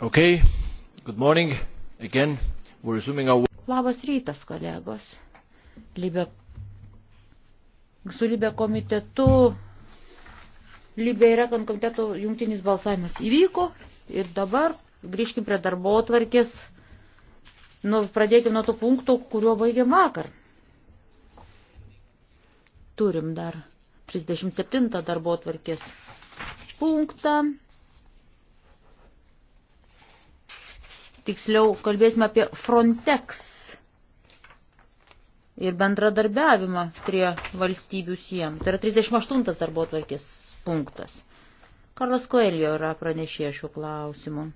Okay. Good morning. Again, we're resuming our... Labas rytas, kolegos. Libė... Su Libė komitetu, Libė yra komiteto jungtinis balsavimas įvyko ir dabar grįžkim prie darbo tvarkės. Nu, pradėkime nuo to punkto, kuriuo baigėm vakar. Turim dar 37 darbo tvarkės punktą. Tiksliau, kalbėsime apie Frontex ir bendradarbiavimą prie valstybių sienų. Tai yra 38 darbo tvarkės punktas. Karlas Koelio yra pranešė šiuo klausimu.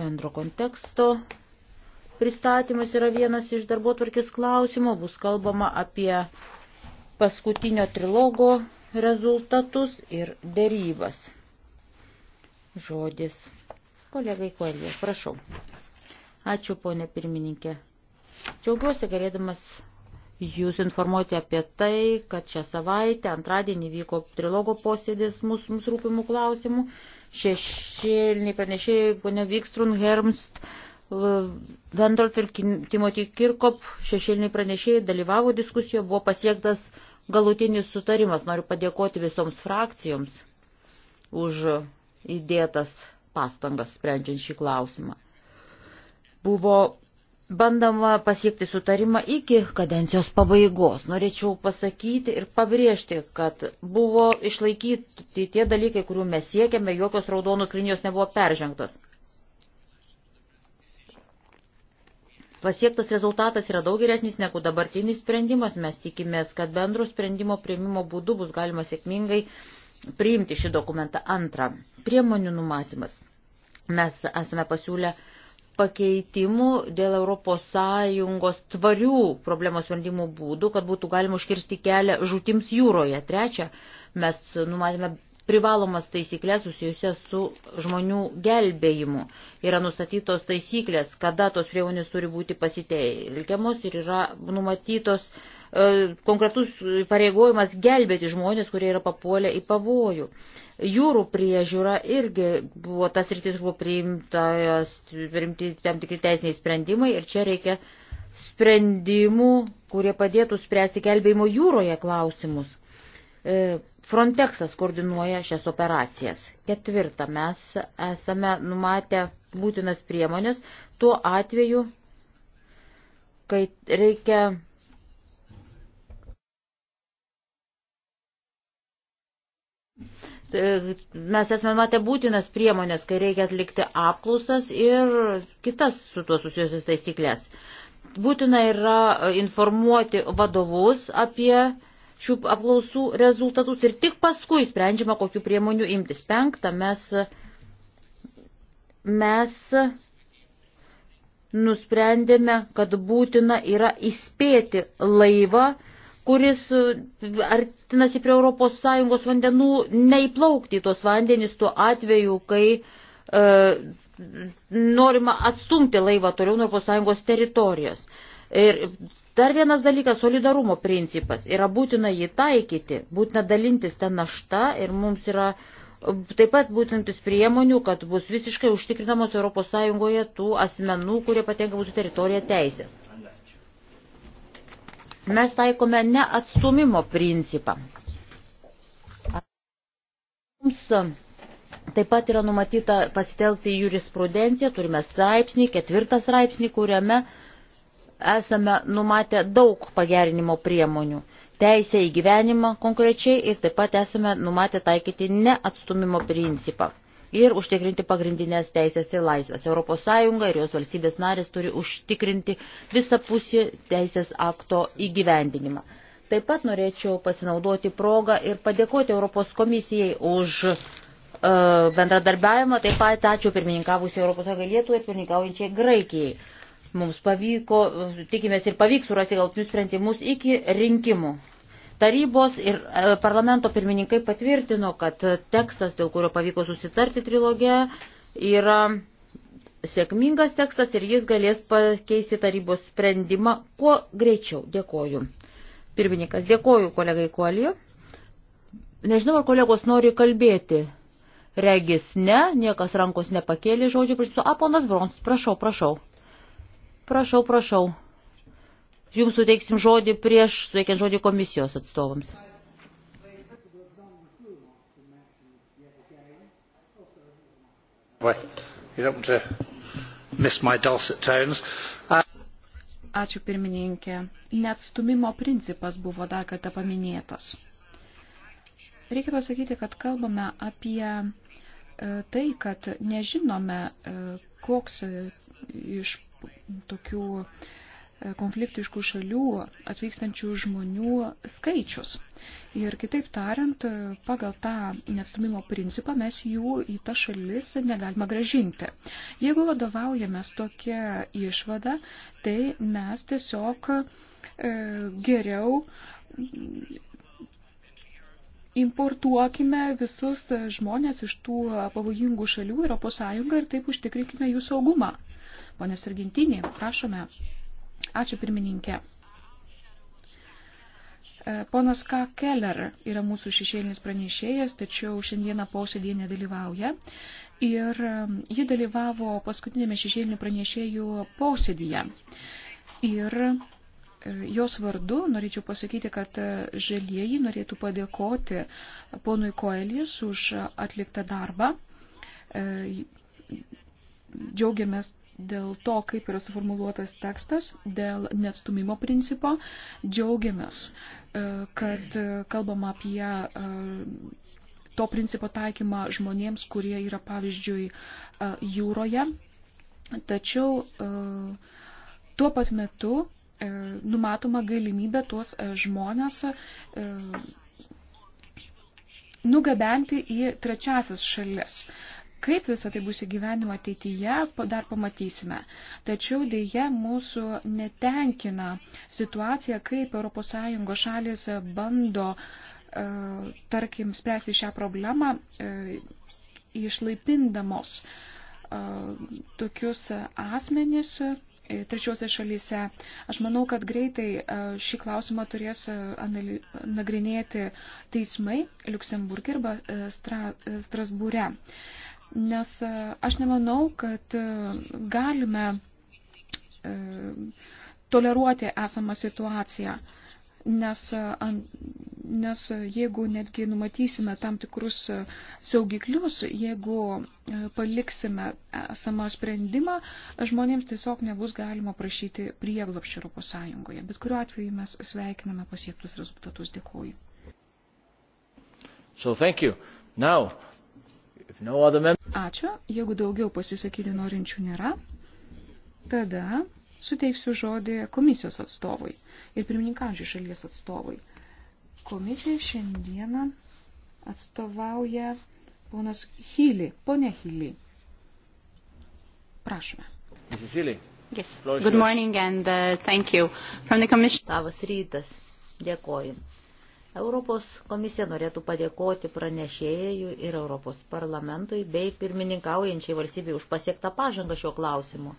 Bendro konteksto pristatymas yra vienas iš darbo tvarkės klausimų. Bus kalbama apie paskutinio trilogo rezultatus ir dėrybas žodis kolegai Koelė. Prašau. Ačiū, ponė pirmininkė. Džiaugiuosi galėdamas jūs informuoti apie tai, kad šią savaitę, antradienį vyko trilogo posėdis mūsų, mūsų rūpimų klausimų. Šešėliniai pranešėjai, ponė Vikstrun, Hermst, Vendorf ir Timothy Kirkop, šešėliniai pranešėjai dalyvavo diskusijoje, buvo pasiektas galutinis sutarimas. Noriu padėkoti visoms frakcijoms už įdėtas pastangas sprendžiant šį klausimą. Buvo bandama pasiekti sutarimą iki kadencijos pabaigos. Norėčiau pasakyti ir pabrėžti, kad buvo išlaikyti tie dalykai, kurių mes siekiame, jokios raudonos linijos nebuvo peržengtos. Pasiektas rezultatas yra daug geresnis negu dabartinis sprendimas. Mes tikimės, kad bendro sprendimo prieimimo būdu bus galima sėkmingai priimti šį dokumentą. Antra, priemonių numatymas. Mes esame pasiūlę pakeitimų dėl ES tvarių problemos sprendimų būdų, kad būtų galima užkirsti kelią žūtims jūroje. Trečia, mes numatėme privalomas taisyklės susijusias su žmonių gelbėjimu. Yra nustatytos taisyklės, kada tos priemonės turi būti pasitelkiamos ir yra numatytos uh, konkretus pareigojimas gelbėti žmonės, kurie yra papuolę į pavojų. Jūrų priežiūra irgi buvo tas rytis, buvo priimtas, priimti tam tikri teisiniai sprendimai ir čia reikia sprendimų, kurie padėtų spręsti gelbėjimo jūroje klausimus. E, Frontexas koordinuoja šias operacijas. Ketvirta, mes esame numatę būtinas priemonės tuo atveju, kai reikia E, mes esame matę būtinas priemonės, kai reikia atlikti apklausas ir kitas su tuo susijusios taisyklės. Būtina yra informuoti vadovus apie šių apklausų rezultatus ir tik paskui sprendžiama, kokiu priemonių imtis. Penktą mes, mes nusprendėme, kad būtina yra įspėti laivą, kuris e, artinasi prie ES vandenų, neįplaukti į tos vandenys tuo atveju, kai e, norima atstumti laivą toliau nuo ES teritorijos. Ir dar vienas dalykas - solidarumo principas. Yra būtina jį taikyti, būtina dalintis tą naštą ir mums yra e, taip pat būtintis priemonių, kad bus visiškai užtikrinamos ES tų asmenų, kurie patenka mūsų teritoriją teisės. Mes taikome neatstumimo principą. Mums taip pat yra numatyta pasitelkti jurisprudenciją, turime straipsnį, ketvirtą straipsnį, kuriame esame numatę daug pagerinimo priemonių. Teisė į gyvenimą konkrečiai ir taip pat esame numatę taikyti neatstumimo principą ir užtikrinti pagrindinės teisės ir laisvės. ES ir jos valstybės narės turi užtikrinti visą pusį teisės akto įgyvendinimą. Taip pat norėčiau pasinaudoti progą ir padėkoti Europos komisijai už e, bendradarbiavimą, taip pat ačiū pirmininkavusiai ES Lietuvai ir pirmininkaujančiai Graikijai. Mums pavyko, e, tikimės ir pavyks surasti galtinius sprendimus iki rinkimų. Tarybos ir e, parlamento pirmininkai patvirtino, kad tekstas, dėl kurio pavyko susitarti trilogė, yra sėkmingas tekstas ir jis galės pakeisti tarybos sprendimą kuo greičiau. Dėkoju. Pirmininkas, dėkoju kolegai Kuoliu. Nežinau, ar kolegos nori kalbėti. Regis ne, niekas rankos nepakėlė žodžių. A, ponas Brons, prašau, prašau. Prašau, prašau. Jums suteiksim žodį prieš, suteikiant žodį komisijos atstovams. Uh, Ačiū pirmininkė. Neatstumimo principas buvo dar kartą paminėtas. Reikia pasakyti, kad kalbame apie e, tai, kad nežinome, e, koks e, iš tokių uh, konfliktiškų šalių atvykstančių žmonių skaičius. Ir kitaip tariant, pagal tą nestumimo principą mes jų į tą šalis negalima gražinti. Jeigu vadovaujamės tokia išvada, tai mes tiesiog e, geriau importuokime visus žmonės iš tų pavojingų šalių Europos Sąjungą ir taip užtikrinkime jų saugumą. Pone Sargentinė, prašome. Ačiū pirmininkė. E, ponas K. Keller yra mūsų šešėlinis pranešėjas, tačiau šiandieną posėdėje nedalyvauja. Ir e, ji dalyvavo paskutinėme šešėlinių pranešėjų posėdėje. Ir e, jos vardu norėčiau pasakyti, kad žalieji norėtų padėkoti ponui Koelis už atliktą darbą. Džiaugiamės dėl to, kaip yra suformuluotas tekstas, dėl netstumimo principo. Džiaugiamės, e, kad e, kalbama apie e, to principo taikymą žmonėms, kurie yra pavyzdžiui jūroje. Tačiau tuo pat metu numatoma galimybė tuos žmonės nugabenti į trečiasias šalis. Kaip visą tai bus įgyvenimo ateityje, dar pamatysime. Tačiau dėje mūsų netenkina situacija, kaip ES šalis bando, e, tarkim, spręsti šią problemą e, išlaipindamos e, tokius asmenis, trečiuose šalyse. Aš manau, kad greitai šį klausimą turės nagrinėti teismai Luksemburgė arba Strasbūre nes e, aš nemanau, kad e, galime e, toleruoti esamą situaciją, nes, nes jeigu netgi numatysime tam tikrus saugiklius, jeigu paliksime esamą sprendimą, žmonėms tiesiog nebus galima prašyti prieglopščio Europos Sąjungoje. Bet kuriuo atveju mes sveikiname pasiektus rezultatus. Dėkuoju. So thank you. Now Ačiū. Jeigu daugiau pasisakyti norinčių nėra, tada suteiksiu žodį komisijos atstovui ir pirmininkaujančių šalies atstovui. Komisija šiandieną atstovauja ponas Hyli, ponė Hyli. Prašome. Mrs. Hyli. Yes. Good morning and uh, thank you. From the commission. Labas rytas. Dėkoju. Europos komisija norėtų padėkoti pranešėjui ir Europos parlamentui bei pirmininkaujančiai valstybei už pasiektą pažangą šio klausimu.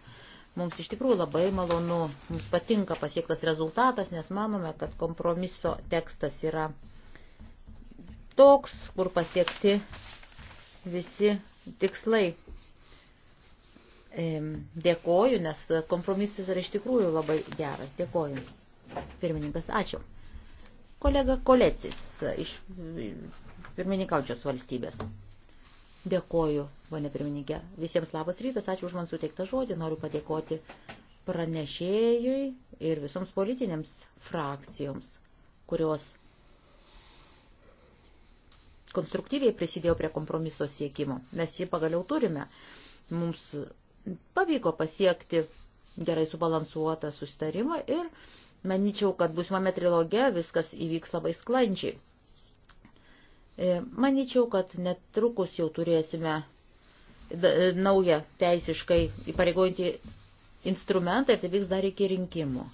Mums iš tikrųjų labai malonu, mums patinka pasiektas rezultatas, nes manome, kad kompromiso tekstas yra toks, kur pasiekti visi tikslai. Dėkoju, nes kompromisas yra iš tikrųjų labai geras. Dėkoju. Pirmininkas, ačiū kolega Kolecis iš pirmininkaučios valstybės. Dėkoju, ponė pirmininkė. Visiems labas rytas, ačiū už man suteiktą žodį, noriu padėkoti pranešėjui ir visoms politinėms frakcijoms, kurios konstruktyviai prisidėjo prie kompromiso siekimo. Mes jį pagaliau turime. Mums pavyko pasiekti gerai subalansuotą sustarimą ir Manyčiau, kad būsimame triloge viskas įvyks labai sklandžiai. E, manyčiau, kad netrukus jau turėsime e, naują teisiškai įpareigojantį instrumentą ir tai vyks dar iki rinkimų.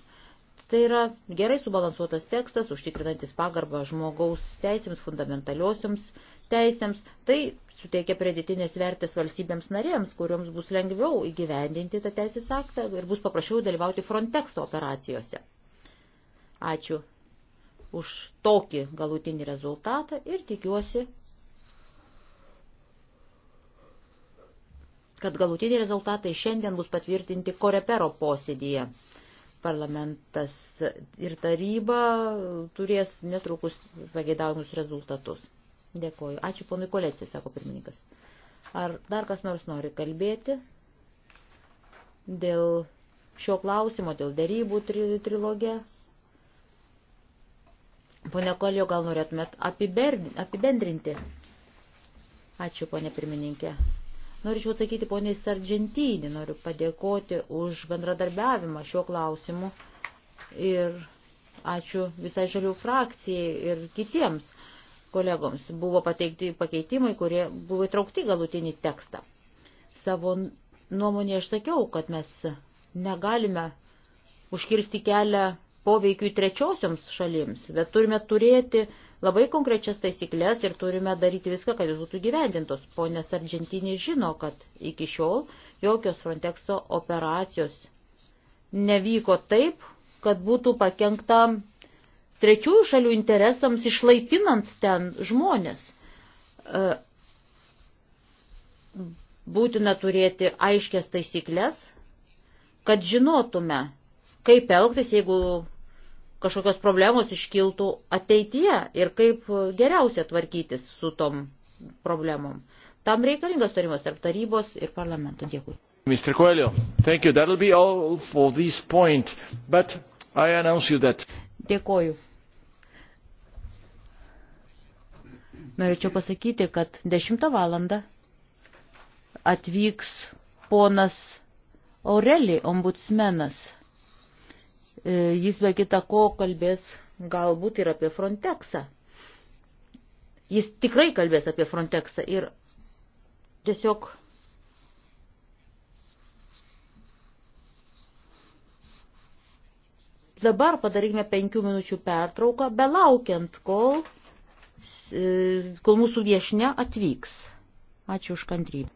Tai yra gerai subalansuotas tekstas, užtikrinantis pagarbą žmogaus teisėms, fundamentaliosioms teisėms. Tai suteikia pridėtinės vertės valstybėms narėms, kuriuoms bus lengviau įgyvendinti tą teisės aktą ir bus paprašiau dalyvauti Frontexo operacijose. Ačiū už tokį galutinį rezultatą ir tikiuosi, kad galutiniai rezultatai šiandien bus patvirtinti Korepero posėdėje. Parlamentas ir taryba turės netrukus pageidavimus rezultatus. Dėkoju. Ačiū ponui Kolecijai, sako pirmininkas. Ar dar kas nors nori kalbėti dėl šio klausimo, dėl darybų trilogė? Pone Kolio, gal norėtumėt apibendrinti? Ačiū, ponė pirmininkė. Norėčiau atsakyti poniai Sargentinį, noriu padėkoti už bendradarbiavimą šiuo klausimu ir ačiū visai žalių frakcijai ir kitiems kolegoms. Buvo pateikti pakeitimai, kurie buvo įtraukti galutinį tekstą. Savo nuomonė aš sakiau, kad mes negalime užkirsti kelią poveikiui trečiosioms šalims, bet turime turėti labai konkrečias taisyklės ir turime daryti viską, kad jos būtų gyvendintos. Ponės Argentinė žino, kad iki šiol jokios Frontexo operacijos nevyko taip, kad būtų pakengta trečiųjų šalių interesams išlaipinant ten žmonės. E, būtina turėti aiškias taisyklės, kad žinotume, kaip elgtis, jeigu kažkokios problemos iškiltų ateityje ir kaip geriausia tvarkytis su tom problemom. Tam reikalingas tarimas tarp tarybos ir parlamento. Dėkui. Mr. Coelho, thank you. That'll be all for this point, but I announce you that. Dėkoju. Norėčiau pasakyti, kad 10 valandą atvyks ponas Aureli, ombudsmenas. E, jis be kita ko kalbės galbūt ir apie Frontexą. Jis tikrai kalbės apie Frontexą ir tiesiog dabar padarykime penkių minučių pertrauką, belaukiant, kol, e, kol mūsų viešne atvyks. Ačiū už kantrybę.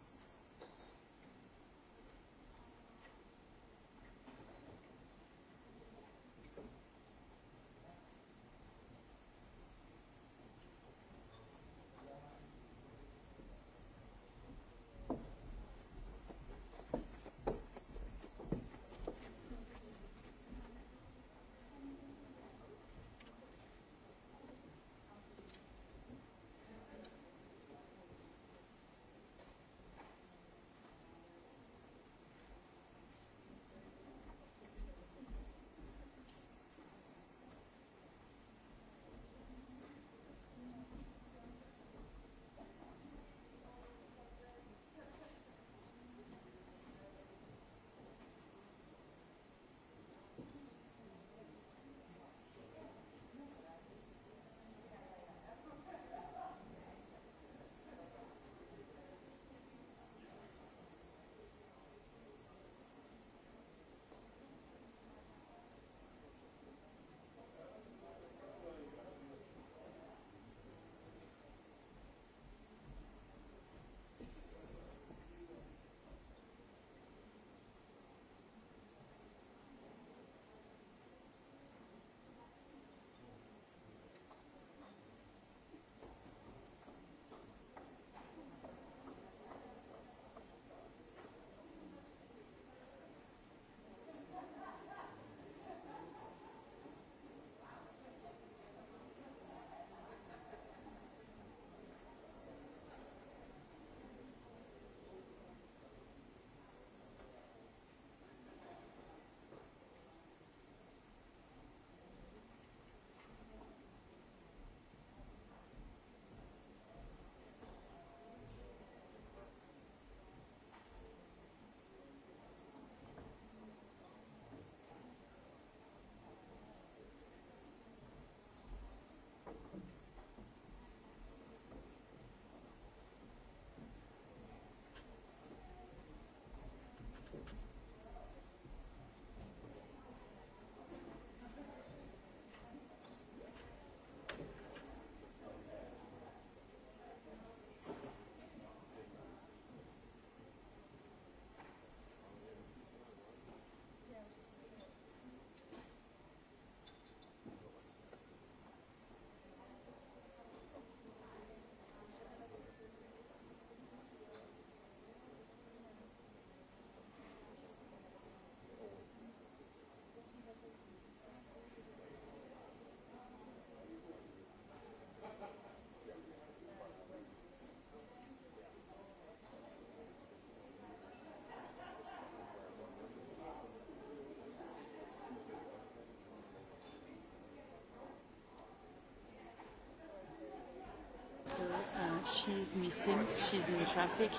she's missing, she's in traffic,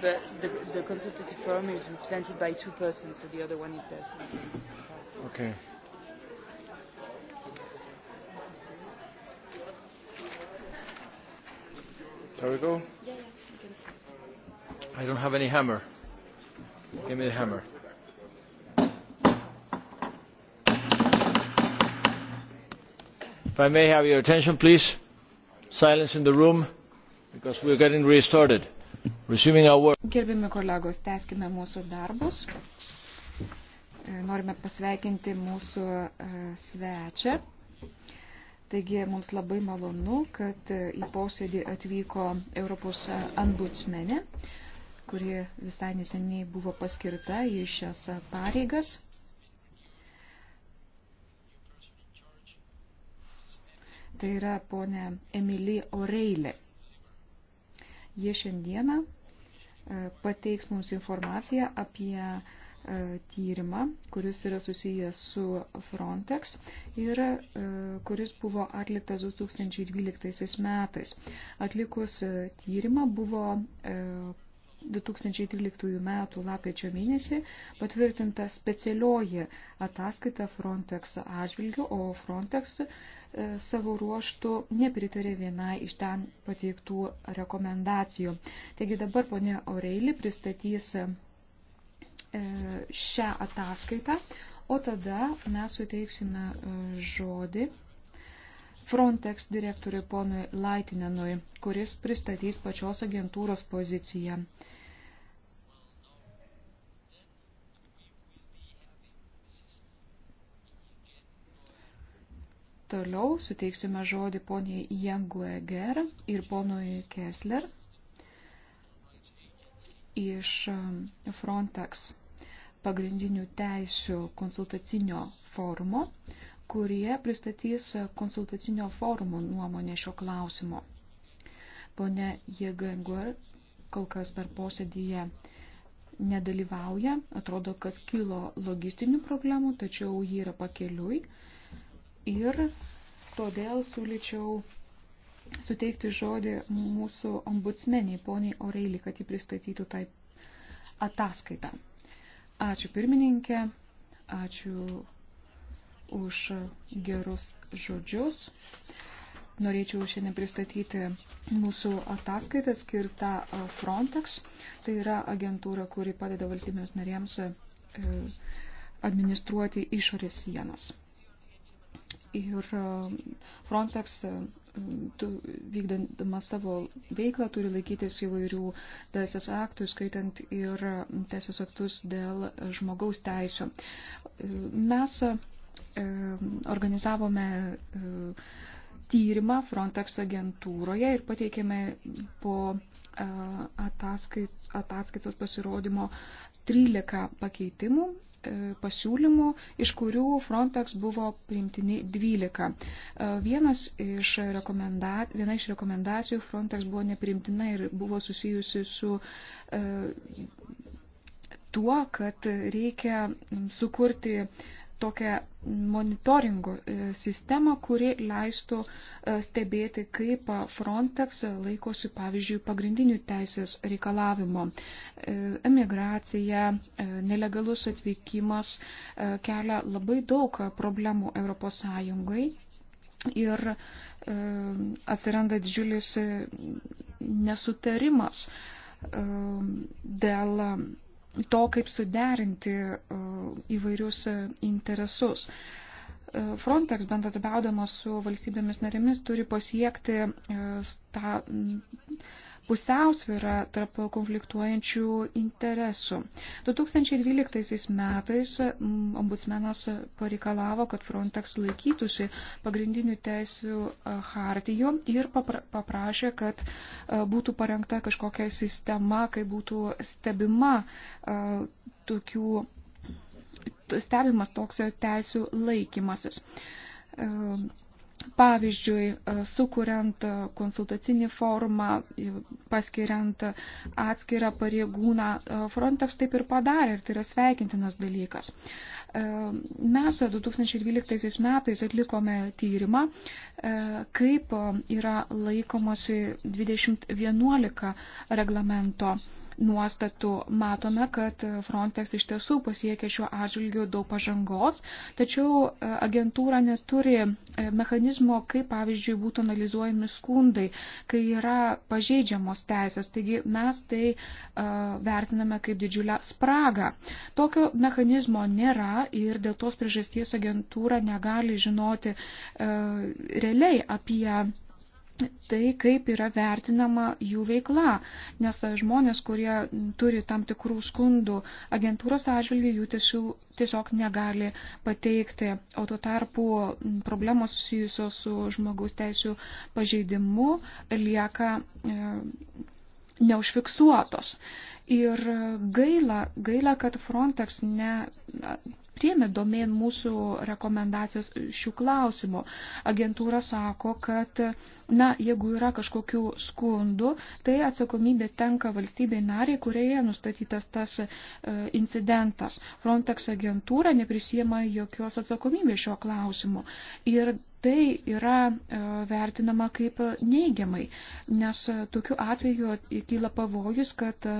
but the, the consultative forum is represented by two persons, so the other one is there. So okay. Shall we go? Yeah, yeah, you can start. I don't have any hammer. Give me the hammer. If I may have your attention, please. Silence in the room. Our... Gerbiami kolegos, teskime mūsų darbus. E, norime pasveikinti mūsų e, svečią. Taigi mums labai malonu, kad e, į posėdį atvyko Europos ambutsmenė, kuri visai neseniai buvo paskirta į šias pareigas. Tai yra ponė Emily Oreilė Jie šiandieną e, pateiks mums informaciją apie e, tyrimą, kuris yra susijęs su Frontex ir e, kuris buvo atliktas 2012 metais. Atlikus tyrimą buvo 2013 m. lapkričio mėnesį patvirtinta specialioji ataskaita Frontex atžvilgiu, o Frontex e, savo ruoštų nepritarė vienai iš ten pateiktų rekomendacijų. Taigi dabar ponė Oreili pristatys e, šią ataskaitą, o tada mes suteiksime e, žodį Frontex direktoriui ponui Laitinenui, kuris pristatys pačios agentūros poziciją. Toliau suteiksime žodį poniai Jangueger ir ponui Kessler iš um, Frontex pagrindinių teisių konsultacinio forumo, kurie pristatys konsultacinio forumo nuomonę šio klausimo. Pone Jėganguar kol kas dar posėdyje nedalyvauja, atrodo, kad kilo logistinių problemų, tačiau jį yra pakeliui ir todėl siūlyčiau suteikti žodį mūsų ombudsmeniai, poniai Oreilį, kad jį pristatytų tai ataskaitą. Ačiū pirmininkė, ačiū už gerus žodžius. Norėčiau šiandien pristatyti mūsų ataskaitą skirtą e, Frontex. Tai yra agentūra, kuri padeda valstybėms narėms e, administruoti išorės sienas. Ir e, Frontex tu, vykdama savo veiklą turi laikytis įvairių teisės aktų, skaitant ir teisės aktus dėl žmogaus teisų. Mes organizavome tyrimą Frontex agentūroje ir pateikėme po e, ataskait, ataskaitos pasirodymo 13 pakeitimų e, pasiūlymų, iš kurių Frontex buvo priimtini 12. E, vienas iš rekomenda... Viena iš rekomendacijų Frontex buvo neprimtina ir buvo susijusi su tuo, kad reikia sukurti tokią monitoringo e, sistemą, kuri leistų e, stebėti, kaip e, Frontex laikosi, pavyzdžiui, pagrindinių teisės reikalavimo. Emigracija, nelegalus atvykimas kelia labai daug problemų ES. Ir atsiranda didžiulis nesutarimas dėl to, kaip suderinti e, įvairius e, interesus. E, Frontex bendradarbiaudamas su valstybėmis narėmis turi pasiekti tą pusiausvyrą tarp konfliktuojančių interesų. 2012 metais ombudsmenas pareikalavo, kad Frontex laikytųsi pagrindinių teisių e, hartijų ir paprašė, kad e, būtų parengta kažkokia sistema, kai būtų stebima e, tokių stebimas toks teisių laikymasis. Pavyzdžiui, e, sukuriant e, konsultacinį forumą, paskiriant atskirą pareigūną, e, Frontex taip ir padarė ir tai yra sveikintinas dalykas. Mes 2012 metais atlikome tyrimą, kaip yra laikomasi 2011 reglamento nuostatų matome, kad Frontex iš tiesų pasiekė šiuo atžvilgiu daug pažangos, tačiau e, agentūra neturi e, mechanizmo, kaip pavyzdžiui būtų analizuojami skundai, kai yra pažeidžiamos teisės. Taigi mes tai e, vertiname kaip didžiulę spragą. Tokio mechanizmo nėra ir dėl tos priežasties agentūra negali žinoti realiai apie tai, kaip yra vertinama jų veikla, nes žmonės, kurie turi tam tikrų skundų agentūros atžvilgių, jų tiesiog, tiesiog negali pateikti, o tuo tarpu problemos susijusios su žmogaus teisų pažeidimu lieka e, neužfiksuotos. Ir gaila, gaila, kad Frontex ne priemė domėn mūsų rekomendacijos šių klausimų. Agentūra sako, kad, na, jeigu yra kažkokių skundų, tai atsakomybė tenka valstybei nariai, kurioje nustatytas tas e, incidentas. Frontex agentūra neprisijama jokios atsakomybės šio klausimu. Ir tai yra e, vertinama kaip neigiamai, nes e, tokiu atveju kyla pavojus, kad e,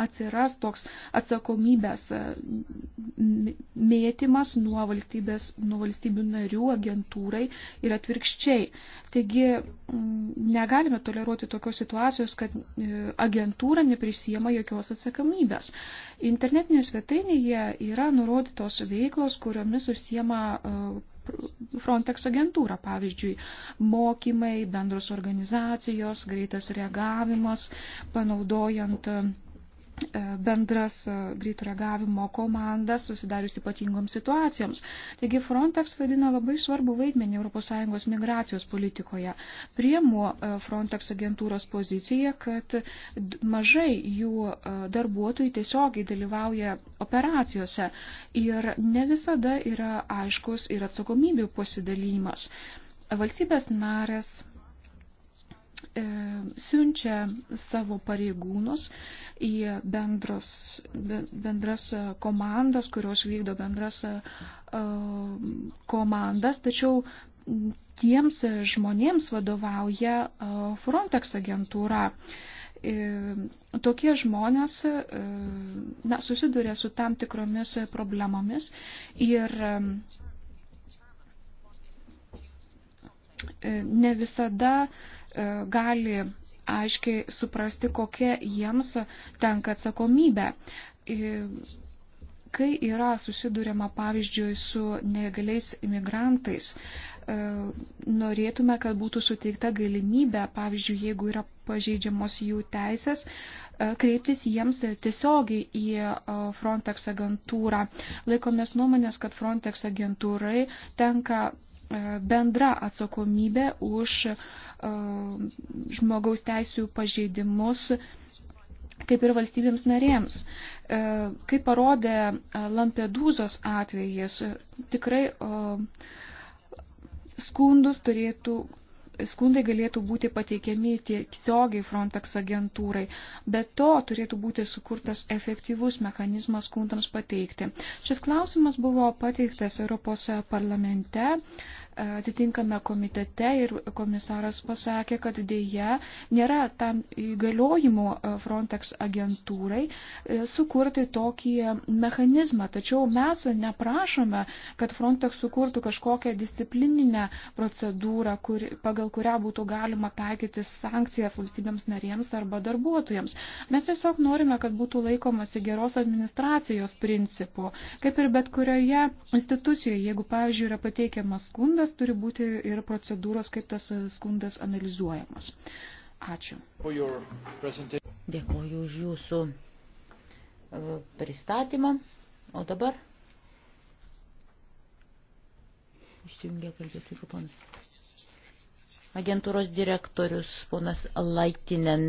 atsiras toks atsakomybės e, mėtymas nuo, valstybės, nuo valstybių narių agentūrai ir atvirkščiai. Taigi negalime toleruoti tokios situacijos, kad e, agentūra neprisijama jokios atsakomybės. Internetinėje svetainėje yra nurodytos veiklos, kuriomis užsiema e, Frontex agentūrą, pavyzdžiui, mokymai, bendros organizacijos, greitas reagavimas, panaudojant E, bendras e, greito reagavimo komandas susidarius ypatingoms situacijoms. Taigi Frontex vaidina labai svarbu vaidmenį ES migracijos politikoje. Priemu e, Frontex agentūros poziciją, kad mažai jų darbuotojų tiesiogiai dalyvauja operacijose ir ne visada yra aiškus ir atsakomybių pasidalymas. Valstybės narės E, siunčia savo pareigūnus į bendros, bendras e, komandas, kurios vykdo bendras e, komandas, tačiau tiems žmonėms vadovauja Frontex agentūra. Tokie žmonės na, susiduria su tam tikromis problemomis ir ne visada E, gali aiškiai suprasti, kokia jiems tenka atsakomybė. E, kai yra susidurima, pavyzdžiui, su negaliais imigrantais, e, norėtume, kad būtų suteikta galimybė, pavyzdžiui, jeigu yra pažeidžiamos jų teisės, kreiptis jiems tiesiogiai į Frontex agentūrą. Laikomės nuomonės, kad Frontex agentūrai tenka E, bendra atsakomybė už e, žmogaus teisų pažeidimus kaip ir valstybėms narėms. E, kaip parodė Lampedūzos atvejis, tikrai skundus turėtų skundai galėtų būti pateikiami tiesiogiai Frontex agentūrai. Be to turėtų būti sukurtas efektyvus mechanizmas skundams pateikti. Šis klausimas buvo pateiktas Europos parlamente atitinkame komitete ir komisaras pasakė, kad dėja nėra tam įgaliojimų e, Frontex agentūrai e, sukurti tokį mechanizmą. Tačiau mes neprašome, kad Frontex sukurtų kažkokią disciplininę procedūrą, kur, pagal kurią būtų galima taikyti sankcijas valstybėms narėms arba darbuotojams. Mes tiesiog norime, kad būtų laikomasi geros administracijos principų. Kaip ir bet kurioje institucijoje, jeigu, pavyzdžiui, yra pateikiamas skundas, skundas, turi būti ir procedūros, kaip tas skundas analizuojamas. Ačiū. Dėkuoju už jūsų e, pristatymą. O dabar išsijungia kalbės mikrofonas. Agentūros direktorius ponas Laitinen.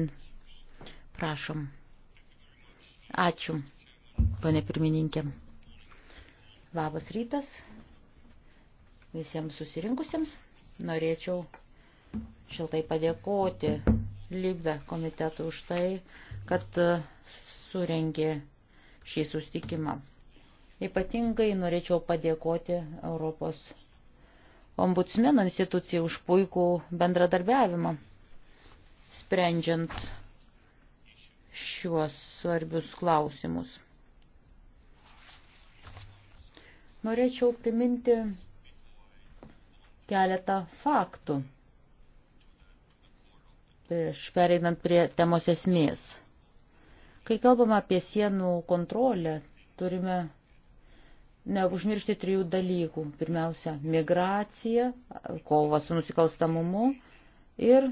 Prašom. Ačiū, pane pirmininkė. Labas rytas, visiems susirinkusiems. Norėčiau šiltai padėkoti Libe komitetui už tai, kad e, surengė šį sustikimą. Ypatingai norėčiau padėkoti Europos ombudsmeno institucijai už puikų bendradarbiavimą, sprendžiant šiuos svarbius klausimus. Norėčiau priminti keletą faktų. Prieš pereinant prie temos esmės. Kai kalbame apie sienų kontrolę, turime neužmiršti trijų dalykų. Pirmiausia, migracija, kova su nusikalstamumu ir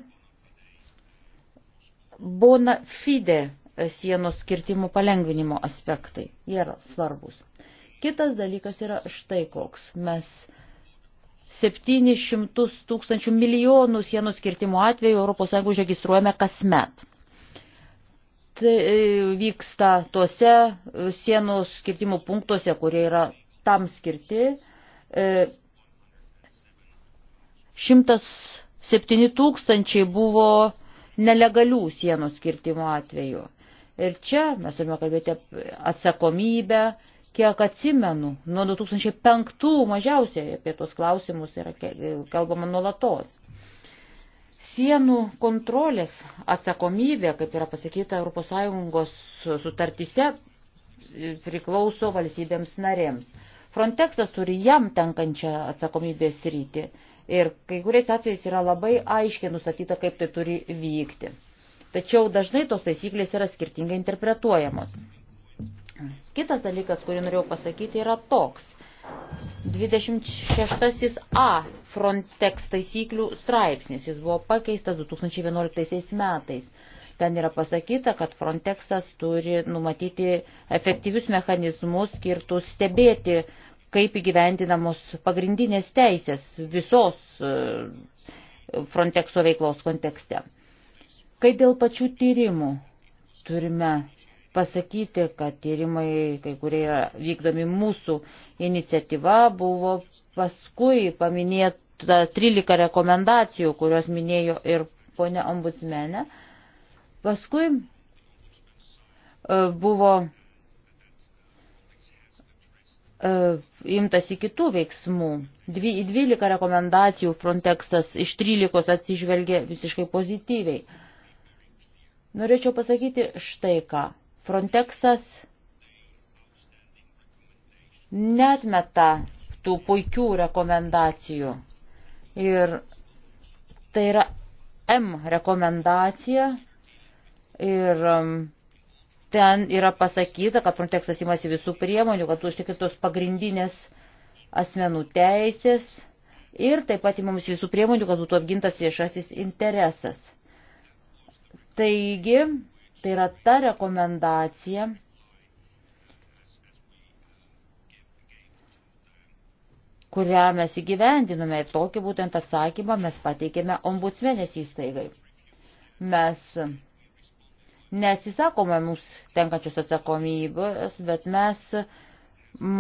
bona fide sienos skirtimų palengvinimo aspektai. Jie yra svarbus. Kitas dalykas yra štai koks. Mes 700 tūkstančių milijonų sienų skirtimo atveju ES užregistruojame kasmet. Tai e, vyksta tuose e, sienų skirtimo punktuose, kurie yra tam skirti. 107 e, tūkstančiai buvo nelegalių sienų skirtimo atveju. Ir čia mes turime kalbėti apie atsakomybę, Kiek atsimenu, nuo 2005 mažiausiai apie tos klausimus yra kalbama nuolatos. Sienų kontrolės atsakomybė, kaip yra pasakyta ES sutartise, priklauso valstybėms narėms. Frontexas turi jam tenkančią atsakomybės rytį ir kai kuriais atvejais yra labai aiškiai nustatyta, kaip tai turi vykti. Tačiau dažnai tos taisyklės yra skirtingai interpretuojamos. Kitas dalykas, kurį norėjau pasakyti, yra toks. 26a Frontex taisyklių straipsnis, jis buvo pakeistas 2011 metais. Ten yra pasakyta, kad Frontexas turi numatyti efektyvius mechanizmus skirtus stebėti, kaip įgyvendinamos pagrindinės teisės visos e, Frontexo veiklos kontekste. Kai dėl pačių tyrimų turime pasakyti, kad tyrimai, kai kurie yra vykdomi mūsų iniciatyva, buvo paskui paminėta 13 rekomendacijų, kurios minėjo ir ponia ombudsmenė. Paskui e, buvo e, imtasi kitų veiksmų. Dvi, 12 rekomendacijų Frontexas iš 13 atsižvelgė visiškai pozityviai. Norėčiau pasakyti štai ką. Frontexas netmeta tų puikių rekomendacijų. Ir tai yra M rekomendacija. Ir um, ten yra pasakyta, kad Frontexas imasi visų priemonių, kad užtikrintos pagrindinės asmenų teisės ir taip pat imams visų priemonių, kad būtų apgintas viešasis interesas. Taigi, Tai yra ta rekomendacija, kurią mes įgyvendinome ir tokį būtent atsakymą mes pateikėme ombudsmenės įstaigai. Mes neatsisakome mums tenkačios atsakomybės, bet mes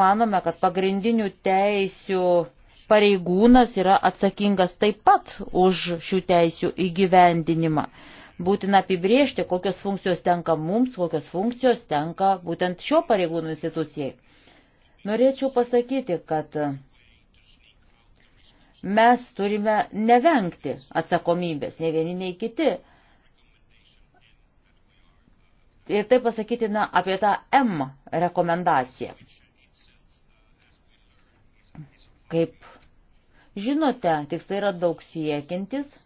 manome, kad pagrindinių teisių pareigūnas yra atsakingas taip pat už šių teisių įgyvendinimą būtina apibriežti, kokios funkcijos tenka mums, kokios funkcijos tenka būtent šio pareigūnų institucijai. Norėčiau pasakyti, kad mes turime nevengti atsakomybės, nei vieni, nei kiti. Ir tai pasakytina apie tą M rekomendaciją. Kaip žinote, tik tai yra daug siekintis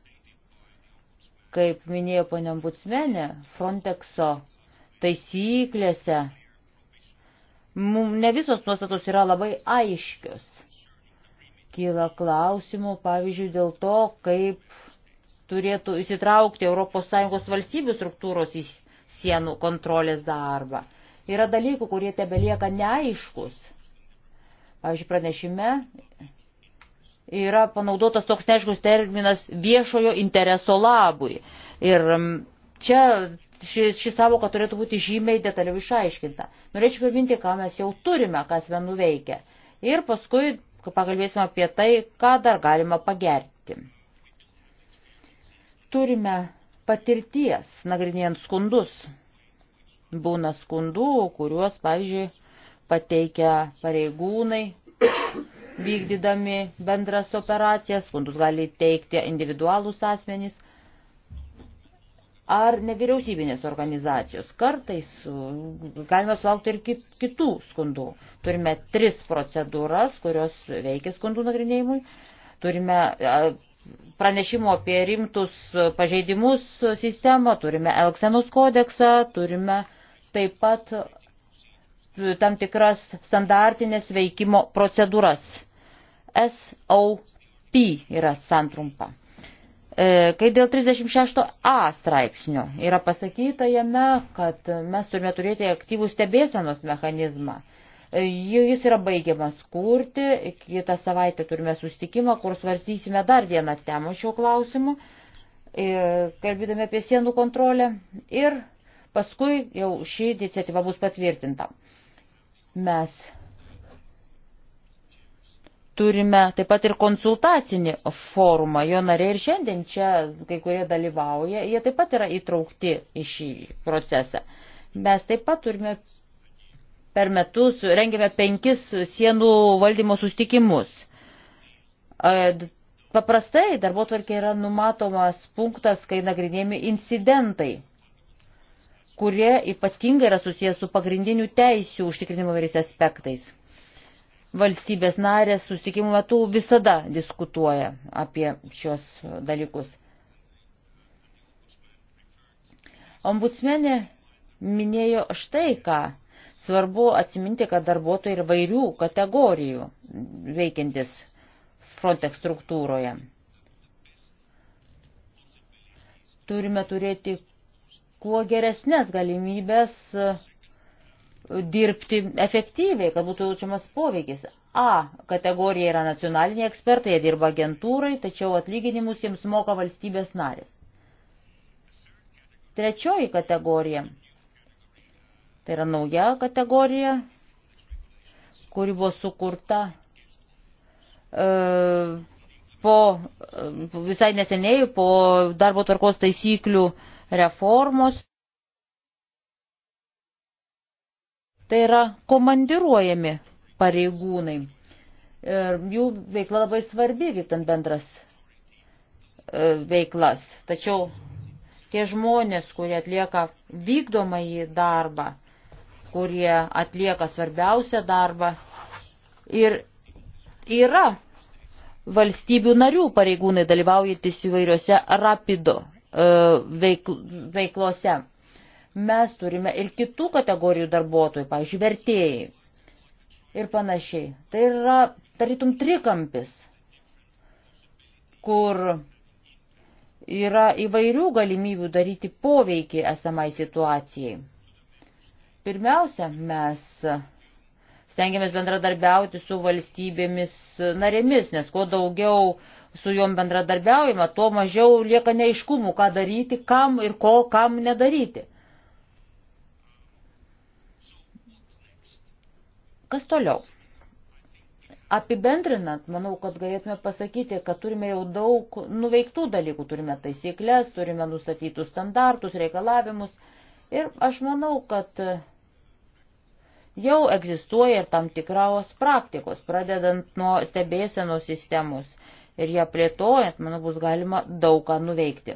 Kaip minėjo ponia Butsmenė, Frontexo taisyklėse ne visos nuostatos yra labai aiškios. Kyla klausimų, pavyzdžiui, dėl to, kaip turėtų įsitraukti ES valstybių struktūros į sienų kontrolės darbą. Yra dalykų, kurie tebelieka neaiškus. Pavyzdžiui, pranešime yra panaudotas toks neaiškus terminas viešojo intereso labui. Ir mm, čia ši, ši savoka turėtų būti žymiai detaliau išaiškinta. Norėčiau priminti, ką mes jau turime, kas vienu veikia. Ir paskui pakalbėsime apie tai, ką dar galima pagerti. Turime patirties, nagrinėjant skundus. Būna skundų, kuriuos, pavyzdžiui, pateikia pareigūnai vykdydami bendras operacijas, skundus gali teikti individualūs asmenys ar nevyriausybinės organizacijos. Kartais uh, galime sulaukti ir kitų skundų. Turime tris procedūras, kurios veikia skundų nagrinėjimui. Turime uh, pranešimų apie rimtus pažeidimus sistemą, turime Elksenos kodeksą, turime taip pat uh, tam tikras standartinės veikimo procedūras SOP yra santrumpa. E, kai dėl 36a straipsnio yra pasakyta jame, kad mes turime turėti aktyvų stebėsenos mechanizmą. E, jis yra baigiamas kurti, kitą savaitę turime sustikimą, kur svarstysime dar vieną temą šio klausimu, e, kalbėdami apie sienų kontrolę ir paskui jau ši iniciatyva bus patvirtinta. Mes Turime taip pat ir konsultacinį forumą, jo nariai ir šiandien čia kai kurie dalyvauja, jie taip pat yra įtraukti į šį procesą. Mes taip pat turime per metus, rengiame penkis sienų valdymo sustikimus. Paprastai darbo tvarkė yra numatomas punktas, kai nagrinėjami incidentai, kurie ypatingai yra susijęs su pagrindinių teisių užtikrinimo vairiais aspektais valstybės narės susitikimų metu visada diskutuoja apie šios dalykus. Ombudsmenė minėjo štai ką. Svarbu atsiminti, kad darbuotojai yra vairių kategorijų veikiantis Frontex struktūroje. Turime turėti kuo geresnės galimybės dirbti efektyviai, kad būtų jaučiamas poveikis. A kategorija yra nacionaliniai ekspertai, jie dirba agentūrai, tačiau atlyginimus jiems moka valstybės narės. Trečioji kategorija. Tai yra nauja kategorija, kuri buvo sukurta e, po e, visai neseniai po darbo tvarkos taisyklių reformos. Tai yra komandiruojami pareigūnai. Ir jų veikla labai svarbi vykdant bendras e, veiklas. Tačiau tie žmonės, kurie atlieka vykdomąjį darbą, kurie atlieka svarbiausią darbą ir yra valstybių narių pareigūnai dalyvaujantis įvairiuose rapido e, veiklose. Mes turime ir kitų kategorijų darbuotojų, pavyzdžiui, vertėjai ir panašiai. Tai yra tarytum trikampis, kur yra įvairių galimybių daryti poveikį esamai situacijai. Pirmiausia, mes stengiamės bendradarbiauti su valstybėmis narėmis, nes kuo daugiau su juom bendradarbiaujama, tuo mažiau lieka neiškumų, ką daryti, kam ir ko, kam nedaryti. Kas toliau? Apibendrinant, manau, kad galėtume pasakyti, kad turime jau daug nuveiktų dalykų, turime taisyklės, turime nustatytus standartus, reikalavimus ir aš manau, kad jau egzistuoja ir tam tikros praktikos, pradedant nuo stebėsenos sistemos ir ją plėtojant, manau, bus galima daug ką nuveikti.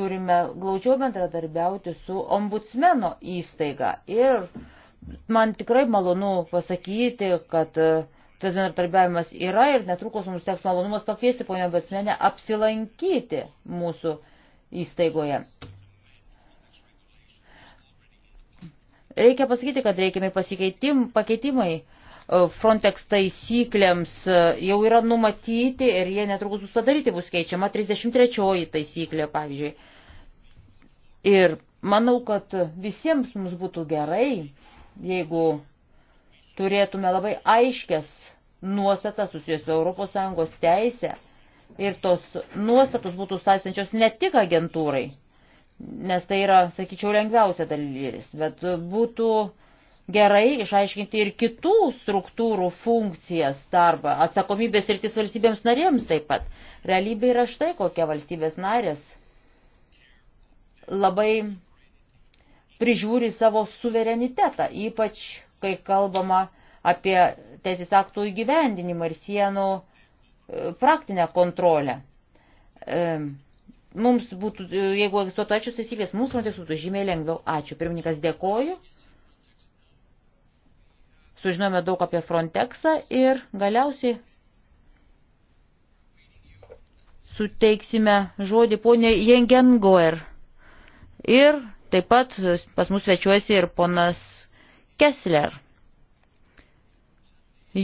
Turime glaučiau bendradarbiauti su ombudsmeno įstaiga ir uh, Man tikrai malonu pasakyti, kad e, tas bendradarbiavimas yra ir netrukus mums teks malonumas pakviesti ponę Batsmenę apsilankyti mūsų įstaigoje. Reikia pasakyti, kad reikiami pakeitimai e, Frontex taisyklėms e, jau yra numatyti ir jie netrukus bus padaryti, bus keičiama 33 taisyklė, pavyzdžiui. Ir manau, kad visiems mums būtų gerai, jeigu turėtume labai aiškias nuostatas susijęs su ES teisė ir tos nuostatos būtų sąsinčios ne tik agentūrai, nes tai yra, sakyčiau, lengviausia dalyvis, bet būtų gerai išaiškinti ir kitų struktūrų funkcijas darbą, atsakomybės ir tis valstybėms narėms taip pat. Realybė yra štai kokia valstybės narės labai prižiūri savo suverenitetą, ypač kai kalbama apie teisės aktų įgyvendinimą ir sienų e, praktinę kontrolę. E, mums būtų, e, jeigu egzistuotų ačiū taisyklės, mums frontis būtų žymiai lengviau. Ačiū. Pirmininkas dėkoju. Sužinome daug apie Frontexą ir galiausiai suteiksime žodį poniai Jengengoer. Ir Taip pat pas mus svečiuosi ir ponas Kessler.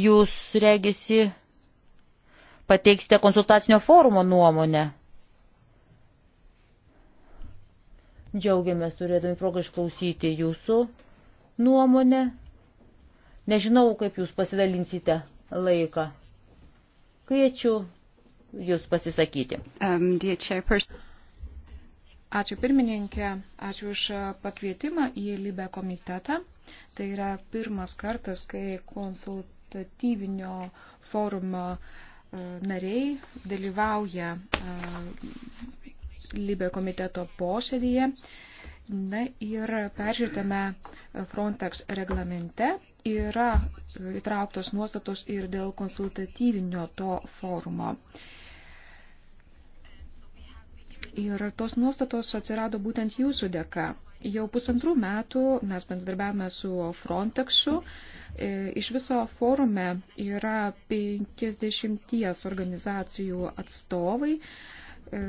Jūs regisi pateiksite konsultacinio forumo nuomonę. Džiaugiamės turėdami progą išklausyti jūsų nuomonę. Nežinau, kaip jūs pasidalinsite laiką. Kviečiu jūs pasisakyti. Um, Ačiū pirmininkė, ačiū už pakvietimą į Libę komitetą. Tai yra pirmas kartas, kai konsultatyvinio forumo e, nariai dalyvauja e, Libė komiteto posėdėje. Na ir peržiūrėtame Frontex reglamente yra e, įtrauktos nuostatos ir dėl konsultatyvinio to forumo. Uh, Ir tos nuostatos atsirado būtent jūsų dėka. Jau pusantrų metų mes bendradarbiavome su Frontexu. E, iš viso forume yra 50 organizacijų atstovai. E,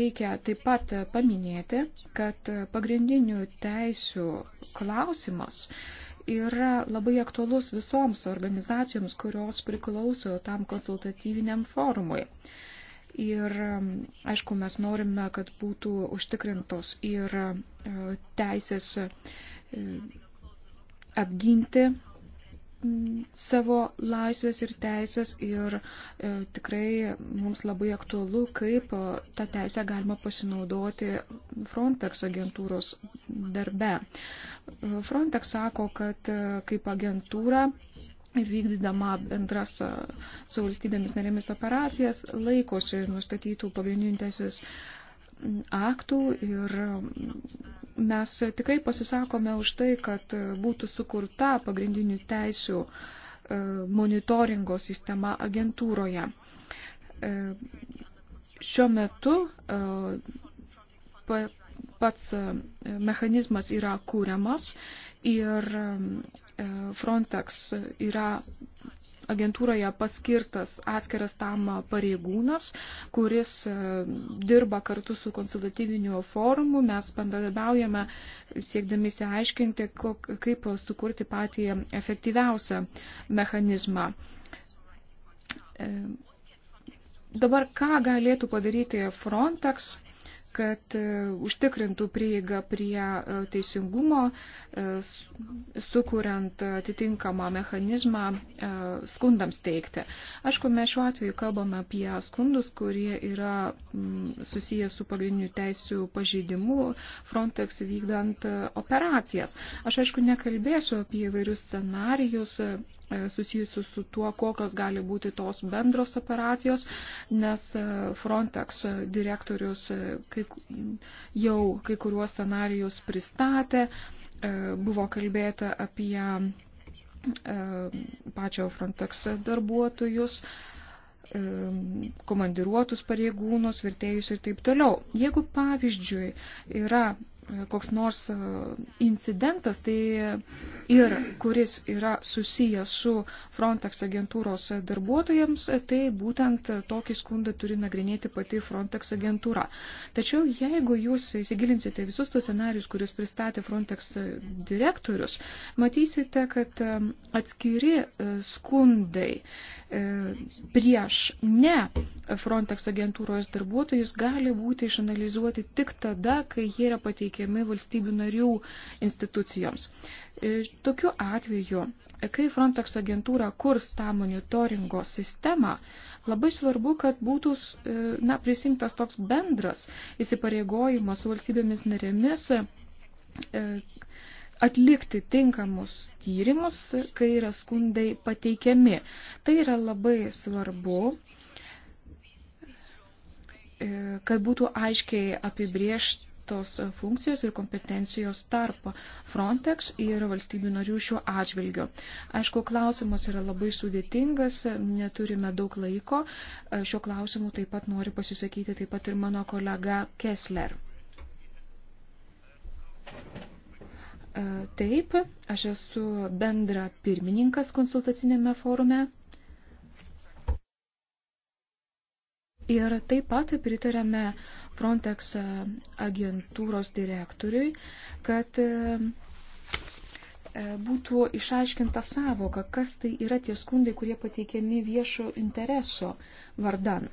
reikia taip pat paminėti, kad pagrindinių teisių klausimas uh, yra labai aktualus visoms organizacijoms, kurios priklauso tam konsultatyviniam forumui. Ir um, aišku, mes norime, kad būtų užtikrintos ir uh, teisės uh, apginti savo laisvės ir teisės ir e, tikrai mums labai aktualu, kaip e, tą teisę galima pasinaudoti Frontex agentūros darbe. E, Frontex sako, kad e, kaip agentūra vykdydama bendras e, su valstybėmis narėmis operacijas laikosi nustatytų pagrindinių teisės e, aktų ir mes tikrai pasisakome už tai, kad būtų sukurta pagrindinių teisių e, monitoringo sistema agentūroje. E, šiuo metu e, pats mechanizmas yra kūriamas ir Frontex yra agentūroje paskirtas atskiras tam pareigūnas, kuris e, dirba kartu su konsultatyviniu forumu. Mes bendradarbiaujame siekdami įsiaiškinti, kaip sukurti patį efektyviausią mechanizmą. E, dabar ką galėtų padaryti Frontex? kad e, užtikrintų prieigą prie e, teisingumo, e, sukuriant atitinkamą mechanizmą skundams teikti. Aišku, mes šiuo atveju kalbame apie skundus, kurie yra susijęs su pagrindinių teisių pažeidimu Frontex vykdant operacijas. Aš aišku nekalbėsiu apie įvairius scenarijus, E, susijusių su tuo, kokios gali būti tos bendros operacijos, nes e, Frontex direktorius e, kai, jau kai kuriuos scenarijus pristatė, buvo kalbėta apie pačio Frontex darbuotojus, komandiruotus pareigūnus, vertėjus ir taip toliau. Jeigu pavyzdžiui yra koks nors e, incidentas, tai ir kuris yra susijęs su Frontex agentūros darbuotojams, tai būtent tokį skundą turi nagrinėti pati Frontex agentūra. Tačiau jeigu jūs įsigilinsite visus tuos scenarius, kuriuos pristatė Frontex direktorius, matysite, kad e, atskiri e, skundai prieš ne Frontex agentūros darbuotojus gali būti išanalizuoti tik tada, kai jie yra pateikti teikiami valstybių narių institucijoms. E, tokiu atveju, kai Frontex agentūra kurs tą monitoringo sistemą, labai svarbu, kad būtų e, na, prisimtas toks bendras įsipareigojimas su valstybėmis narėmis e, atlikti tinkamus tyrimus, kai yra skundai pateikiami. Tai yra labai svarbu, kad būtų aiškiai apibriežti tos funkcijos ir kompetencijos tarp Frontex ir valstybių narių šiuo atžvilgiu. Aišku, klausimas yra labai sudėtingas, neturime daug laiko. Šiuo klausimu taip pat nori pasisakyti taip pat ir mano kolega Kessler. Taip, aš esu bendra pirmininkas konsultacinėme forume. Ir taip pat pritarėme uh, Frontex agentūros direktoriui, kad e, būtų išaiškinta savoka, kas tai yra tie skundai, kurie pateikiami viešo intereso vardan.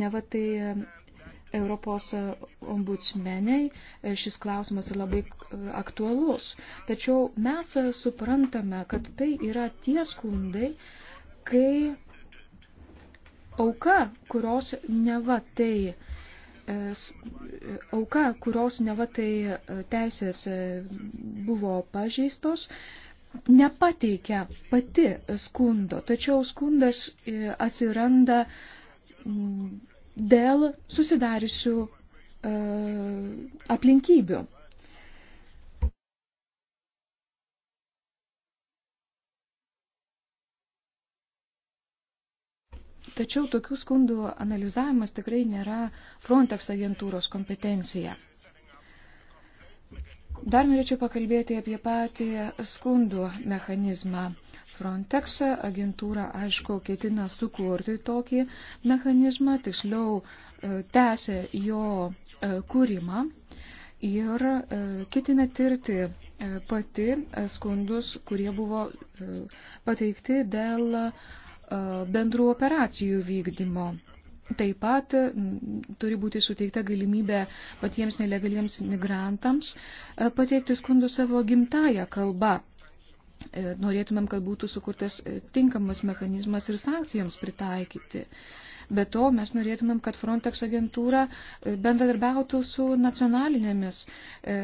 Neva tai Europos ombudsmeniai e, šis klausimas yra labai e, aktualus. Tačiau mes suprantame, kad tai yra tie skundai, kai auka, kurios neva tai uh, E, e, auka, kurios neva tai e, teisės buvo pažeistos, nepateikia pati skundo, tačiau skundas atsiranda dėl susidariusių aplinkybių. Tačiau tokių skundų analizavimas tikrai nėra Frontex agentūros kompetencija. Dar norėčiau pakalbėti apie patį skundų mechanizmą. Frontex agentūra, aišku, ketina sukurti tokį mechanizmą, tiksliau e, tęsia jo e, kūrimą ir e, ketina tirti pati skundus, kurie buvo pateikti dėl E, bendrų operacijų vykdymo. Taip pat turi būti suteikta galimybė patiems nelegaliems migrantams e, pateikti skundus savo gimtają kalbą. E, norėtumėm, kad būtų sukurtas tinkamas mechanizmas ir sankcijoms pritaikyti. Be to, mes norėtumėm, kad Frontex agentūra e, bendradarbiautų su nacionalinėmis e,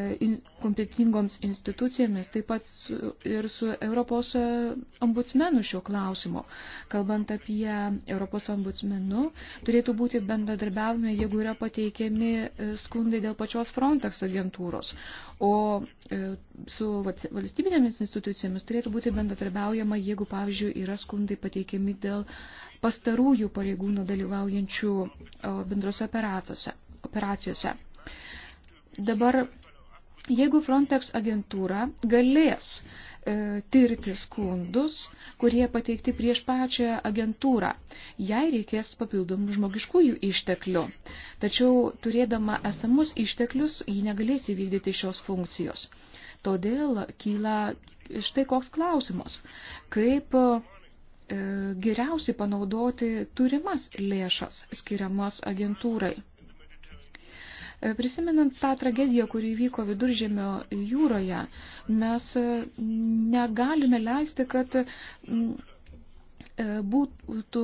kompetingoms institucijomis, taip pat su, ir su Europos e, ombudsmenu šiuo klausimu. Kalbant apie Europos ombudsmenu, turėtų būti bendradarbiavime, jeigu yra pateikiami skundai dėl pačios Frontex agentūros. O su valstybinėmis institucijomis turėtų būti bendradarbiaujama, jeigu, pavyzdžiui, yra skundai pateikiami dėl pastarųjų pareigūnų dalyvaujančių bendrose operacijose. Dabar, jeigu Frontex agentūra galės e, tirti skundus, kurie pateikti prieš pačią agentūrą, jai reikės papildomų žmogiškųjų išteklių. Tačiau turėdama esamus išteklius, ji negalės įvykdyti šios funkcijos. Todėl kyla štai koks klausimas, kaip E, geriausiai panaudoti turimas lėšas skiriamas agentūrai. E, prisimenant tą tragediją, kuri vyko viduržėmio jūroje, mes e, negalime leisti, kad būtų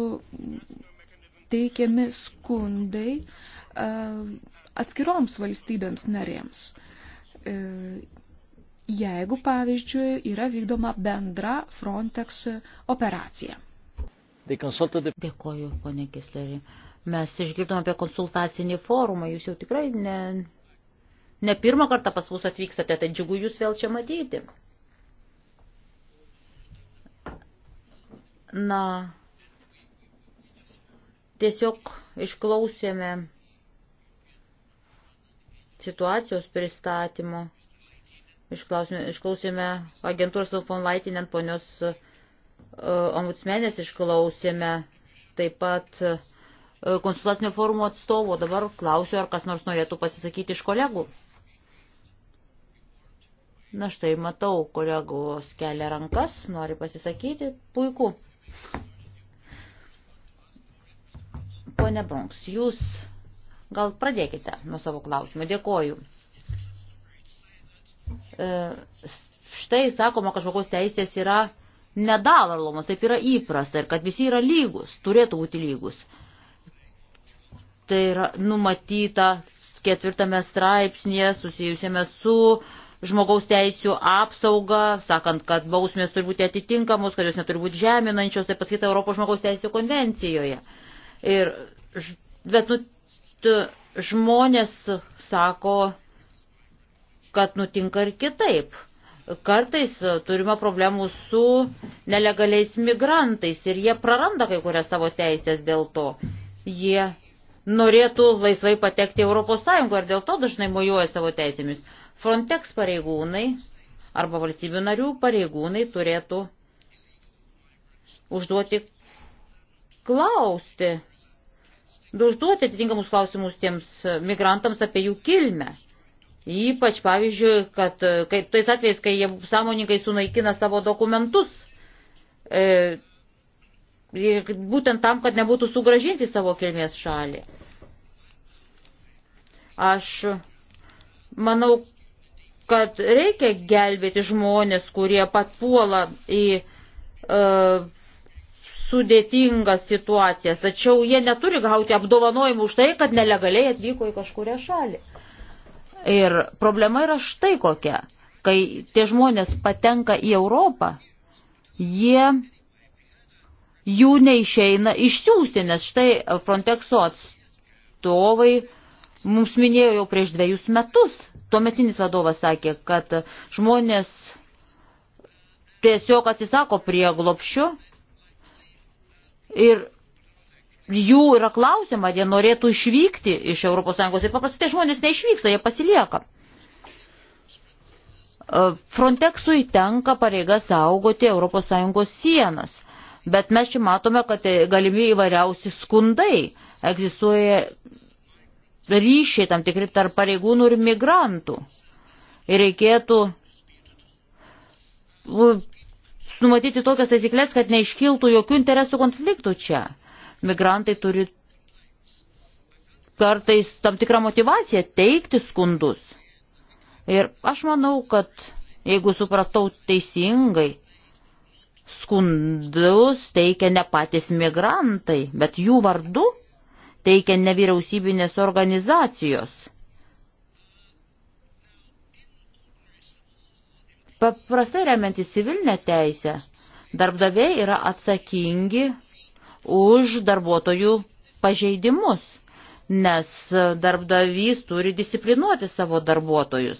teikiami skundai atskiroms valstybėms narėms jeigu, pavyzdžiui, yra vykdoma bendra Frontex operacija. Tai Dėkoju, ponė Kisleri. Mes išgirdome apie konsultacinį forumą, jūs jau tikrai ne, ne pirmą kartą pas mus atvykstate, tai džiugu jūs vėl čia matyti. Na, tiesiog išklausėme situacijos pristatymo Išklausėme agentūros von Laitinen ponios e, ombudsmenės, išklausėme taip pat e, konsultacinio forumo atstovo. Dabar klausiu, ar kas nors norėtų pasisakyti iš kolegų. Na štai, matau, kolegos kelia rankas, nori pasisakyti. Puiku. Pone Bronks, jūs gal pradėkite nuo savo klausimą. Dėkoju. E, štai sakoma, kad žmogaus teisės yra nedalarlomos, taip yra įprasta ir kad visi yra lygus, turėtų būti lygus. Tai yra numatyta ketvirtame straipsnėje susijusiame su žmogaus teisų apsauga, sakant, kad bausmės turi būti atitinkamos, kad jos neturi būti žeminančios, tai pasakyta Europos žmogaus teisų konvencijoje. Ir, bet nu, t, žmonės sako, kad nutinka ir kitaip. Kartais e, turime problemų su nelegaliais migrantais ir jie praranda kai kurias savo teisės dėl to. Jie norėtų laisvai patekti Europos Sąjungą ir dėl to dažnai mojuoja savo teisėmis. Frontex pareigūnai arba valstybių narių pareigūnai turėtų užduoti klausti, užduoti atitinkamus klausimus tiems migrantams apie jų kilmę. Ypač, pavyzdžiui, kad e, kaip tais atvejais, kai jie sąmoningai sunaikina savo dokumentus. E, ir būtent tam, kad nebūtų sugražinti savo kilmės šalį. Aš manau, kad reikia gelbėti žmonės, kurie patpuola į e, sudėtingas situacijas, tačiau jie neturi gauti apdovanojimų už tai, kad nelegaliai atvyko į kažkuria šalį. Ir problema yra štai kokia. Kai tie žmonės patenka į Europą, jie jų neišeina išsiųsti, nes štai Frontexo atstovai mums minėjo jau prieš dviejus metus. Tuometinis vadovas sakė, kad žmonės tiesiog atsisako prieglopščių ir jų yra klausima, jie norėtų išvykti iš ES ir paprastai žmonės neišvyksta, jie pasilieka. E, Frontexui tenka pareiga saugoti ES sienas, bet mes čia matome, kad e, galimi įvairiausi skundai, egzistuoja ryšiai tam tikri tarp pareigūnų ir migrantų. Ir reikėtų nu, numatyti tokias taisyklės, kad neiškiltų jokių interesų konfliktų čia migrantai turi kartais tam tikrą motivaciją teikti skundus. Ir aš manau, kad jeigu supratau teisingai, skundus teikia ne patys migrantai, bet jų vardu teikia nevyriausybinės organizacijos. Paprastai remiantis civilinę teisę, darbdaviai yra atsakingi už darbuotojų pažeidimus, nes darbdavys turi disciplinuoti savo darbuotojus.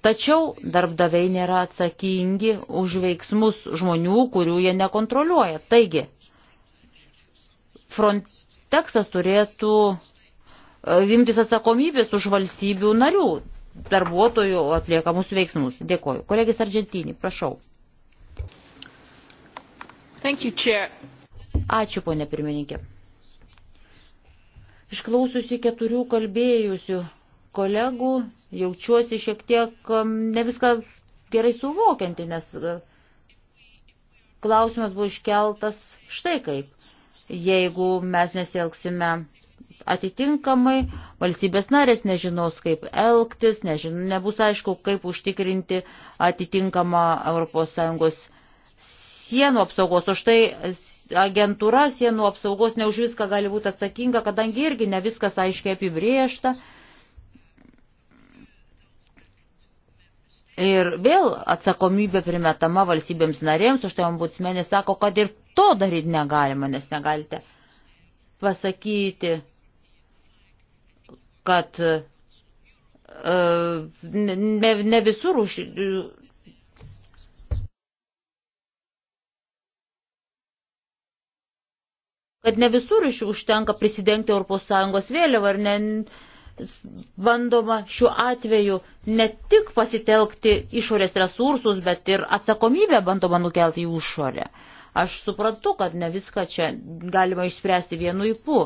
Tačiau darbdaviai nėra atsakingi už veiksmus žmonių, kurių jie nekontroliuoja. Taigi, Frontexas turėtų vimtis e, atsakomybės už valstybių narių darbuotojų atliekamus veiksmus. Dėkoju. Kolegis Argentinį, prašau. Thank you, Chair. Ačiū, ponė pirmininkė. Išklausiusi keturių kalbėjusių kolegų, jaučiuosi šiek tiek um, ne viską gerai suvokianti, nes uh, klausimas buvo iškeltas štai kaip. Jeigu mes nesielgsime atitinkamai, valstybės narės nežinos, kaip elgtis, nežin, nebus aišku, kaip užtikrinti atitinkamą ES sienų apsaugos. O štai agentūra sienų apsaugos ne už viską gali būti atsakinga, kadangi irgi ne viskas aiškiai apibriešta. Ir vėl atsakomybė primetama valstybėms narėms, už tai ombudsmenė sako, kad ir to daryti negalima, nes negalite pasakyti, kad e, ne, ne visur už, kad ne visur iš jų užtenka prisidengti ES vėliavą ir ne, bandoma šiuo atveju ne tik pasitelkti išorės resursus, bet ir atsakomybę bandoma nukelti į užšorę. Aš suprantu, kad ne viską čia galima išspręsti vienu įpu.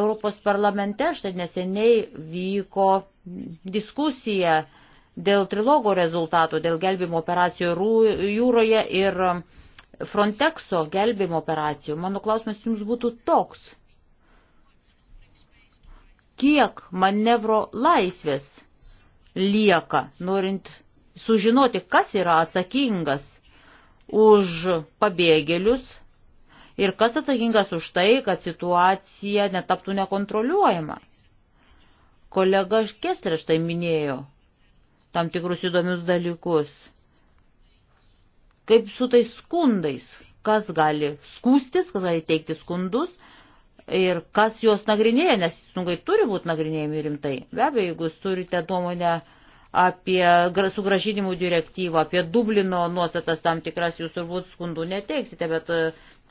Europos parlamente štai neseniai vyko diskusija dėl trilogo rezultatų, dėl gelbimo operacijų jūroje ir Frontexo gelbėjimo operacijų. Mano klausimas jums būtų toks. Kiek manevro laisvės lieka, norint sužinoti, kas yra atsakingas už pabėgėlius ir kas atsakingas už tai, kad situacija netaptų nekontroliuojama. Kolega Kestri štai minėjo tam tikrus įdomius dalykus Kaip su tais skundais, kas gali skūstis, kas gali teikti skundus ir kas juos nagrinėja, nes skundai turi būti nagrinėjami rimtai. Be abejo, jeigu jūs turite nuomonę apie sugražinimų direktyvą, apie Dublino nuostatas tam tikras, jūs turbūt skundų neteiksite, bet e,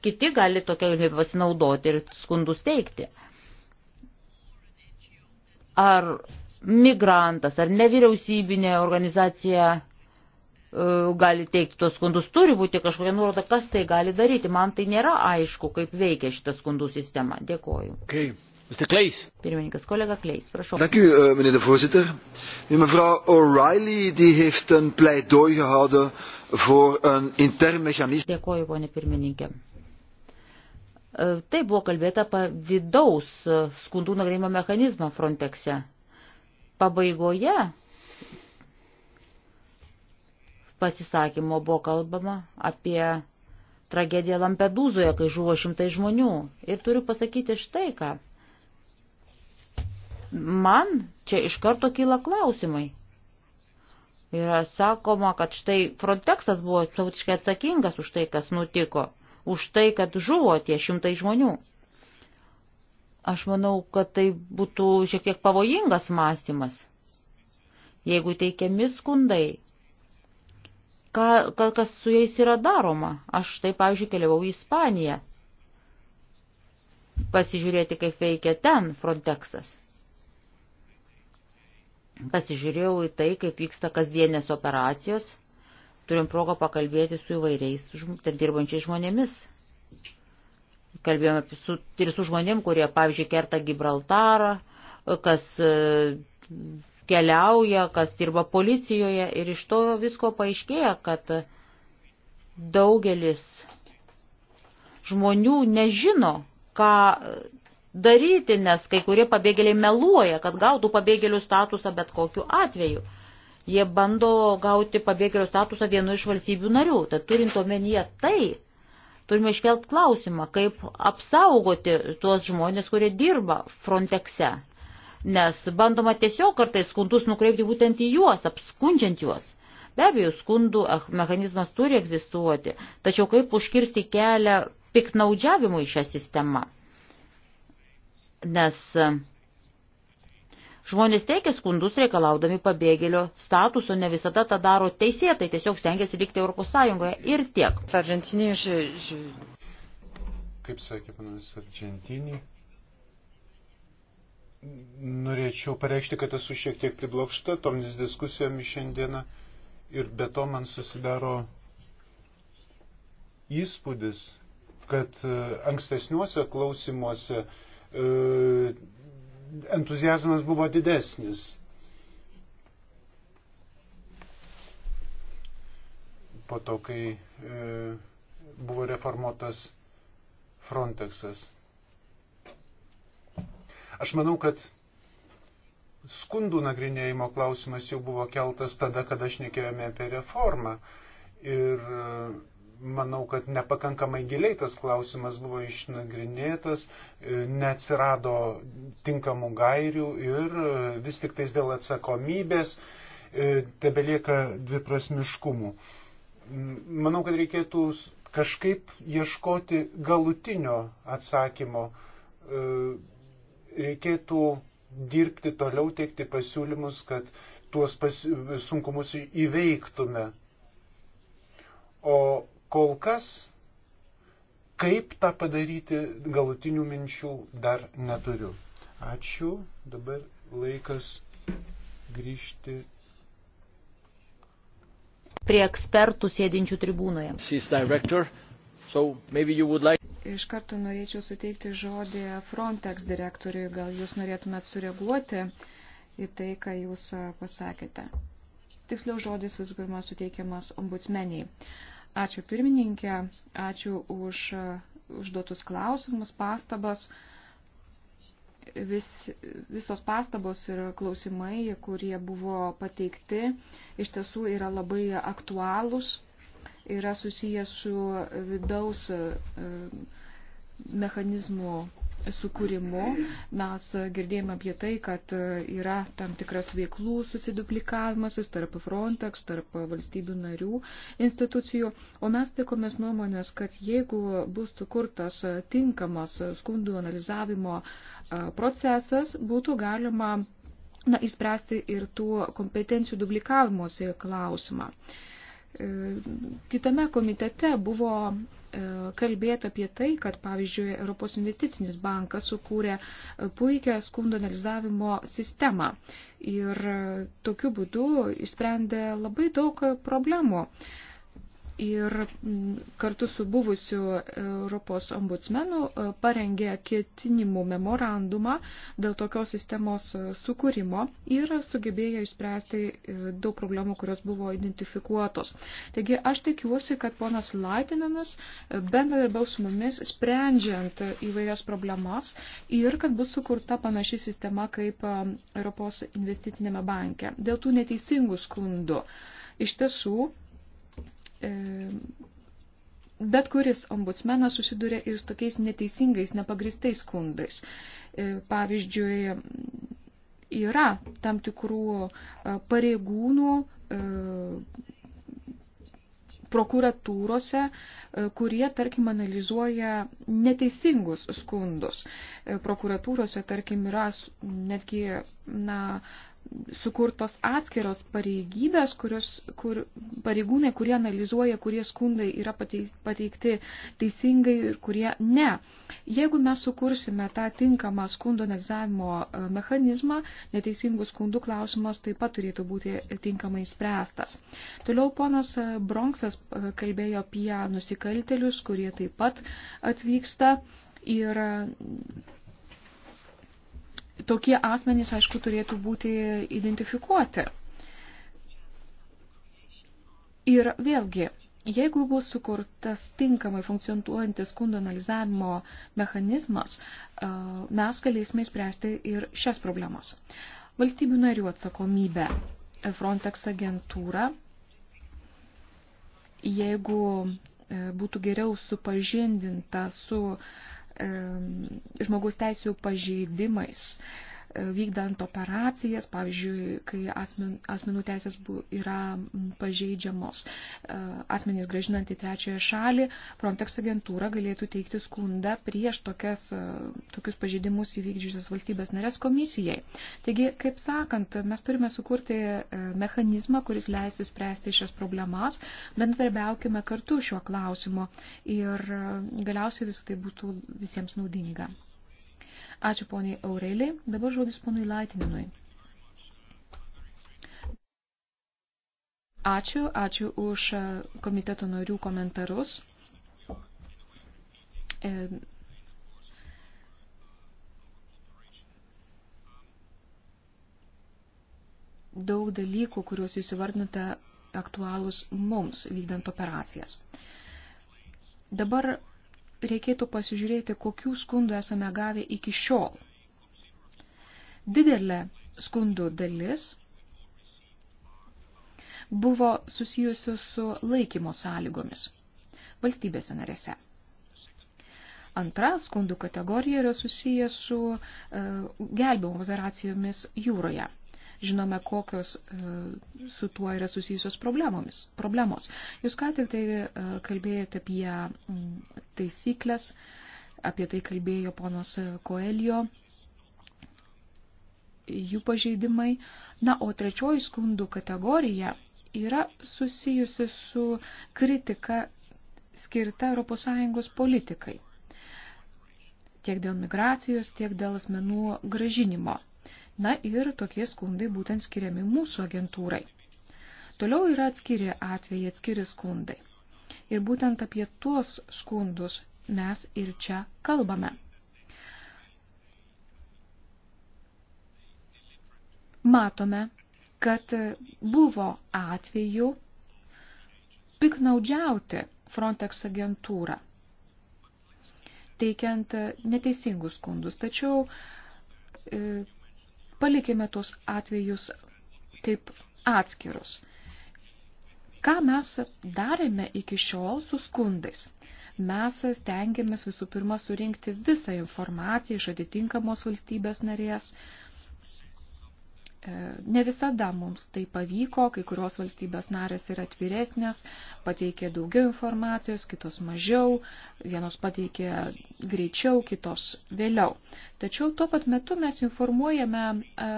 kiti gali tokia galimybė pasinaudoti ir skundus teikti. Ar migrantas, ar nevyriausybinė organizacija gali teikti tos skundus, turi būti kažkokia nuoroda, kas tai gali daryti. Man tai nėra aišku, kaip veikia šitą skundų sistemą. Dėkoju. Okay. Mr. Kleis. Pirmininkas, kolega Kleis, prašau. Dank u, uh, meneer de voorzitter. Nu, mevrouw O'Reilly die heeft een pleidooi gehouden voor een intern mechanisme. Dėkoju, ponė pirmininkė. Eh, tai buvo kalbėta apie vidaus eh, skundų nagrinimo mechanizmą Frontexe. Pabaigoje pasisakymo buvo kalbama apie tragediją Lampedūzoje, kai žuvo šimtai žmonių. Ir turiu pasakyti štai ką. Man čia iš karto kyla klausimai. Yra sakoma, kad štai Frontexas buvo savotiškai atsakingas už tai, kas nutiko, už tai, kad žuvo tie šimtai žmonių. Aš manau, kad tai būtų šiek tiek pavojingas mąstymas. Jeigu teikiami skundai ką, ka, kas su jais yra daroma. Aš tai, pavyzdžiui, keliavau į Ispaniją pasižiūrėti, kaip veikia ten Frontexas. Pasižiūrėjau į tai, kaip vyksta kasdienės operacijos. Turim progą pakalbėti su įvairiais ten dirbančiais žmonėmis. Kalbėjome su, ir su žmonėm, kurie, pavyzdžiui, kerta Gibraltarą, kas keliauja, kas dirba policijoje ir iš to visko paaiškėja, kad daugelis žmonių nežino, ką daryti, nes kai kurie pabėgėliai meluoja, kad gautų pabėgėlių statusą bet kokiu atveju. Jie bando gauti pabėgėlių statusą vienu iš valstybių narių. Tad turint omenyje tai, turime iškelt klausimą, kaip apsaugoti tuos žmonės, kurie dirba Frontexe nes bandoma tiesiog kartais skundus nukreipti būtent į juos, apskundžiant juos. Be abejo, skundų mechanizmas turi egzistuoti, tačiau kaip užkirsti kelią piknaudžiavimui šią sistemą? Nes e, Žmonės teikia skundus reikalaudami pabėgėlio statuso, ne visada tą daro teisėtai, tiesiog stengiasi likti Europos Sąjungoje ir tiek. Argentinė, ž... Kaip sakė panas Argentinė, norėčiau pareikšti, kad esu šiek tiek priblokšta tomis diskusijomis šiandieną ir be to man susidaro įspūdis, kad e, ankstesniuose klausimuose e, entuzijazmas buvo didesnis. Po to, kai e, buvo reformuotas Frontexas. Aš manau, kad skundų nagrinėjimo klausimas jau buvo keltas tada, kada aš nekėjome apie reformą. Ir e, manau, kad nepakankamai giliai tas klausimas buvo išnagrinėtas, e, neatsirado tinkamų gairių ir e, vis tik tais dėl atsakomybės tebelieka dviprasmiškumų. Manau, kad reikėtų kažkaip ieškoti galutinio atsakymo reikėtų dirbti toliau, teikti pasiūlymus, kad tuos pas, sunkumus įveiktume. O kol kas, kaip tą padaryti, galutinių minčių dar neturiu. Ačiū, dabar laikas grįžti. Prie ekspertų sėdinčių tribūnoje. So like iš karto norėčiau suteikti žodį Frontex direktoriui. Gal jūs norėtumėt sureaguoti į tai, ką jūs pasakėte. Tiksliau žodis visų pirma suteikiamas ombudsmeniai. Ačiū pirmininkė, ačiū už užduotus klausimus, pastabas. Vis, visos pastabos ir klausimai, kurie buvo pateikti, iš tiesų yra labai aktualūs yra susijęs su vidaus e, mechanizmų sukūrimu. Mes girdėjome apie tai, kad e, yra tam tikras veiklų susiduplikavimasis tarp Frontex, tarp valstybių narių institucijų. O mes tikomės nuomonės, kad jeigu bus sukurtas tinkamas skundų analizavimo e, procesas, būtų galima na, įspręsti ir tų kompetencijų duplikavimosi klausimą. Uh, E, kitame komitete buvo e, kalbėti apie tai, kad, pavyzdžiui, Europos investicinis bankas sukūrė e, puikią skundo analizavimo sistemą ir tokiu būdu išsprendė labai daug problemų ir mm, kartu su buvusiu Europos ombudsmenu e, parengė ketinimų memorandumą dėl tokios sistemos e, sukūrimo ir sugebėjo išspręsti e, daug problemų, kurios buvo identifikuotos. Taigi aš tikiuosi, kad ponas Laitinanas bendradarbiaus su mumis sprendžiant įvairias problemas ir kad bus sukurta panaši sistema kaip Europos investicinėme banke. Dėl tų neteisingų skundų. Iš tiesų, E, bet kuris ombudsmenas susiduria ir su tokiais neteisingais, nepagristais skundais. E, pavyzdžiui, yra tam tikrų e, pareigūnų prokuratūrose, kurie, tarkim, analizuoja neteisingus skundus. Prokuratūrose, tarkim, yra netgi, na, sukurtos atskiros pareigybės, kurios, kur, pareigūnai, kurie analizuoja, kurie skundai yra pateikti teisingai ir kurie ne. Jeigu mes sukursime tą tinkamą skundo analizavimo e, mechanizmą, neteisingų skundų klausimas taip pat turėtų būti tinkamai spręstas. Toliau ponas e, Bronksas e, kalbėjo apie nusikaltelius, kurie taip pat atvyksta ir tokie asmenys, aišku, turėtų būti identifikuoti. Ir vėlgi, jeigu bus sukurtas tinkamai funkcionuojantis skundo analizavimo mechanizmas, mes galėsime spręsti ir šias problemas. Valstybių narių atsakomybė. Frontex agentūra, jeigu e, būtų geriau supažindinta su uh, žmogaus teisų pažeidimais. E, vykdant operacijas, pavyzdžiui, kai asmen, asmenų teisės bu, yra pažeidžiamos, e, asmenys gražinant į trečiąją šalį, Frontex agentūra galėtų teikti skundą prieš tokias, e, tokius pažeidimus įvykdžiusias valstybės narės komisijai. Taigi, kaip sakant, mes turime sukurti e, mechanizmą, kuris leistų spręsti šias problemas, bendradarbiaukime kartu šiuo klausimu ir galiausiai visą tai būtų visiems naudinga. Ačiū poniai Aureliai. Dabar žodis ponui Laitininui. Ačiū, ačiū už e, komiteto narių komentarus. E, daug dalykų, kuriuos jūs įvardinote, aktualūs mums vykdant operacijas. Dabar reikėtų pasižiūrėti, kokių skundų esame gavę iki šiol. Didelė skundų dalis buvo susijusi su laikymo sąlygomis valstybėse narėse. Antra skundų kategorija yra susiję su e, gelbėjimo operacijomis jūroje žinome, kokios e, su tuo yra susijusios problemos. Jūs ką tik tai e, kalbėjote apie mm, taisyklės, apie tai kalbėjo ponas Koelio, jų pažeidimai. Na, o trečioji skundų kategorija yra susijusi su kritika skirta ES politikai tiek dėl migracijos, tiek dėl asmenų gražinimo. Na ir tokie skundai būtent skiriami mūsų agentūrai. Toliau yra atskiri atvejai, atskiri skundai. Ir būtent apie tuos skundus mes ir čia kalbame. Matome, kad buvo atvejų piknaudžiauti Frontex agentūrą, teikiant neteisingus skundus. Tačiau e, palikime tuos atvejus kaip atskirus. Ką mes darėme iki šiol su skundais? Mes stengiamės visų pirma surinkti visą informaciją iš atitinkamos valstybės narės, E, ne visada mums tai pavyko, kai kurios valstybės narės yra atviresnės, pateikė daugiau informacijos, kitos mažiau, vienos pateikė greičiau, kitos vėliau. Tačiau tuo pat metu mes informuojame e,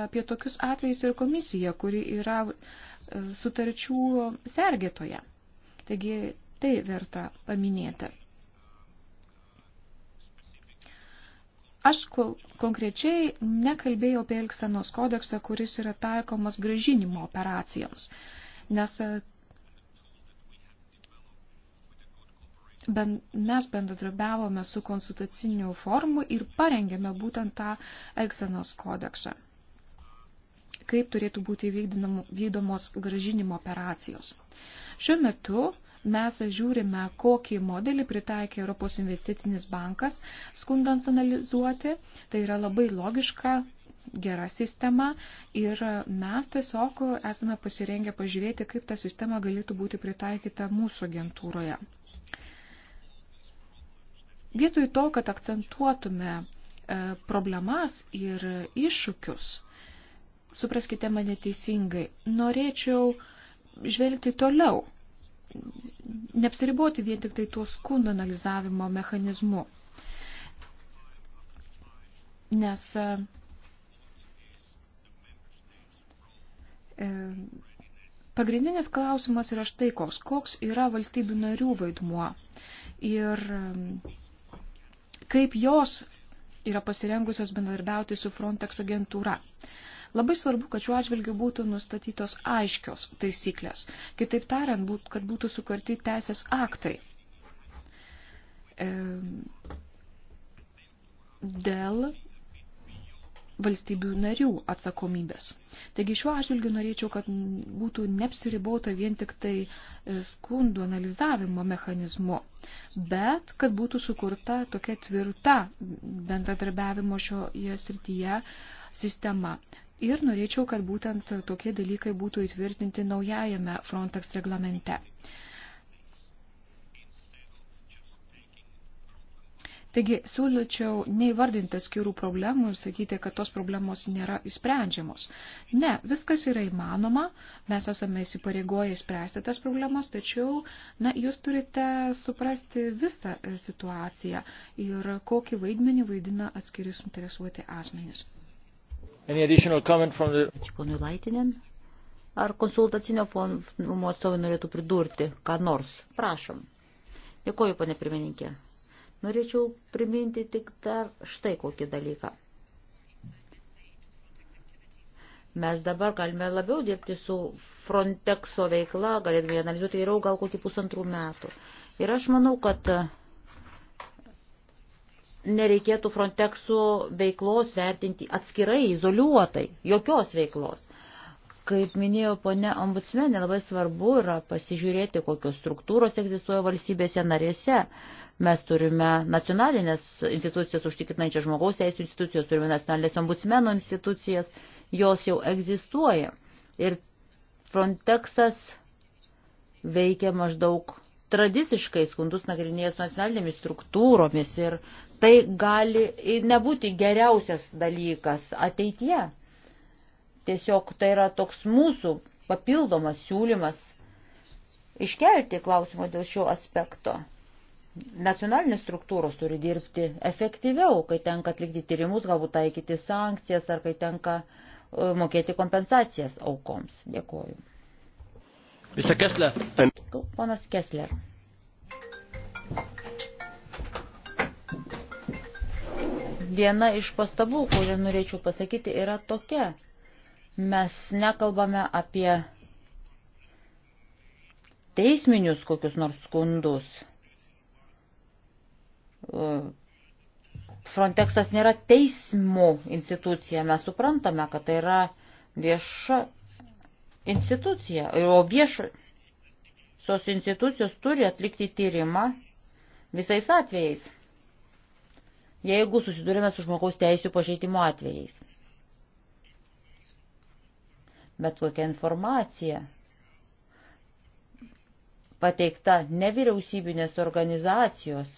apie tokius atvejus ir komisiją, kuri yra e, sutarčių sergėtoje. Taigi tai verta paminėti. Aš konkrečiai nekalbėjau apie Elksenos kodeksą, kuris yra taikomas gražinimo operacijoms, nes ben, mes bendradarbiavome su konsultaciniu formu ir parengėme būtent tą Elksenos kodeksą, kaip turėtų būti vykdomos gražinimo operacijos. Šiuo metu mes žiūrime, kokį modelį pritaikė Europos investicinis bankas skundams analizuoti. Tai yra labai logiška, gera sistema ir mes tiesiog esame pasirengę pažiūrėti, kaip ta sistema galėtų būti pritaikyta mūsų agentūroje. Vietoj to, kad akcentuotume e, problemas ir iššūkius, supraskite mane teisingai, norėčiau žvelgti toliau neapsiriboti vien tik tai tuo skundo analizavimo mechanizmu. Nes e, e, pagrindinis klausimas yra štai koks, koks yra valstybių narių vaidmuo ir e, kaip jos yra pasirengusios bendradarbiauti su Frontex agentūra. Labai svarbu, kad šiuo atžvilgiu būtų nustatytos aiškios taisyklės. Kitaip tariant, būt, kad būtų sukarti teisės aktai. E, dėl valstybių narių atsakomybės. Taigi šiuo atžvilgiu norėčiau, kad būtų neapsiribota vien tik tai e, skundų analizavimo mechanizmu, bet kad būtų sukurta tokia tvirta bendradarbiavimo šioje srityje sistema. Ir norėčiau, kad būtent tokie dalykai būtų įtvirtinti naujajame Frontex reglamente. Taigi siūlyčiau neįvardinti skirų problemų ir sakyti, kad tos problemos nėra įsprendžiamos. Ne, viskas yra įmanoma, mes esame įsipareigoję spręsti tas problemas, tačiau na, jūs turite suprasti visą e, situaciją ir kokį vaidmenį vaidina atskiri suinteresuoti asmenys. The... Ačiū ponui Laitinin. Ar konsultacinio forumo atstovai norėtų pridurti, ką nors? Prašom. Dėkoju, ponė pirmininkė. Norėčiau priminti tik dar štai kokį dalyką. Mes dabar galime labiau dirbti su Frontexo veikla, galėtume analizuoti geriau gal kokį pusantrų metų. Ir aš manau, kad nereikėtų Frontexų veiklos vertinti atskirai, izoliuotai, jokios veiklos. Kaip minėjo ponė ombudsmenė, labai svarbu yra pasižiūrėti, kokios struktūros egzistuoja valstybėse narėse. Mes turime nacionalinės institucijas užtikrinančias žmogaus teisų institucijos, turime nacionalinės ombudsmeno institucijas, jos jau egzistuoja. Ir Frontexas veikia maždaug tradiciškai skundus nagrinėjęs nacionalinėmis struktūromis ir Tai gali nebūti geriausias dalykas ateityje. Tiesiog tai yra toks mūsų papildomas siūlymas iškelti klausimą dėl šio aspekto. Nacionalinės struktūros turi dirbti efektyviau, kai tenka atlikti tyrimus, galbūt taikyti sankcijas ar kai tenka e, mokėti kompensacijas aukoms. Dėkuoju. Ponas Kessler. viena iš pastabų, kurią norėčiau pasakyti, yra tokia. Mes nekalbame apie teisminius kokius nors skundus. Frontexas nėra teismų institucija, mes suprantame, kad tai yra vieša institucija, o viešos institucijos turi atlikti tyrimą visais atvejais jeigu susidurime su žmogaus teisų pažeidimo atvejais. Bet kokia informacija pateikta nevyriausybinės organizacijos,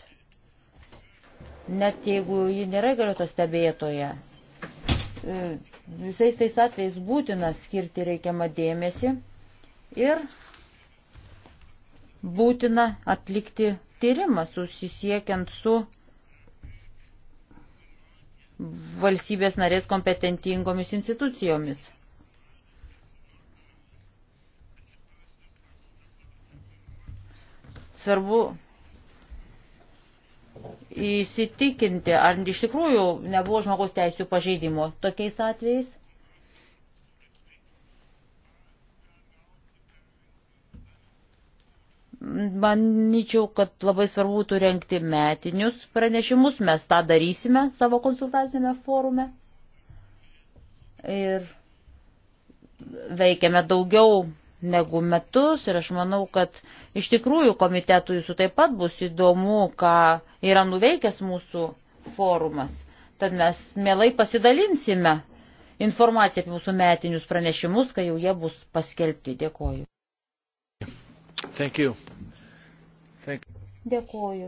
net jeigu ji nėra galėto stebėtoje, e, visais tais atvejais būtina skirti reikiamą dėmesį ir būtina atlikti tyrimą susisiekiant su valstybės narės kompetentingomis institucijomis. Svarbu įsitikinti, ar iš tikrųjų nebuvo žmogaus teisų pažeidimo tokiais atvejais. Manyčiau, kad labai svarbu būtų renkti metinius pranešimus, mes tą darysime savo konsultacinėme forume. Ir veikiame daugiau negu metus ir aš manau, kad iš tikrųjų komitetų jūsų taip pat bus įdomu, ką yra nuveikęs mūsų forumas. Tad mes mielai pasidalinsime informaciją apie mūsų metinius pranešimus, kai jau jie bus paskelbti. Dėkoju. Thank you. Thank you. Dėkoju.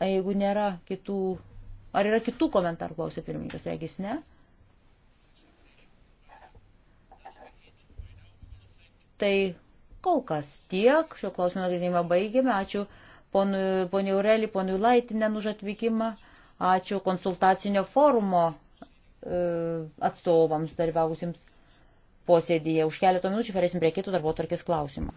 Jeigu nėra kitų, ar yra kitų komentarų, klausė pirmininkas, regis ne? Tai kol kas tiek, šio klausimo nagrinėjimą baigėme, ačiū poniai Aurelį, poniai Laitinę už atvykimą, ačiū konsultacinio forumo e, atstovams dalyvavusiems posėdėje. Už keletą minučių perėsim prie kitų darbo tvarkės klausimų.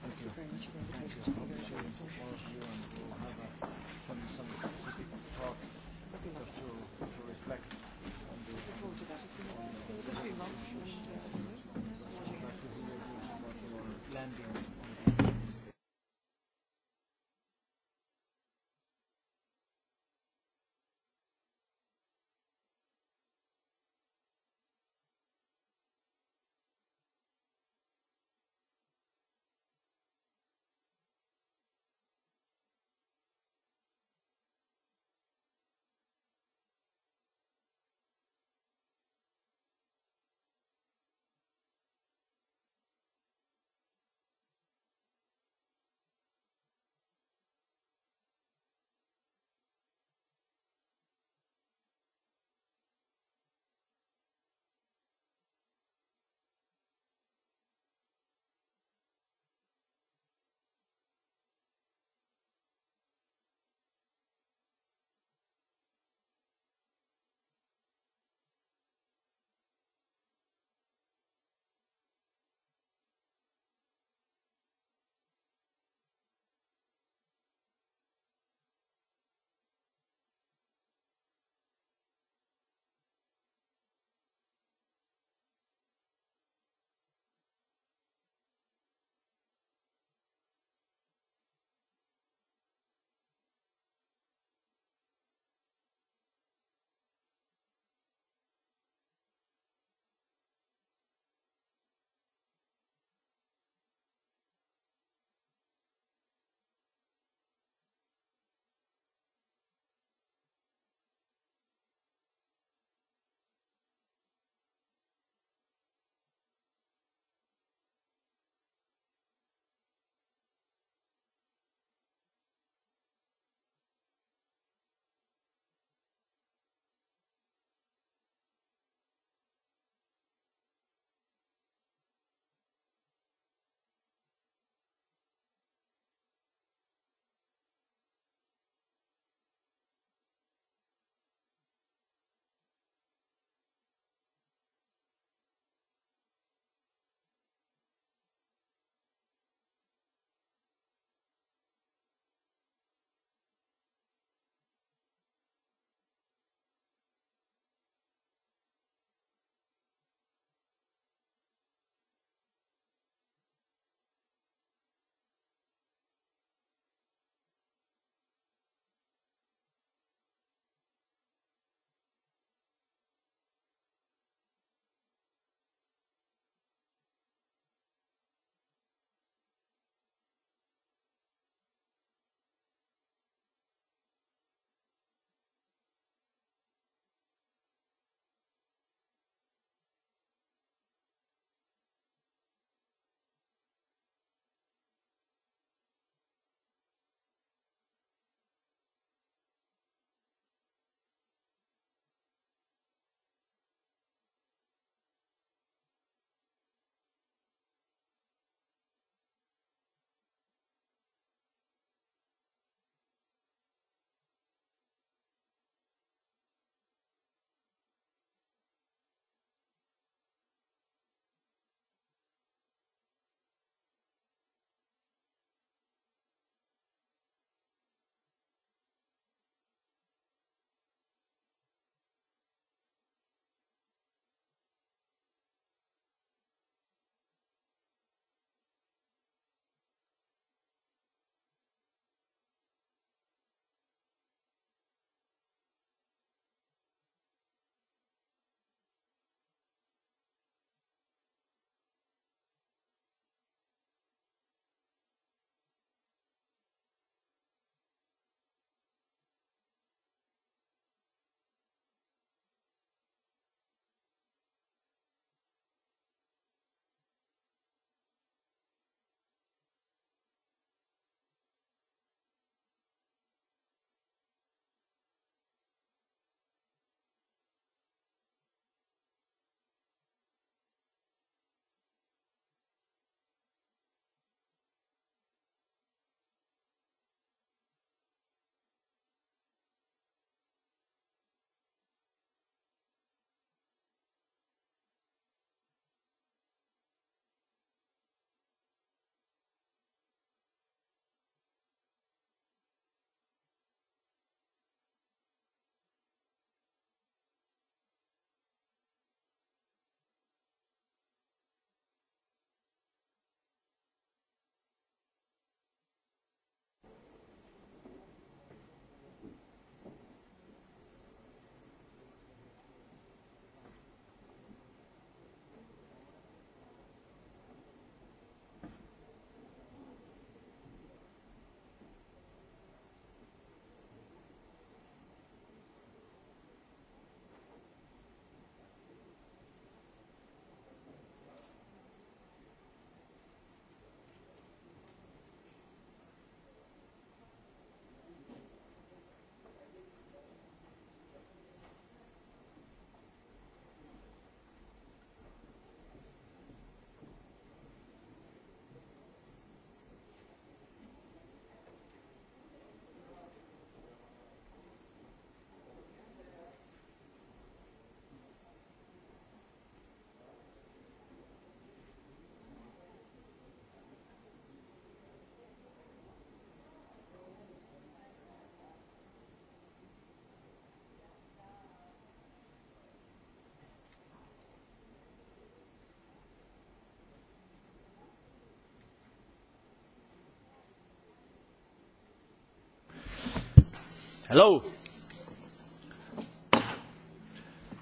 Hello.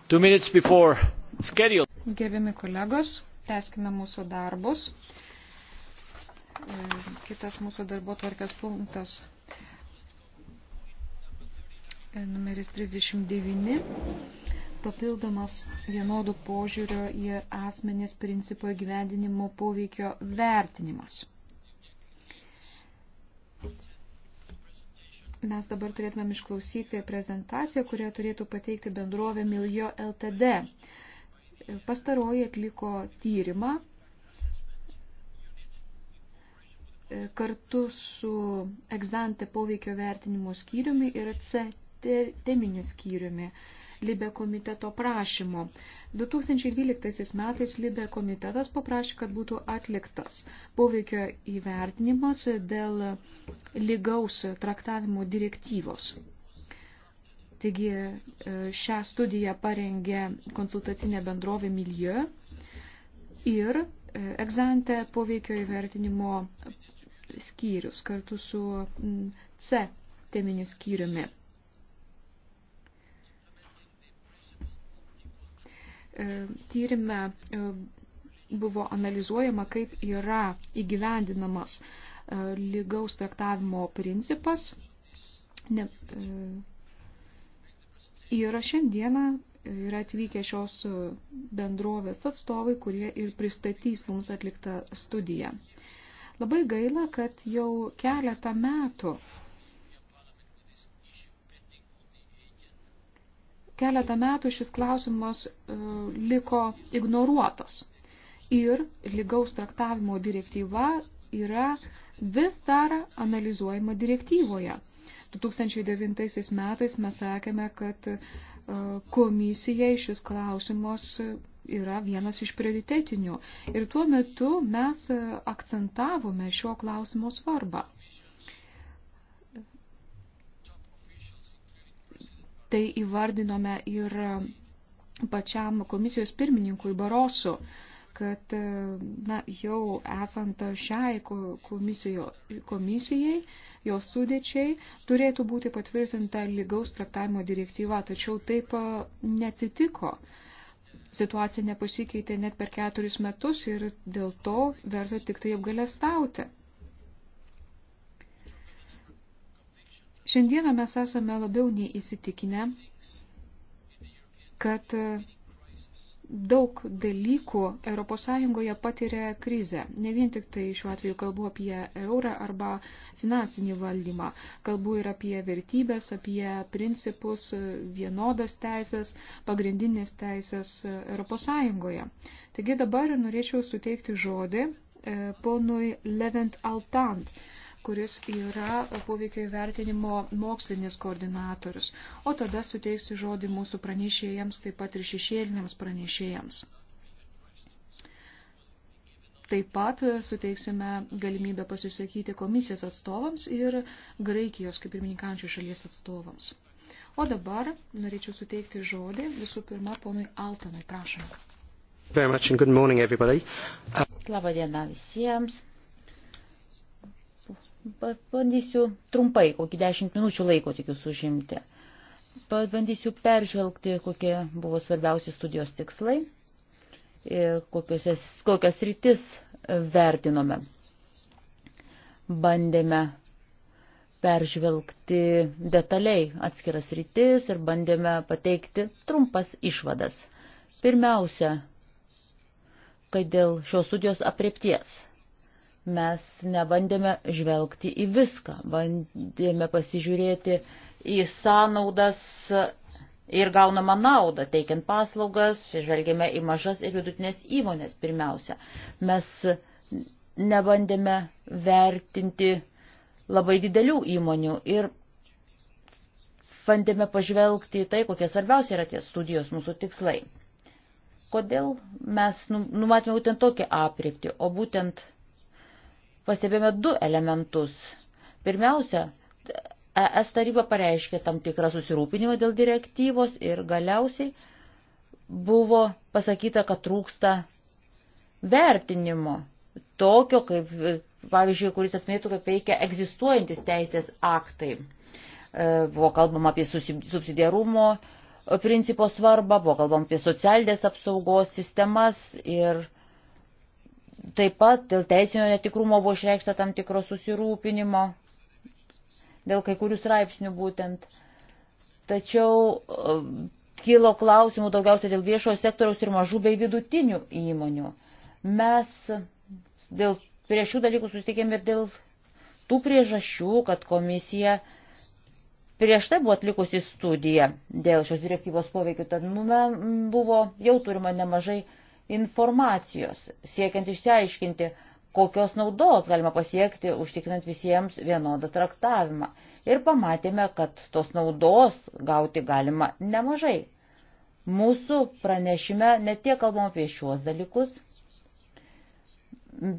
Two minutes before schedule. Gerbiami kolegos, teskime mūsų darbus. Kitas mūsų darbo tvarkės punktas numeris 39. Papildomas vienodų požiūrio į asmenės principo įgyvendinimo poveikio vertinimas. mes dabar turėtumėm išklausyti prezentaciją, kurią turėtų pateikti bendrovė Miljo LTD. Pastaroji atliko tyrimą e, kartu su egzante poveikio vertinimo skyriumi ir C teminiu skyriumi. Libe komiteto prašymo. 2012 metais Libe komitetas paprašė, kad būtų atliktas poveikio įvertinimas dėl lygaus traktavimo direktyvos. Taigi e, šią studiją parengė konsultacinė bendrovė Milieu ir e, egzante poveikio įvertinimo skyrius kartu su C teminiu skyriumi. E, tyrime e, buvo analizuojama, kaip yra įgyvendinamas e, lygaus traktavimo principas. Ne, ir šiandieną yra atvykę šios bendrovės atstovai, kurie ir pristatys mums atliktą studiją. Labai gaila, kad jau keletą metų keletą metų šis klausimas e, liko ignoruotas. Ir lygaus traktavimo direktyva yra vis dar analizuojama direktyvoje. 2009 metais mes sakėme, kad e, komisijai šis klausimas yra vienas iš prioritetinių. Ir tuo metu mes akcentavome šio klausimo svarbą. Tai įvardinome ir pačiam komisijos pirmininkui Barosu, kad na, jau esant šiai komisijo, komisijai, jos sudėčiai, turėtų būti patvirtinta lygaus traktavimo direktyva, tačiau taip neatsitiko. Situacija nepasikeitė net per keturis metus ir dėl to verta tik tai apgalėstauti. Šiandieną mes esame labiau nei įsitikinę, kad daug dalykų ES patiria krizę. Ne vien tik tai šiuo atveju kalbu apie eurą arba finansinį valdymą. Kalbu ir apie vertybės, apie principus, vienodas teisės, pagrindinės teisės ES. Taigi dabar norėčiau suteikti žodį e, ponui Levent Altant kuris yra poveikio įvertinimo mokslinis koordinatorius. O tada suteiksiu žodį mūsų pranešėjams, taip pat ir šešėliniams pranešėjams. Taip pat suteiksime galimybę pasisakyti komisijos atstovams ir Graikijos kaip pirmininkančių šalies atstovams. O dabar norėčiau suteikti žodį visų pirma ponui Altanui, prašom. Uh, Labą dieną visiems. Pabandysiu trumpai, kokį dešimt minučių laiko tikiu sužimti. Pabandysiu peržvelgti, kokie buvo svarbiausi studijos tikslai ir kokiose, kokias rytis vertinome. Bandėme peržvelgti detaliai atskiras rytis ir bandėme pateikti trumpas išvadas. Pirmiausia, kad dėl šios studijos apriepties mes nebandėme žvelgti į viską, bandėme pasižiūrėti į sąnaudas ir gaunamą naudą, teikiant paslaugas, žvelgėme į mažas ir vidutinės įmonės pirmiausia. Mes nebandėme vertinti labai didelių įmonių ir bandėme pažvelgti į tai, kokie svarbiausia yra tie studijos mūsų tikslai. Kodėl mes nu, numatėme būtent tokią apriptį, o būtent pastebėjome du elementus. Pirmiausia, ES taryba pareiškė tam tikrą susirūpinimą dėl direktyvos ir galiausiai buvo pasakyta, kad trūksta vertinimo tokio, kaip, pavyzdžiui, kuris atmėtų, kaip veikia egzistuojantis teisės aktai. E, buvo kalbama apie subsidiarumo principo svarbą, buvo kalbama apie socialinės apsaugos sistemas ir uh, Taip pat dėl teisinio netikrumo buvo išreikšta tam tikro susirūpinimo, dėl kai kurių straipsnių būtent. Tačiau e, kilo klausimų daugiausia dėl viešojo sektoriaus ir mažų bei vidutinių įmonių. Mes dėl, prie šių dalykų susitikėme ir dėl tų priežasčių, kad komisija prieš tai buvo atlikusi studiją dėl šios direktyvos poveikio, tad nu, mums buvo jau turima nemažai informacijos, siekiant išsiaiškinti, kokios naudos galima pasiekti, užtikrinant visiems vienodą traktavimą. Ir pamatėme, kad tos naudos gauti galima nemažai. Mūsų pranešime netiek kalbam apie šiuos dalykus.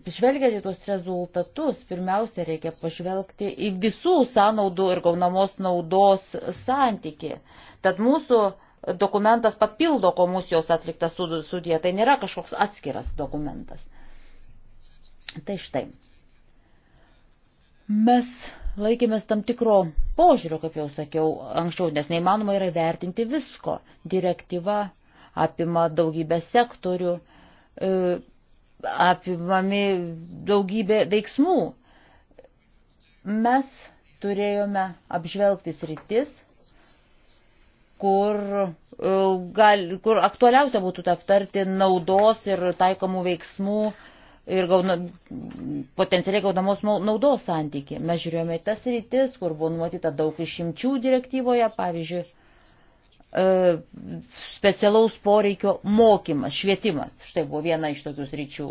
Žvelgiant į tuos rezultatus, pirmiausia, reikia pažvelgti į visų sąnaudų ir gaunamos naudos santyki. Tad mūsų dokumentas papildo komisijos atliktą studiją, tai nėra kažkoks atskiras dokumentas. Tai štai. Mes laikėmės tam tikro požiūrio, kaip jau sakiau anksčiau, nes neįmanoma yra vertinti visko. Direktyva apima daugybę sektorių, e, apimami daugybė veiksmų. Mes turėjome apžvelgti sritis, kur, e, gal, kur aktualiausia būtų aptarti naudos ir taikomų veiksmų ir gauna, potencialiai gaunamos naudos santyki. Mes žiūrėjome į tas rytis, kur buvo numatyta daug išimčių direktyvoje, pavyzdžiui, e, specialaus poreikio mokymas, švietimas. Štai buvo viena iš tokių sričių.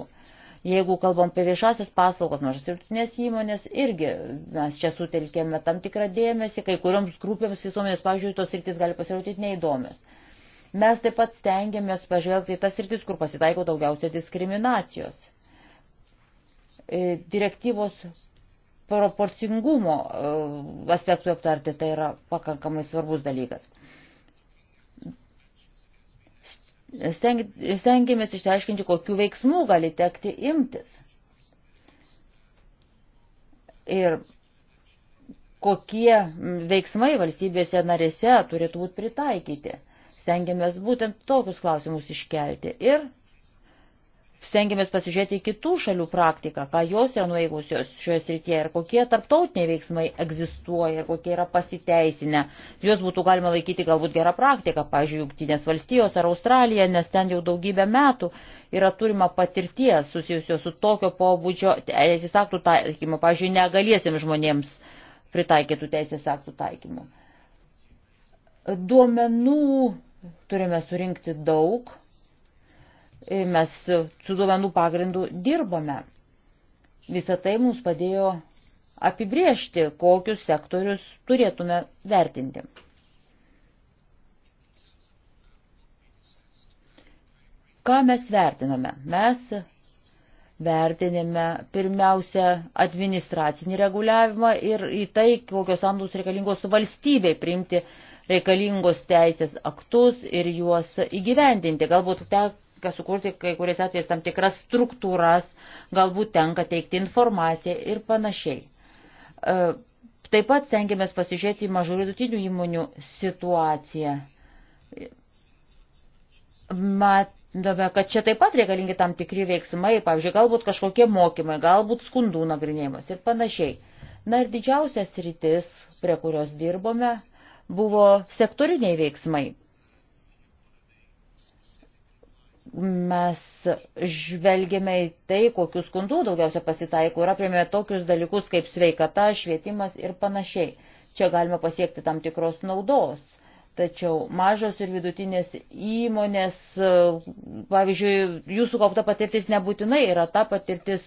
Jeigu kalbam apie viešasias paslaugas, mažas ir rutinės įmonės, irgi mes čia sutelkėme tam tikrą dėmesį, kai kurioms grupėms visuomenės, pavyzdžiui, tos rytis gali pasirodyti neįdomios. Mes taip pat stengiamės pažvelgti tas rytis, kur pasitaiko daugiausia diskriminacijos. E, direktyvos proporcingumo e, aspektų aptarti tai yra pakankamai svarbus dalykas stengiamės išsiaiškinti, kokiu veiksmu gali tekti imtis. Ir kokie veiksmai valstybėse narėse turėtų būti pritaikyti. Stengiamės būtent tokius klausimus iškelti. Ir stengiamės pasižiūrėti į kitų šalių praktiką, ką jos yra nuveikusios šioje srityje ir kokie tarptautiniai veiksmai egzistuoja ir kokie yra pasiteisinę. Juos būtų galima laikyti galbūt gerą praktiką, pavyzdžiui, Junktinės valstijos ar Australija, nes ten jau daugybę metų yra turima patirties susijusios su tokio pobūdžio teisės aktų taikymu, pavyzdžiui, negaliesiems žmonėms pritaikytų teisės aktų taikymu. Duomenų turime surinkti daug, E, mes su duomenų pagrindu dirbome. Visą tai mums padėjo apibriežti, kokius sektorius turėtume vertinti. Ką mes vertiname? Mes vertinime pirmiausia administracinį reguliavimą ir į tai, kokios sandus reikalingos valstybei priimti reikalingos teisės aktus ir juos įgyvendinti. Galbūt te, reikia sukurti kai kuriais atvejais tam tikras struktūras, galbūt tenka teikti informaciją ir panašiai. E, taip pat stengiamės pasižiūrėti į mažų vidutinių įmonių situaciją. Matome, kad čia taip pat reikalingi tam tikri veiksmai, pavyzdžiui, galbūt kažkokie mokymai, galbūt skundų nagrinėjimas ir panašiai. Na ir didžiausias rytis, prie kurios dirbome, buvo sektoriniai veiksmai. mes žvelgėme į tai, kokius skundų daugiausia pasitaiko ir apėmė tokius dalykus kaip sveikata, švietimas ir panašiai. Čia galima pasiekti tam tikros naudos. Tačiau mažos ir vidutinės įmonės, pavyzdžiui, jūsų kaupta patirtis nebūtinai yra ta patirtis,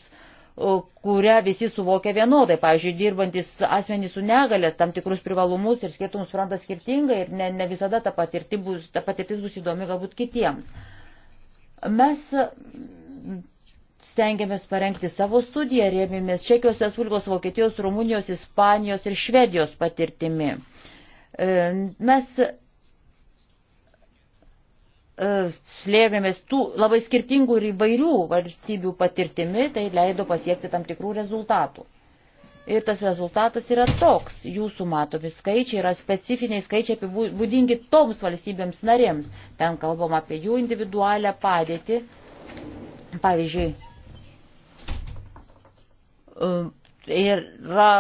kurią visi suvokia vienodai. Pavyzdžiui, dirbantis asmenys su negalės tam tikrus privalumus ir skirtumus supranta skirtingai ir ne, ne visada ta, patirti bus, ta patirtis bus įdomi galbūt kitiems. Uh, Mes stengiamės parengti savo studiją, rėmėmės Čekijos Respublikos, Vokietijos, Rumunijos, Ispanijos ir Švedijos patirtimi. E, mes e, slėmėmės tų labai skirtingų ir įvairių valstybių patirtimi, tai leido pasiekti tam tikrų rezultatų. Ir tas rezultatas yra toks. Jūsų matomi skaičiai yra specifiniai skaičiai būdingi toms valstybėms narėms. Ten kalbam apie jų individualią padėtį. Pavyzdžiui, e, yra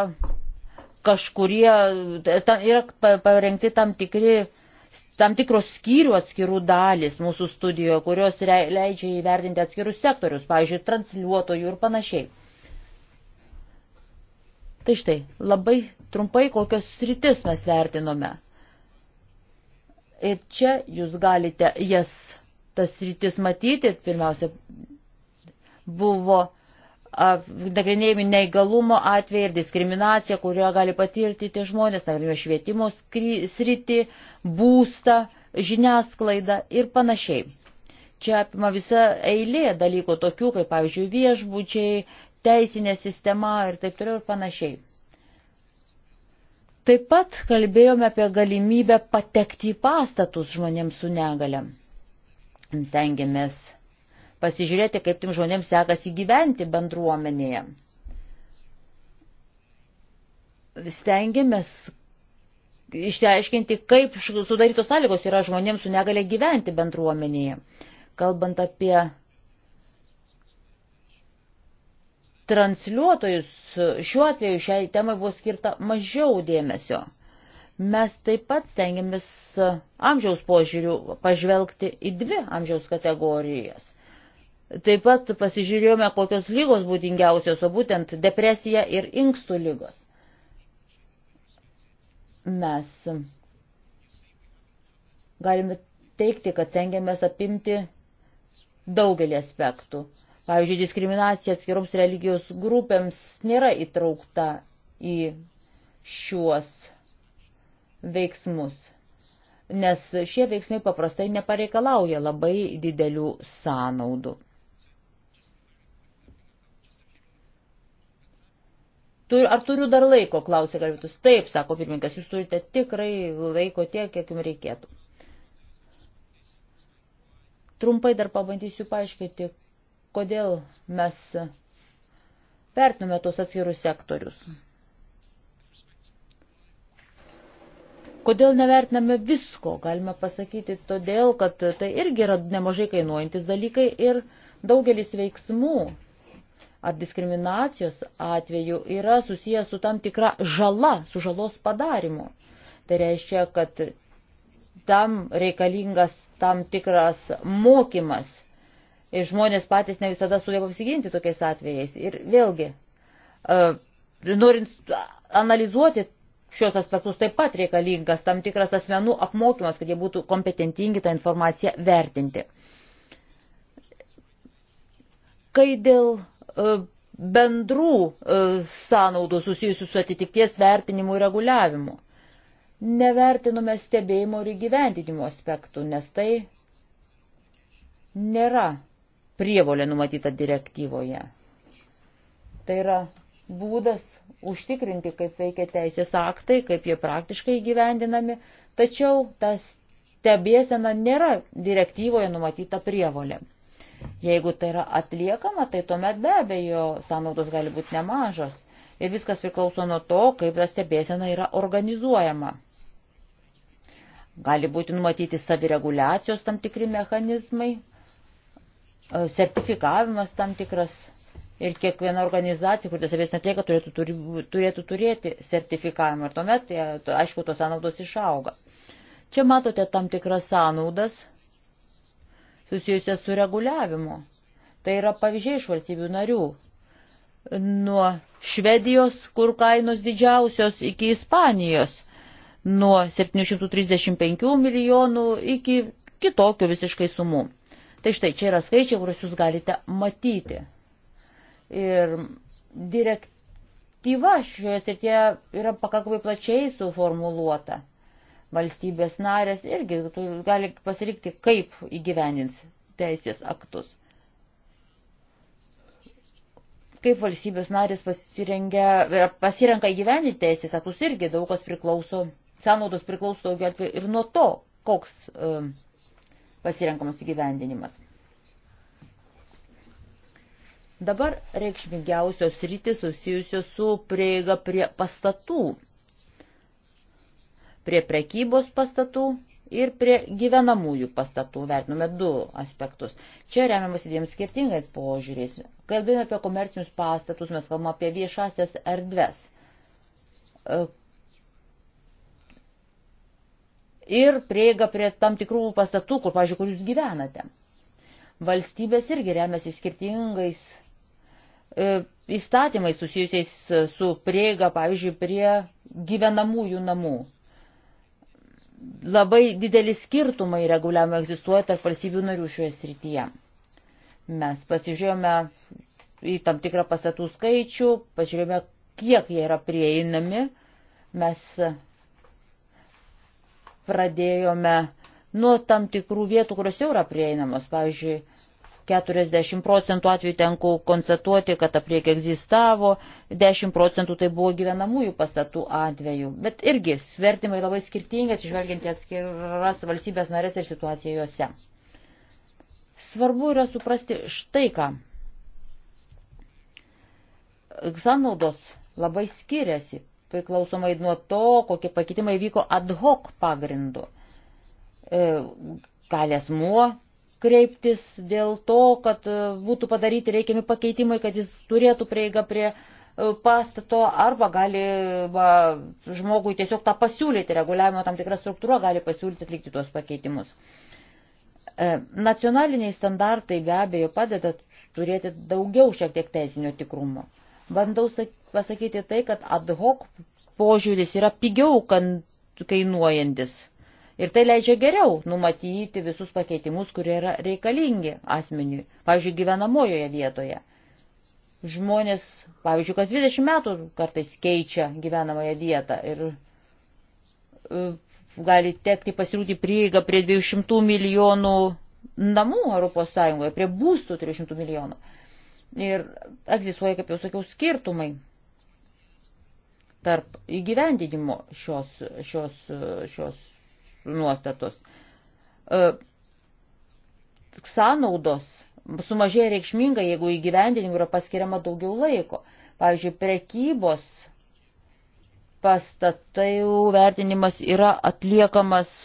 kažkurie, yra parengti tam tikri tam tikros skyrių atskirų dalis mūsų studijoje, kurios leidžia įvertinti atskirus sektorius, pavyzdžiui, transliuotojų ir panašiai. Tai štai, labai trumpai kokios sritis mes vertinome. Ir čia jūs galite jas, tas sritis matyti, pirmiausia, buvo nagrinėjami neįgalumo atvejai ir diskriminacija, kurią gali patirti tie žmonės, nagrinėjami švietimo sritį, būstą, žiniasklaidą ir panašiai. Čia apima visa eilė dalykų tokių, kaip pavyzdžiui viešbučiai, teisinė sistema ir taip toliau ir panašiai. Taip pat kalbėjome apie galimybę patekti į pastatus žmonėms su negale. Stengiamės pasižiūrėti, kaip tim žmonėms sekasi gyventi bendruomenėje. Stengiamės išsiaiškinti, kaip sudarytos sąlygos yra žmonėms su negale gyventi bendruomenėje. Kalbant apie transliuotojus šiuo atveju šiai temai buvo skirta mažiau dėmesio. Mes taip pat stengiamės amžiaus požiūrių pažvelgti į dvi amžiaus kategorijas. Taip pat pasižiūrėjome, kokios lygos būdingiausios, o būtent depresija ir inkstų lygos. Mes galime teikti, kad stengiamės apimti daugelį aspektų. Pavyzdžiui, diskriminacija atskiroms religijos grupėms nėra įtraukta į šiuos veiksmus, nes šie veiksmai paprastai nepareikalauja labai didelių sąnaudų. Tur, ar turiu dar laiko, klausė galėtus. Taip, sako pirmininkas, jūs turite tikrai laiko tiek, kiek jums reikėtų. Trumpai dar pabandysiu paaiškinti, kodėl mes vertiname tos atskirus sektorius. Kodėl nevertiname visko, galima pasakyti, todėl, kad tai irgi yra nemažai kainuojantis dalykai ir daugelis veiksmų ar diskriminacijos atveju yra susijęs su tam tikra žala, su žalos padarimu. Tai reiškia, kad tam reikalingas tam tikras mokymas, ir žmonės patys ne visada sugeba apsiginti tokiais atvejais. Ir vėlgi, e, norint analizuoti šios aspektus, taip pat reikalingas tam tikras asmenų apmokymas, kad jie būtų kompetentingi tą informaciją vertinti. Kai dėl e, bendrų e, sąnaudų susijusių su atitikties vertinimu ir reguliavimu. Nevertinome stebėjimo ir įgyvendinimo aspektų, nes tai nėra prievolė numatyta direktyvoje. Tai yra būdas užtikrinti, kaip veikia teisės aktai, kaip jie praktiškai gyvendinami, tačiau tas stebėsena nėra direktyvoje numatyta prievolė. Jeigu tai yra atliekama, tai tuomet be abejo sąnaudos gali būti nemažos ir viskas priklauso nuo to, kaip ta stebėsena yra organizuojama. Gali būti numatyti savireguliacijos tam tikri mechanizmai, E, sertifikavimas tam tikras ir kiekviena organizacija, kur tas avies atlieka, turėtų, turi, turėtų turėti sertifikavimą ir tuomet, aišku, tos sąnaudos išauga. Čia matote tam tikras sąnaudas susijusias su reguliavimu. Tai yra pavyzdžiai iš valstybių narių. Nuo Švedijos, kur kainos didžiausios, iki Ispanijos. Nuo 735 milijonų iki kitokių visiškai sumų. Tai štai čia yra skaičiai, kuriuos jūs galite matyti. Ir direktyva šioje srityje yra pakankamai plačiai suformuluota. Valstybės narės irgi gali pasirinkti, kaip įgyvenins teisės aktus. Kaip valstybės narės pasirenka įgyveninti teisės aktus irgi daug kas priklauso, sąnaudos priklauso daugiau atveju ir nuo to, koks. Um, e, pasirenkamas įgyvendinimas. Dabar reikšmingiausios rytis susijusios su prieiga prie pastatų, prie prekybos pastatų ir prie gyvenamųjų pastatų. Vertinome du aspektus. Čia remiamas dviem skirtingais požiūrės. Kalbėjome apie komercinius pastatus, mes kalbame apie viešasias erdves ir prieiga prie tam tikrų pastatų, kur, pažiūrėjau, kur jūs gyvenate. Valstybės irgi remiasi skirtingais e, įstatymais susijusiais su prieiga, pavyzdžiui, prie gyvenamųjų namų. Labai dideli skirtumai reguliavimo egzistuoja tarp valstybių narių šioje srityje. Mes pasižiūrėjome į tam tikrą pastatų skaičių, pažiūrėjome, kiek jie yra prieinami. Mes pradėjome nuo tam tikrų vietų, kurios jau yra prieinamos. Pavyzdžiui, 40 procentų atveju tenko konstatuoti, kad apriek egzistavo, 10 procentų tai buvo gyvenamųjų pastatų atveju. Bet irgi svertimai labai skirtingi, atsižvelgiant į atskiras valstybės narės ir situaciją juose. Svarbu yra suprasti štai ką. Sanaudos labai skiriasi priklausomai nuo to, kokie pakitimai vyko ad hoc pagrindu. E, gali asmuo kreiptis dėl to, kad e, būtų padaryti reikiami pakeitimai, kad jis turėtų prieigą prie e, pastato arba gali va, žmogui tiesiog tą pasiūlyti, reguliavimo tam tikra struktūra gali pasiūlyti atlikti tuos pakeitimus. Nacionaliniai standartai be abejo padeda turėti daugiau šiek tiek teisinio tikrumo. Bandau pasakyti tai, kad ad hoc požiūris yra pigiau kainuojantis. Ir tai leidžia geriau numatyti visus pakeitimus, kurie yra reikalingi asmeniui, pavyzdžiui, gyvenamojoje vietoje. Žmonės, pavyzdžiui, kas 20 metų kartais keičia gyvenamąją vietą ir e, gali tekti pasirūti prieigą prie 200 milijonų namų Europos Sąjungoje, prie būstų 300 milijonų. Ir egzistuoja, kaip jau sakiau, skirtumai tarp įgyvendinimo šios, šios, šios nuostatos. Ksanaudos e, sumažėja reikšmingai, jeigu įgyvendinimu yra paskiriama daugiau laiko. Pavyzdžiui, prekybos pastatai vertinimas yra atliekamas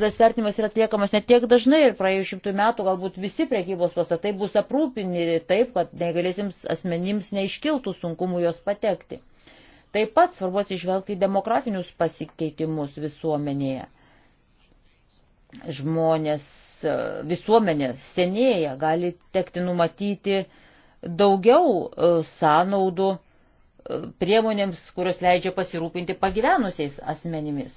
tas vertinimas yra atliekamas net tiek dažnai ir praėjus šimtų metų galbūt visi prekybos pastatai bus aprūpinti taip, kad negalėsims asmenims neiškiltų sunkumų jos patekti. Taip pat svarbu atsižvelgti į demografinius pasikeitimus visuomenėje. Žmonės, visuomenė senėja, gali tekti numatyti daugiau e, sąnaudų e, priemonėms, kurios leidžia pasirūpinti pagyvenusiais asmenimis.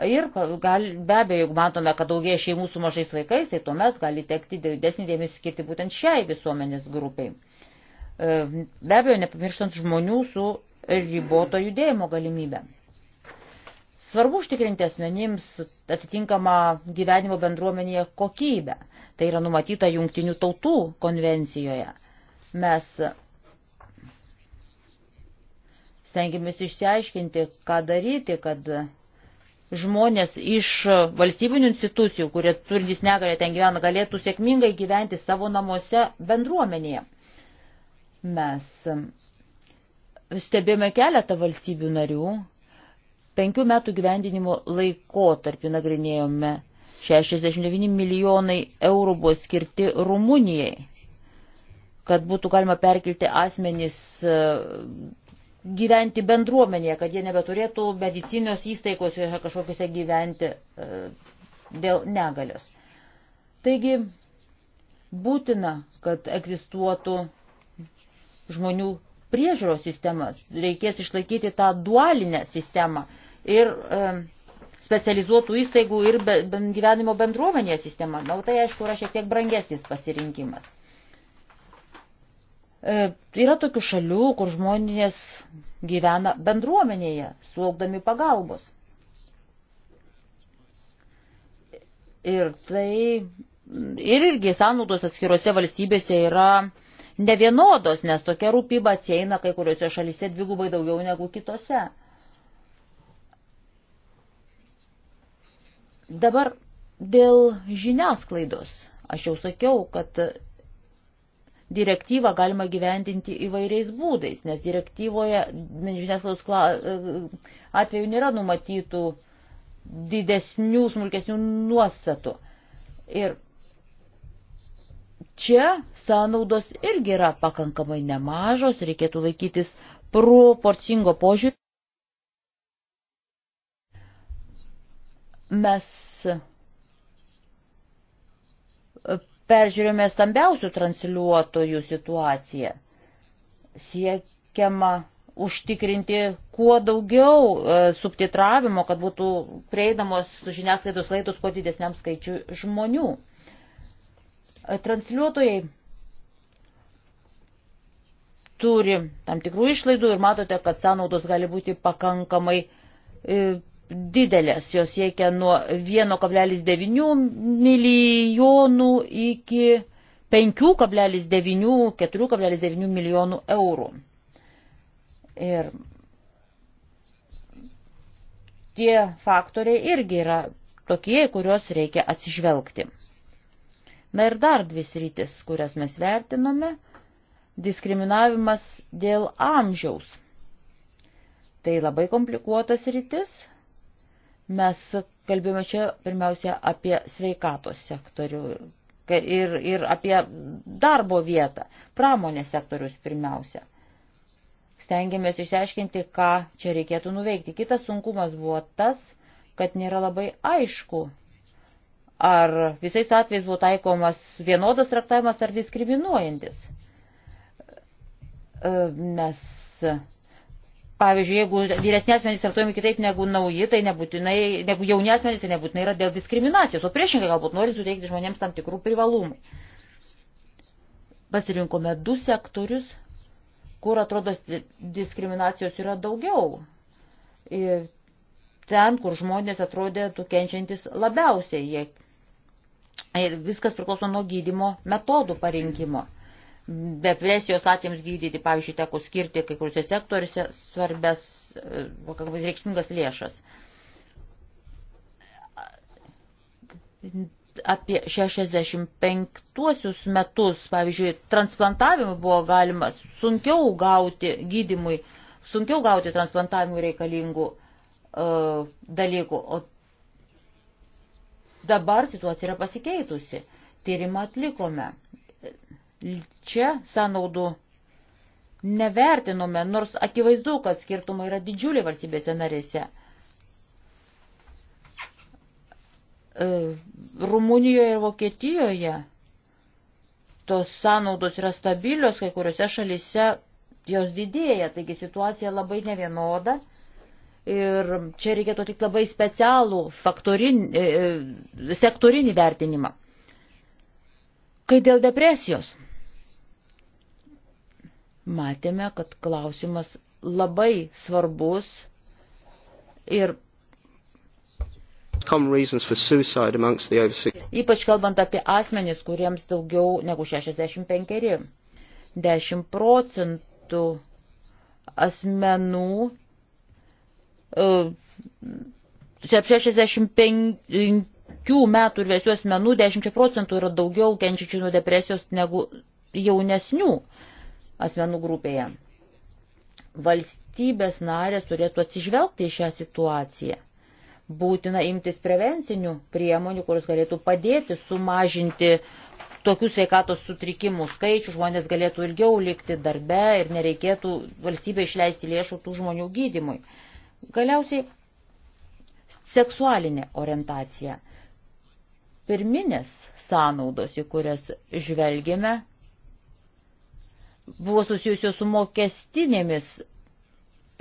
Ir gal, be abejo, jeigu matome, kad daugie šeimų su mažais vaikais, tai tuomet gali tekti didesnį dėmesį skirti būtent šiai visuomenės grupiai. E, be abejo, nepamirštant žmonių su riboto judėjimo galimybė. Svarbu užtikrinti asmenims atitinkamą gyvenimo bendruomenėje kokybę. Tai yra numatyta jungtinių tautų konvencijoje. Mes stengiamės išsiaiškinti, ką daryti, kad žmonės iš valstybinių institucijų, kurie turintys negalę ten gyvena, galėtų sėkmingai gyventi savo namuose bendruomenėje. Mes stebėjome keletą valstybių narių, penkių metų gyvendinimo laikotarpį nagrinėjome 69 milijonai eurų buvo skirti Rumunijai, kad būtų galima perkelti asmenys gyventi bendruomenėje, kad jie nebeturėtų medicinos įstaigos kažkokiuose gyventi e, dėl negalios. Taigi būtina, kad egzistuotų žmonių priežiūros sistemas. Reikės išlaikyti tą dualinę sistemą ir e, specializuotų įstaigų ir be, be, gyvenimo bendruomenėje sistemą. Na, tai aišku yra šiek tiek brangesnis pasirinkimas. E, yra tokių šalių, kur žmonės gyvena bendruomenėje, sulaukdami pagalbos. Ir tai ir irgi sąnaudos atskirose valstybėse yra nevienodos, nes tokia rūpyba atsieina kai kuriuose šalyse dvigubai daugiau negu kitose. Dabar dėl žiniasklaidos. Aš jau sakiau, kad direktyvą galima gyvendinti įvairiais būdais, nes direktyvoje žiniasklaidos e, atveju nėra numatytų didesnių, smulkesnių nuostatų. Ir čia sąnaudos irgi yra pakankamai nemažos, reikėtų laikytis proporcingo požiūrį. Mes peržiūrėjome stambiausių transliuotojų situaciją. Siekiama užtikrinti kuo daugiau e, subtitravimo, kad būtų prieinamos žiniasklaidos laidos kuo didesniam skaičiu žmonių. E, transliuotojai turi tam tikrų išlaidų ir matote, kad sąnaudos gali būti pakankamai e, didelės, jos siekia nuo 1,9 milijonų iki 5,9-4,9 milijonų eurų. Ir tie faktoriai irgi yra tokie, kuriuos reikia atsižvelgti. Na ir dar dvi sritis, kurias mes vertinome - diskriminavimas dėl amžiaus. Tai labai komplikuotas rytis, Mes kalbėjome čia pirmiausia apie sveikatos sektorių ir, ir apie darbo vietą, pramonės sektorius pirmiausia. Stengiamės išsiaiškinti, ką čia reikėtų nuveikti. Kitas sunkumas buvo tas, kad nėra labai aišku, ar visais atvejais buvo taikomas vienodas traktavimas ar diskriminuojantis. Mes Pavyzdžiui, jeigu vyresnės asmenys traktuojami kitaip negu nauji, tai nebūtinai, negu jauni asmenys, tai nebūtinai yra dėl diskriminacijos, o priešingai galbūt nori suteikti žmonėms tam tikrų privalumų. Pasirinkome du sektorius, kur atrodo diskriminacijos yra daugiau. Ir ten, kur žmonės atrodė kenčiantis labiausiai. Jie. Ir viskas priklauso nuo gydimo metodų parinkimo. Mm depresijos atvejams gydyti, pavyzdžiui, teko skirti kai kuriuose sektoriuose svarbės, e, pakankamai reikšmingas lėšas. Apie 65 metus, pavyzdžiui, transplantavimui buvo galima sunkiau gauti gydimui, sunkiau gauti transplantavimui reikalingų uh, dalykų, o dabar situacija yra pasikeitusi. Tyrimą atlikome Čia sąnaudų nevertinome, nors akivaizdu, kad skirtumai yra didžiuliai valstybėse narėse. E, Rumunijoje ir Vokietijoje tos sąnaudos yra stabilios, kai kuriuose šalise jos didėja, taigi situacija labai nevienoda. Ir čia reikėtų tik labai specialų faktorinį, e, e, sektorinį vertinimą. Kai dėl depresijos matėme, kad klausimas labai svarbus ir ypač kalbant apie asmenis, kuriems daugiau negu 65. 10 procentų asmenų 65 e, metų ir vėsių asmenų 10 procentų yra daugiau kenčiančių nuo depresijos negu jaunesnių. Uh, asmenų grupėje. Valstybės narės turėtų atsižvelgti į šią situaciją. Būtina imtis prevencinių priemonių, kuris galėtų padėti sumažinti tokių sveikatos sutrikimų skaičių, žmonės galėtų ilgiau likti darbe ir nereikėtų valstybė išleisti lėšų tų žmonių gydimui. Galiausiai seksualinė orientacija. Pirminės sąnaudos, į kurias žvelgėme, buvo susijusios su mokestinėmis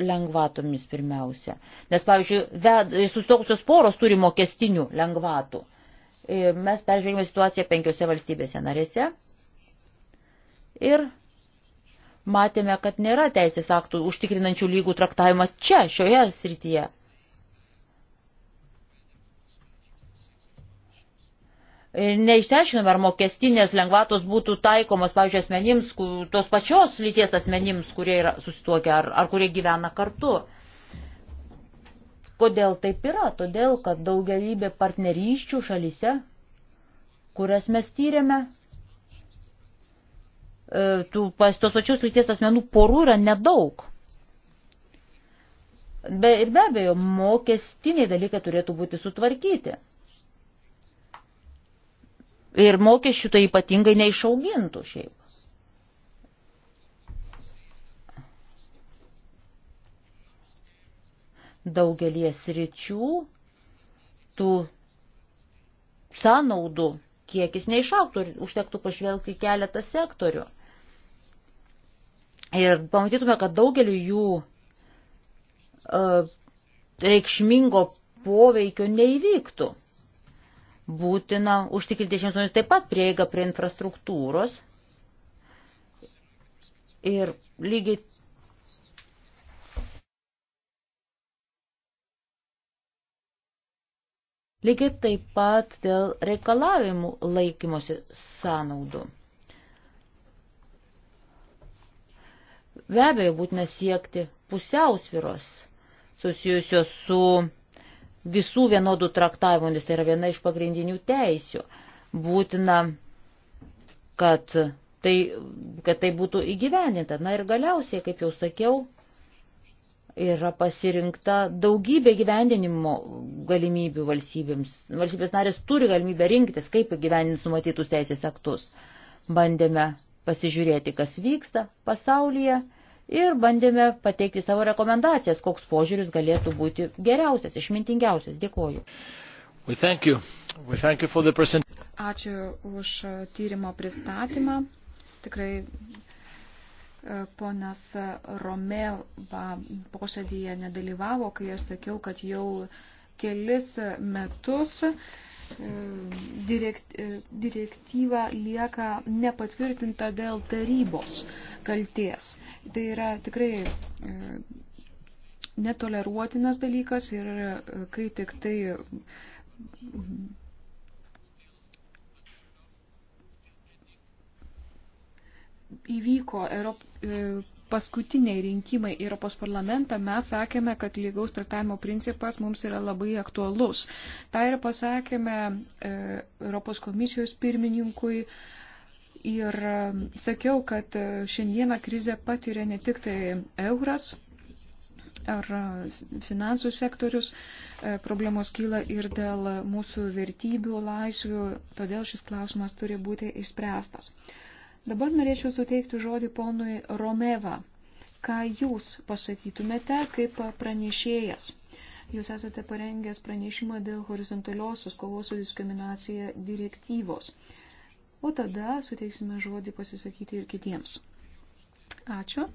lengvatomis pirmiausia. Nes, pavyzdžiui, e, susitokusios poros turi mokestinių lengvatų. E, mes peržiūrėjome situaciją penkiose valstybėse narėse ir matėme, kad nėra teisės aktų užtikrinančių lygų traktavimą čia, šioje srityje. Ir neišteiškinome, ar mokestinės lengvatos būtų taikomos, pavyzdžiui, asmenims, tos pačios lyties asmenims, kurie yra susituokę ar, ar kurie gyvena kartu. Kodėl taip yra? Todėl, kad daugelybė partnerysčių šalyse, kurias mes tyrėme, e, tų, pas, tos pačios lyties asmenų porų yra nedaug. Be, ir be abejo, mokestiniai dalykai turėtų būti sutvarkyti ir mokesčių tai ypatingai neišaugintų šiaip. Daugelį sričių tų sąnaudų kiekis neišauktų ir užtektų pažvelgti keletą sektorių. Ir pamatytume, kad daugeliu jų uh, reikšmingo poveikio neįvyktų būtina užtikrinti šiems žmonėms taip pat prieigą prie infrastruktūros. Ir lygiai. Lygiai taip pat dėl reikalavimų laikymosi sąnaudų. Be abejo, būtina siekti pusiausviros susijusios su visų vienodų traktavimų, nes tai yra viena iš pagrindinių teisių. Būtina, kad tai, kad tai būtų įgyveninta. Na ir galiausiai, kaip jau sakiau, yra pasirinkta daugybė gyvendinimo galimybių valstybėms. Valstybės narės turi galimybę rinktis, kaip gyvenins numatytus teisės aktus. Bandėme pasižiūrėti, kas vyksta pasaulyje ir bandėme pateikti savo rekomendacijas, koks požiūris galėtų būti geriausias, išmintingiausias. Dėkoju. We thank you. We thank you for the present... Ačiū už tyrimo pristatymą. Tikrai e, ponas Romeva posėdėje nedalyvavo, kai aš sakiau, kad jau kelis metus uh, E, direkt, e, direktyva lieka nepatvirtinta dėl tarybos kalties. Tai yra tikrai e, netoleruotinas dalykas ir kai tik tai įvyko Europ, paskutiniai rinkimai į Europos parlamentą mes sakėme, kad lygaus traktavimo principas mums yra labai aktualus. Ta ir pasakėme e, Europos komisijos pirmininkui. Ir e, sakiau, kad e, šiandieną krizę patiria ne tik tai euras ar e, finansų sektorius, problemos kyla ir dėl mūsų vertybių, laisvių, todėl šis klausimas turi būti išspręstas. E, Dabar norėčiau suteikti žodį ponui Romeva. Ką jūs pasakytumėte kaip pranešėjas? Jūs esate parengęs pranešimą dėl horizontaliosios kovos su diskriminacija direktyvos. O tada suteiksime žodį pasisakyti ir kitiems. Ačiū.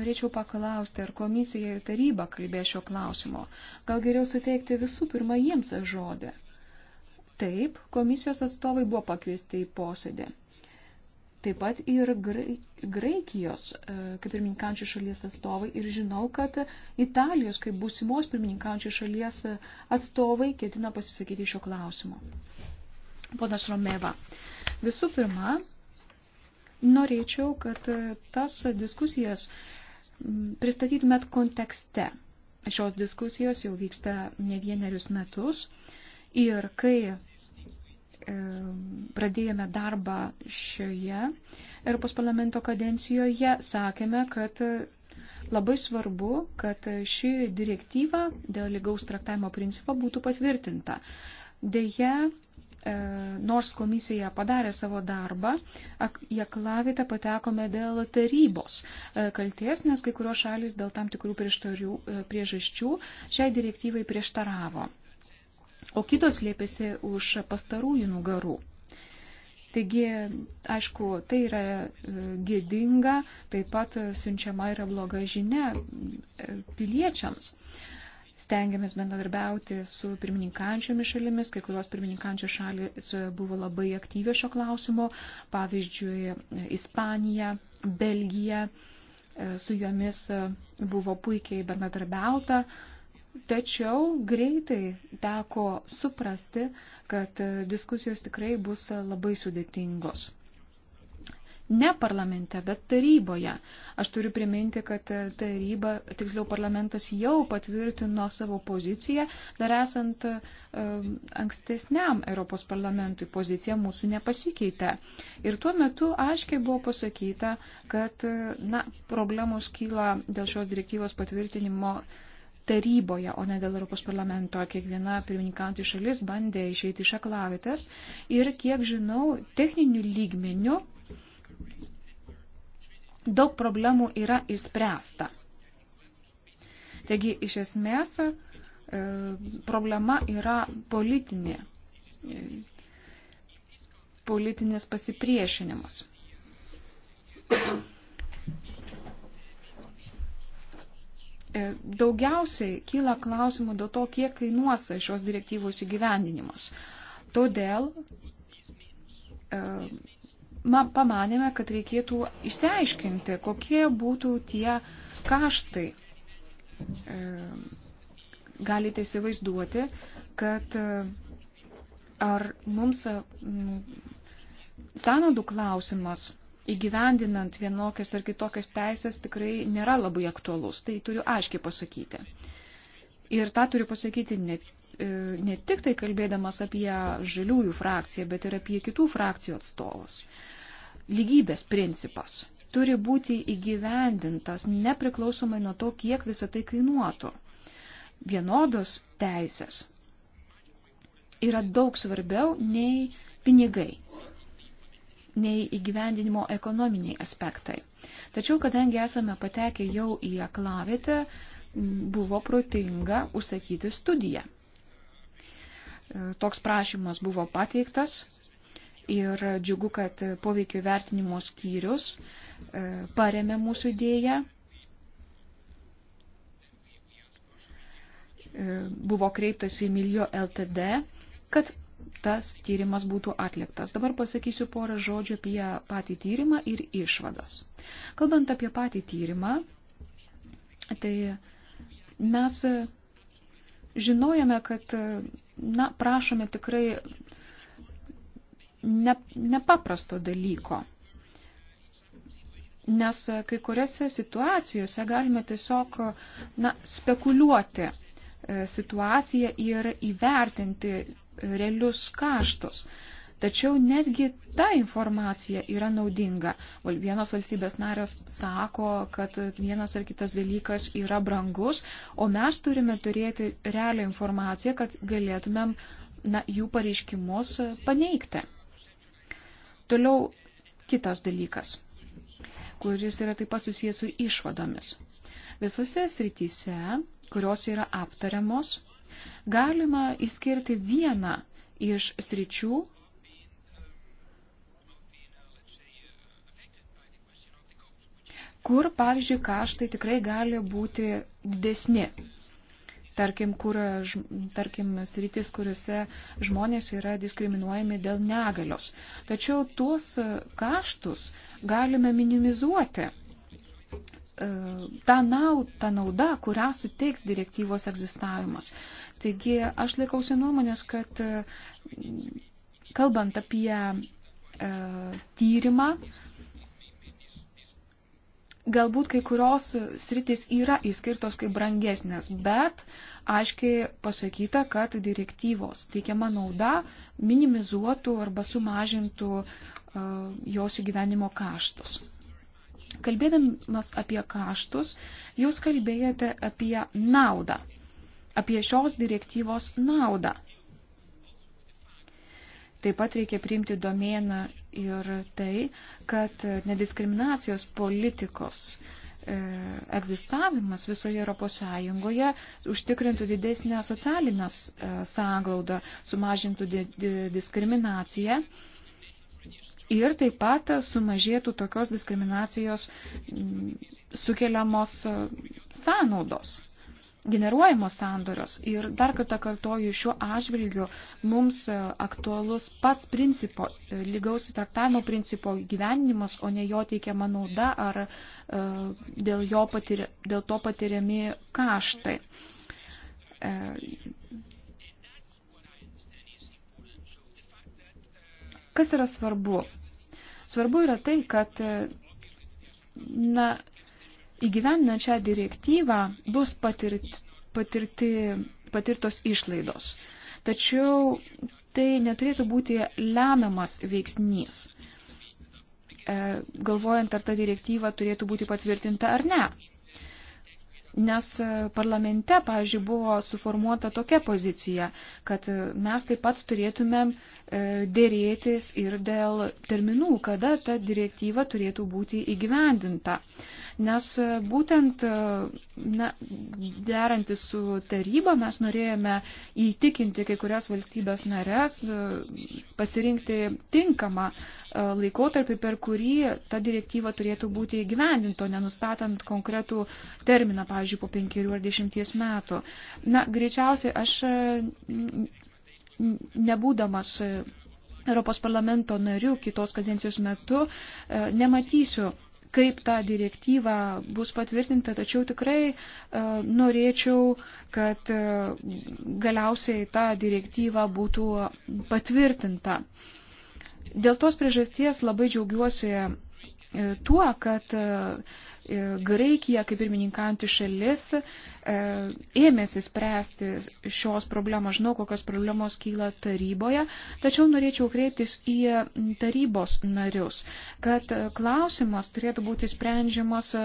Norėčiau paklausti, ar komisija ir taryba kalbė šio klausimo. Gal geriau suteikti visų pirma jiems žodį. Taip, komisijos atstovai buvo pakviesti į posėdį. Taip pat ir Graikijos, e, kaip pirmininkančių šalies atstovai, ir žinau, kad Italijos, kaip būsimos pirmininkančių šalies atstovai, ketina pasisakyti šio klausimo. Ponas Romeva, visų pirma, norėčiau, kad tas diskusijas pristatytumėt kontekste. Šios diskusijos jau vyksta ne vienerius metus ir kai E, pradėjome darbą šioje Europos parlamento kadencijoje, sakėme, kad labai svarbu, kad ši direktyva dėl lygaus traktavimo principo būtų patvirtinta. Deja, e, nors komisija padarė savo darbą, jaklavitą patekome dėl tarybos e, kalties, nes kai kurios šalis dėl tam tikrų priežasčių šiai direktyvai prieštaravo o kitos slėpėsi už pastarųjų nugarų. Taigi, aišku, tai yra e, gėdinga, taip pat siunčiama yra bloga žinia e, piliečiams. Stengiamės bendradarbiauti su pirmininkančiomis šalimis, kai kurios pirmininkančios šalis buvo labai aktyvė šio klausimo, pavyzdžiui, Ispanija, Belgija, e, su jomis buvo puikiai bendradarbiauta, Tačiau greitai teko suprasti, kad diskusijos tikrai bus labai sudėtingos. Ne parlamente, bet taryboje. Aš turiu priminti, kad taryba, tiksliau parlamentas jau patvirtino savo poziciją, dar esant um, ankstesniam Europos parlamentui pozicija mūsų nepasikeitė. Ir tuo metu aiškiai buvo pasakyta, kad na, problemos kyla dėl šios direktyvos patvirtinimo uh, taryboje, o ne dėl Europos parlamento. Kiekviena pirmininkantį šalis bandė išeiti iš aklavitės ir, kiek žinau, techninių lygmenių daug problemų yra įspręsta. Taigi, iš esmės, e, problema yra politinė, e, politinis pasipriešinimas. E, daugiausiai kyla klausimų dėl to, kiek kainuos šios direktyvos įgyvendinimas. Todėl e, man pamanėme, kad reikėtų išsiaiškinti, kokie būtų tie kaštai. E, galite įsivaizduoti, kad ar mums sąnaudų klausimas įgyvendinant vienokias ar kitokias teisės tikrai nėra labai aktualus. Tai turiu aiškiai pasakyti. Ir tą turiu pasakyti ne, e, ne tik tai kalbėdamas apie žaliųjų frakciją, bet ir apie kitų frakcijų atstovus. Lygybės principas turi būti įgyvendintas nepriklausomai nuo to, kiek visą tai kainuotų. Vienodos teisės yra daug svarbiau nei pinigai nei įgyvendinimo ekonominiai aspektai. Tačiau, kadangi esame patekę jau į aklavietę, buvo protinga užsakyti studiją. E, toks prašymas buvo pateiktas ir džiugu, kad poveikio vertinimo skyrius e, paremė mūsų idėją. E, buvo kreiptas į Miljo LTD, kad tas tyrimas būtų atliktas. Dabar pasakysiu porą žodžių apie patį tyrimą ir išvadas. Kalbant apie patį tyrimą, tai mes žinojame, kad na, prašome tikrai ne, nepaprasto dalyko. Nes kai kuriuose situacijose galime tiesiog na, spekuliuoti e, situaciją ir įvertinti realius kaštus. Tačiau netgi ta informacija yra naudinga. Vienos valstybės narės sako, kad vienas ar kitas dalykas yra brangus, o mes turime turėti realią informaciją, kad galėtumėm na, jų pareiškimus paneigti. Toliau kitas dalykas, kuris yra taip pat susijęs su išvadomis. Visose srityse, kurios yra aptariamos, Galima išskirti vieną iš sričių, kur, pavyzdžiui, kaštai tikrai gali būti didesni. Tarkim, kur, tarkim, sritis, kuriuose žmonės yra diskriminuojami dėl negalios. Tačiau tuos kaštus galime minimizuoti E, ta, naud, ta nauda, kurią suteiks direktyvos egzistavimas. Taigi aš laikausi nuomonės, kad e, kalbant apie e, tyrimą, galbūt kai kurios sritis yra įskirtos kaip brangesnės, bet aiškiai pasakyta, kad direktyvos teikiama nauda minimizuotų arba sumažintų jos įgyvenimo kaštus. Kalbėdamas apie kaštus, jūs kalbėjote apie naudą, apie šios direktyvos naudą. Taip pat reikia priimti domeną ir tai, kad nediskriminacijos politikos e, egzistavimas visoje Europos Sąjungoje užtikrintų didesnę socialinę e, sąglaudą, sumažintų di di diskriminaciją. E, ir taip pat sumažėtų tokios diskriminacijos mm, sukeliamos e, sąnaudos generuojamos sandorios. Ir dar kartą kartoju, šiuo atžvilgiu mums e, aktualus pats principo, e, lygaus traktavimo principo gyvenimas, o ne jo teikiama nauda ar dėl, jo patir, dėl to patiriami kaštai. Kas yra svarbu? Svarbu yra tai, kad na, įgyvendinant šią direktyvą bus patirt, patirti, patirtos išlaidos. Tačiau tai neturėtų būti lemiamas veiksnys, e, galvojant, ar ta direktyva turėtų būti patvirtinta ar ne. Nes e, parlamente, pavyzdžiui, buvo suformuota tokia pozicija, kad e, mes taip pat turėtumėm e, dėrėtis ir dėl terminų, kada ta direktyva turėtų būti įgyvendinta nes e, būtent e, na, derantys su taryba mes norėjome įtikinti kai kurias valstybės narės e, pasirinkti tinkamą laikotarpį, per kurį ta direktyva turėtų būti įgyvendinto, nenustatant konkretų terminą, pavyzdžiui, po penkerių ar dešimties metų. Na, greičiausiai aš nebūdamas Europos parlamento nariu kitos kadencijos metu nematysiu kaip ta direktyva bus patvirtinta, tačiau tikrai e, norėčiau, kad e, galiausiai ta direktyva būtų patvirtinta. Dėl tos priežasties labai džiaugiuosi e, tuo, kad E, Graikija, kaip pirmininkanti šalis, e, ėmėsi spręsti šios problemos. Žinau, kokios problemos kyla taryboje, tačiau norėčiau kreiptis į tarybos narius, kad klausimas turėtų būti sprendžiamas e,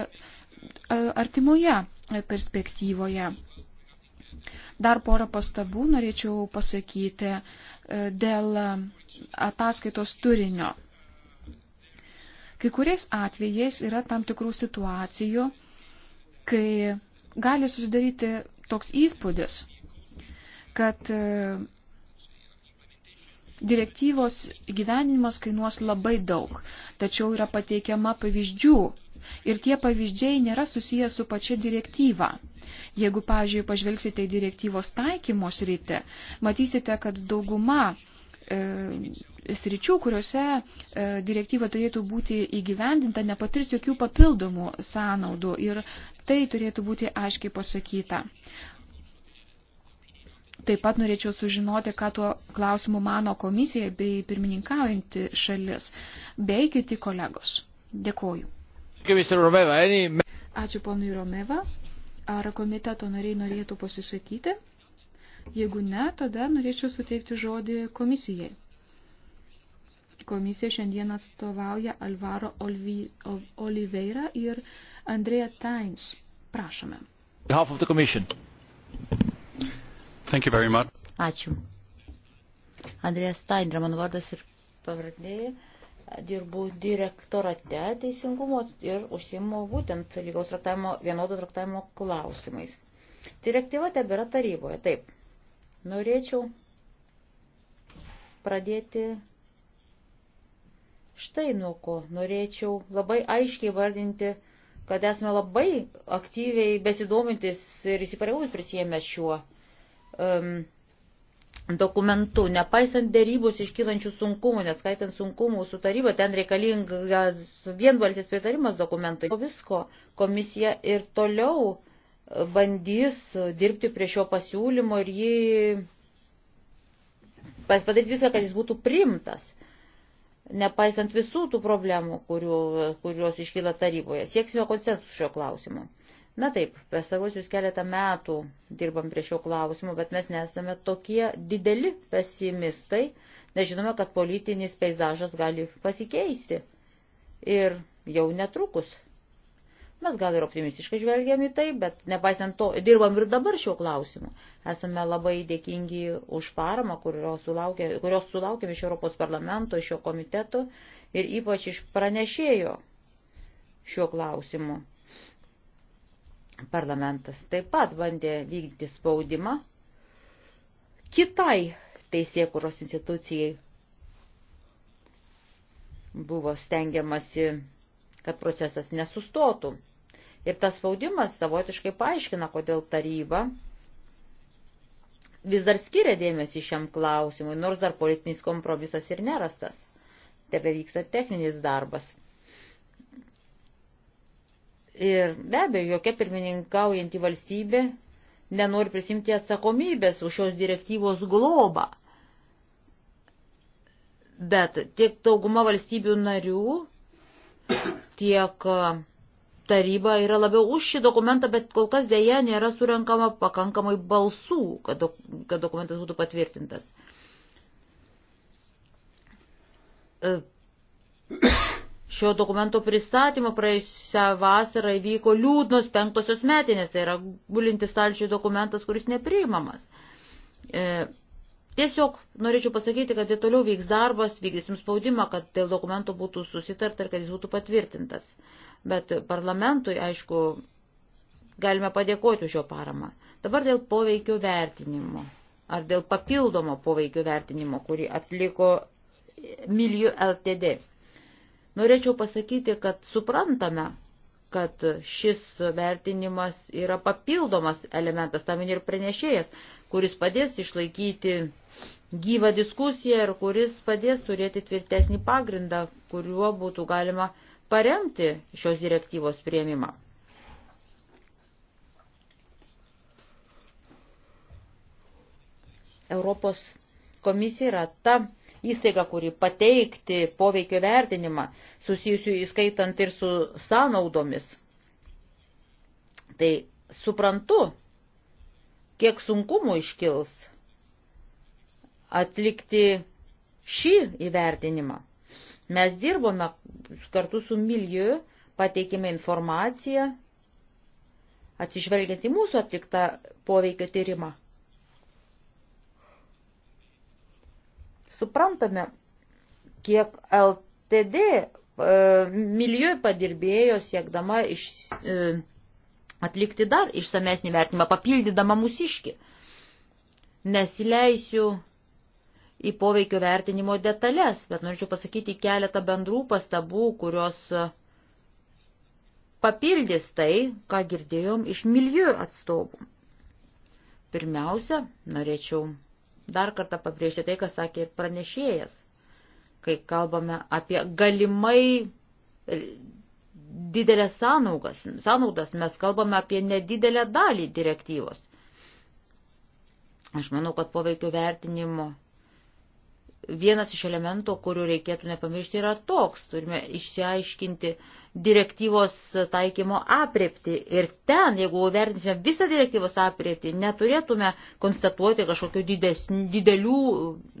artimoje perspektyvoje. Dar porą pastabų norėčiau pasakyti dėl ataskaitos turinio. Kai kuriais atvejais yra tam tikrų situacijų, kai gali susidaryti toks įspūdis, kad e, direktyvos gyvenimas kainuos labai daug, tačiau yra pateikiama pavyzdžių ir tie pavyzdžiai nėra susiję su pačia direktyva. Jeigu, pavyzdžiui, pažvelgsite į direktyvos taikymos rytį, matysite, kad dauguma E, sričių, kuriuose e, direktyva turėtų būti įgyvendinta, nepatirs jokių papildomų sąnaudų ir tai turėtų būti aiškiai pasakyta. Taip pat norėčiau sužinoti, ką tuo klausimu mano komisija bei pirmininkaujanti šalis, bei kiti kolegos. Dėkuoju. Ačiū ponui Romeva. Ar komiteto nariai norėtų pasisakyti? Jeigu ne, tada norėčiau suteikti žodį komisijai. Komisija šiandien atstovauja Alvaro Oliveira ir Andrea Tains. Prašome. Behalf of the Commission. Thank you very much. Ačiū. Andrėjas Steindra, mano vardas ir pavardė. Dirbu direktorate teisingumo ir užsimu būtent lygaus traktavimo, vienodo traktavimo klausimais. Direktyva tebėra taryboje, taip. Norėčiau pradėti štai nuo ko. Norėčiau labai aiškiai vardinti, kad esame labai aktyviai besidomintis ir įsipareigojimus prisėmę šiuo um, dokumentu, nepaisant dėrybus iškylančių sunkumų, neskaitant sunkumų su taryba, ten reikalingas vienbalsis pritarimas dokumentui. Po visko komisija ir toliau bandys dirbti prie šio pasiūlymo ir jį padaryti viską, kad jis būtų primtas, nepaisant visų tų problemų, kurių, kurios iškyla taryboje. Sieksime konsensus šio klausimu. Na taip, pasarosius keletą metų dirbam prie šio klausimo, bet mes nesame tokie dideli pesimistai, nežinome, kad politinis peizažas gali pasikeisti. Ir jau netrukus Mes gal ir optimistiškai žvelgiam į tai, bet nepaisant to, dirbam ir dabar šiuo klausimu. Esame labai dėkingi už paramą, kurios sulaukėme iš Europos parlamento, iš šio komiteto ir ypač iš pranešėjo šiuo klausimu. Parlamentas taip pat bandė vykdyti spaudimą kitai teisėkuros institucijai. Buvo stengiamasi kad procesas nesustotų. Ir tas spaudimas savotiškai paaiškina, kodėl taryba vis dar skiria dėmesį šiam klausimui, nors dar politinis kompromisas ir nerastas. Tebe vyksta techninis darbas. Ir be abejo, jokia pirmininkaujanti valstybė nenori prisimti atsakomybės už šios direktyvos globą. Bet tiek dauguma valstybių narių, tiek taryba yra labiau už šį dokumentą, bet kol kas dėja nėra surenkama pakankamai balsų, kad, dok kad dokumentas būtų patvirtintas. E, šio dokumento pristatymo praėjusią vasarą įvyko liūdnos penktosios metinės, tai yra gulintis stalčiai dokumentas, kuris nepriimamas. E, tiesiog norėčiau pasakyti, kad ir toliau vyks darbas, vykdysim spaudimą, kad dėl dokumento būtų susitarta ir kad jis būtų patvirtintas. E, bet parlamentui, aišku, galime padėkoti už jo paramą. Dabar dėl poveikio vertinimo ar dėl papildomo poveikio vertinimo, kurį atliko Miliu LTD. Norėčiau pasakyti, kad suprantame, kad šis vertinimas yra papildomas elementas, tam ir pranešėjas, kuris padės išlaikyti gyvą diskusiją ir kuris padės turėti tvirtesnį pagrindą, kuriuo būtų galima uh, paremti šios direktyvos prieimimą. Europos komisija yra ta įstaiga, kuri pateikti poveikio vertinimą, susijusių įskaitant ir su sąnaudomis. Tai suprantu, kiek sunkumų iškils atlikti šį įvertinimą. Mes dirbome kartu su miliu, pateikime informaciją, atsižvelgiant į mūsų atliktą poveikio tyrimą. Suprantame, kiek LTD e, milijoj padirbėjo siekdama iš, e, atlikti dar išsamesnį vertinimą, papildydama mūsiškį. Nesileisiu į poveikio vertinimo detalės, bet norėčiau pasakyti keletą bendrų pastabų, kurios e, papildys tai, ką girdėjom iš milijų atstovų. Pirmiausia, norėčiau dar kartą pabrėžti tai, ką sakė ir pranešėjas, kai kalbame apie galimai e, didelės sąnaudas. Sąnaudas mes kalbame apie nedidelę dalį direktyvos. Aš manau, kad poveikio vertinimo vienas iš elementų, kurių reikėtų nepamiršti, yra toks. Turime išsiaiškinti direktyvos taikymo apriepti. Ir ten, jeigu vertinsime visą direktyvos apriepti, neturėtume konstatuoti kažkokių dides, didelių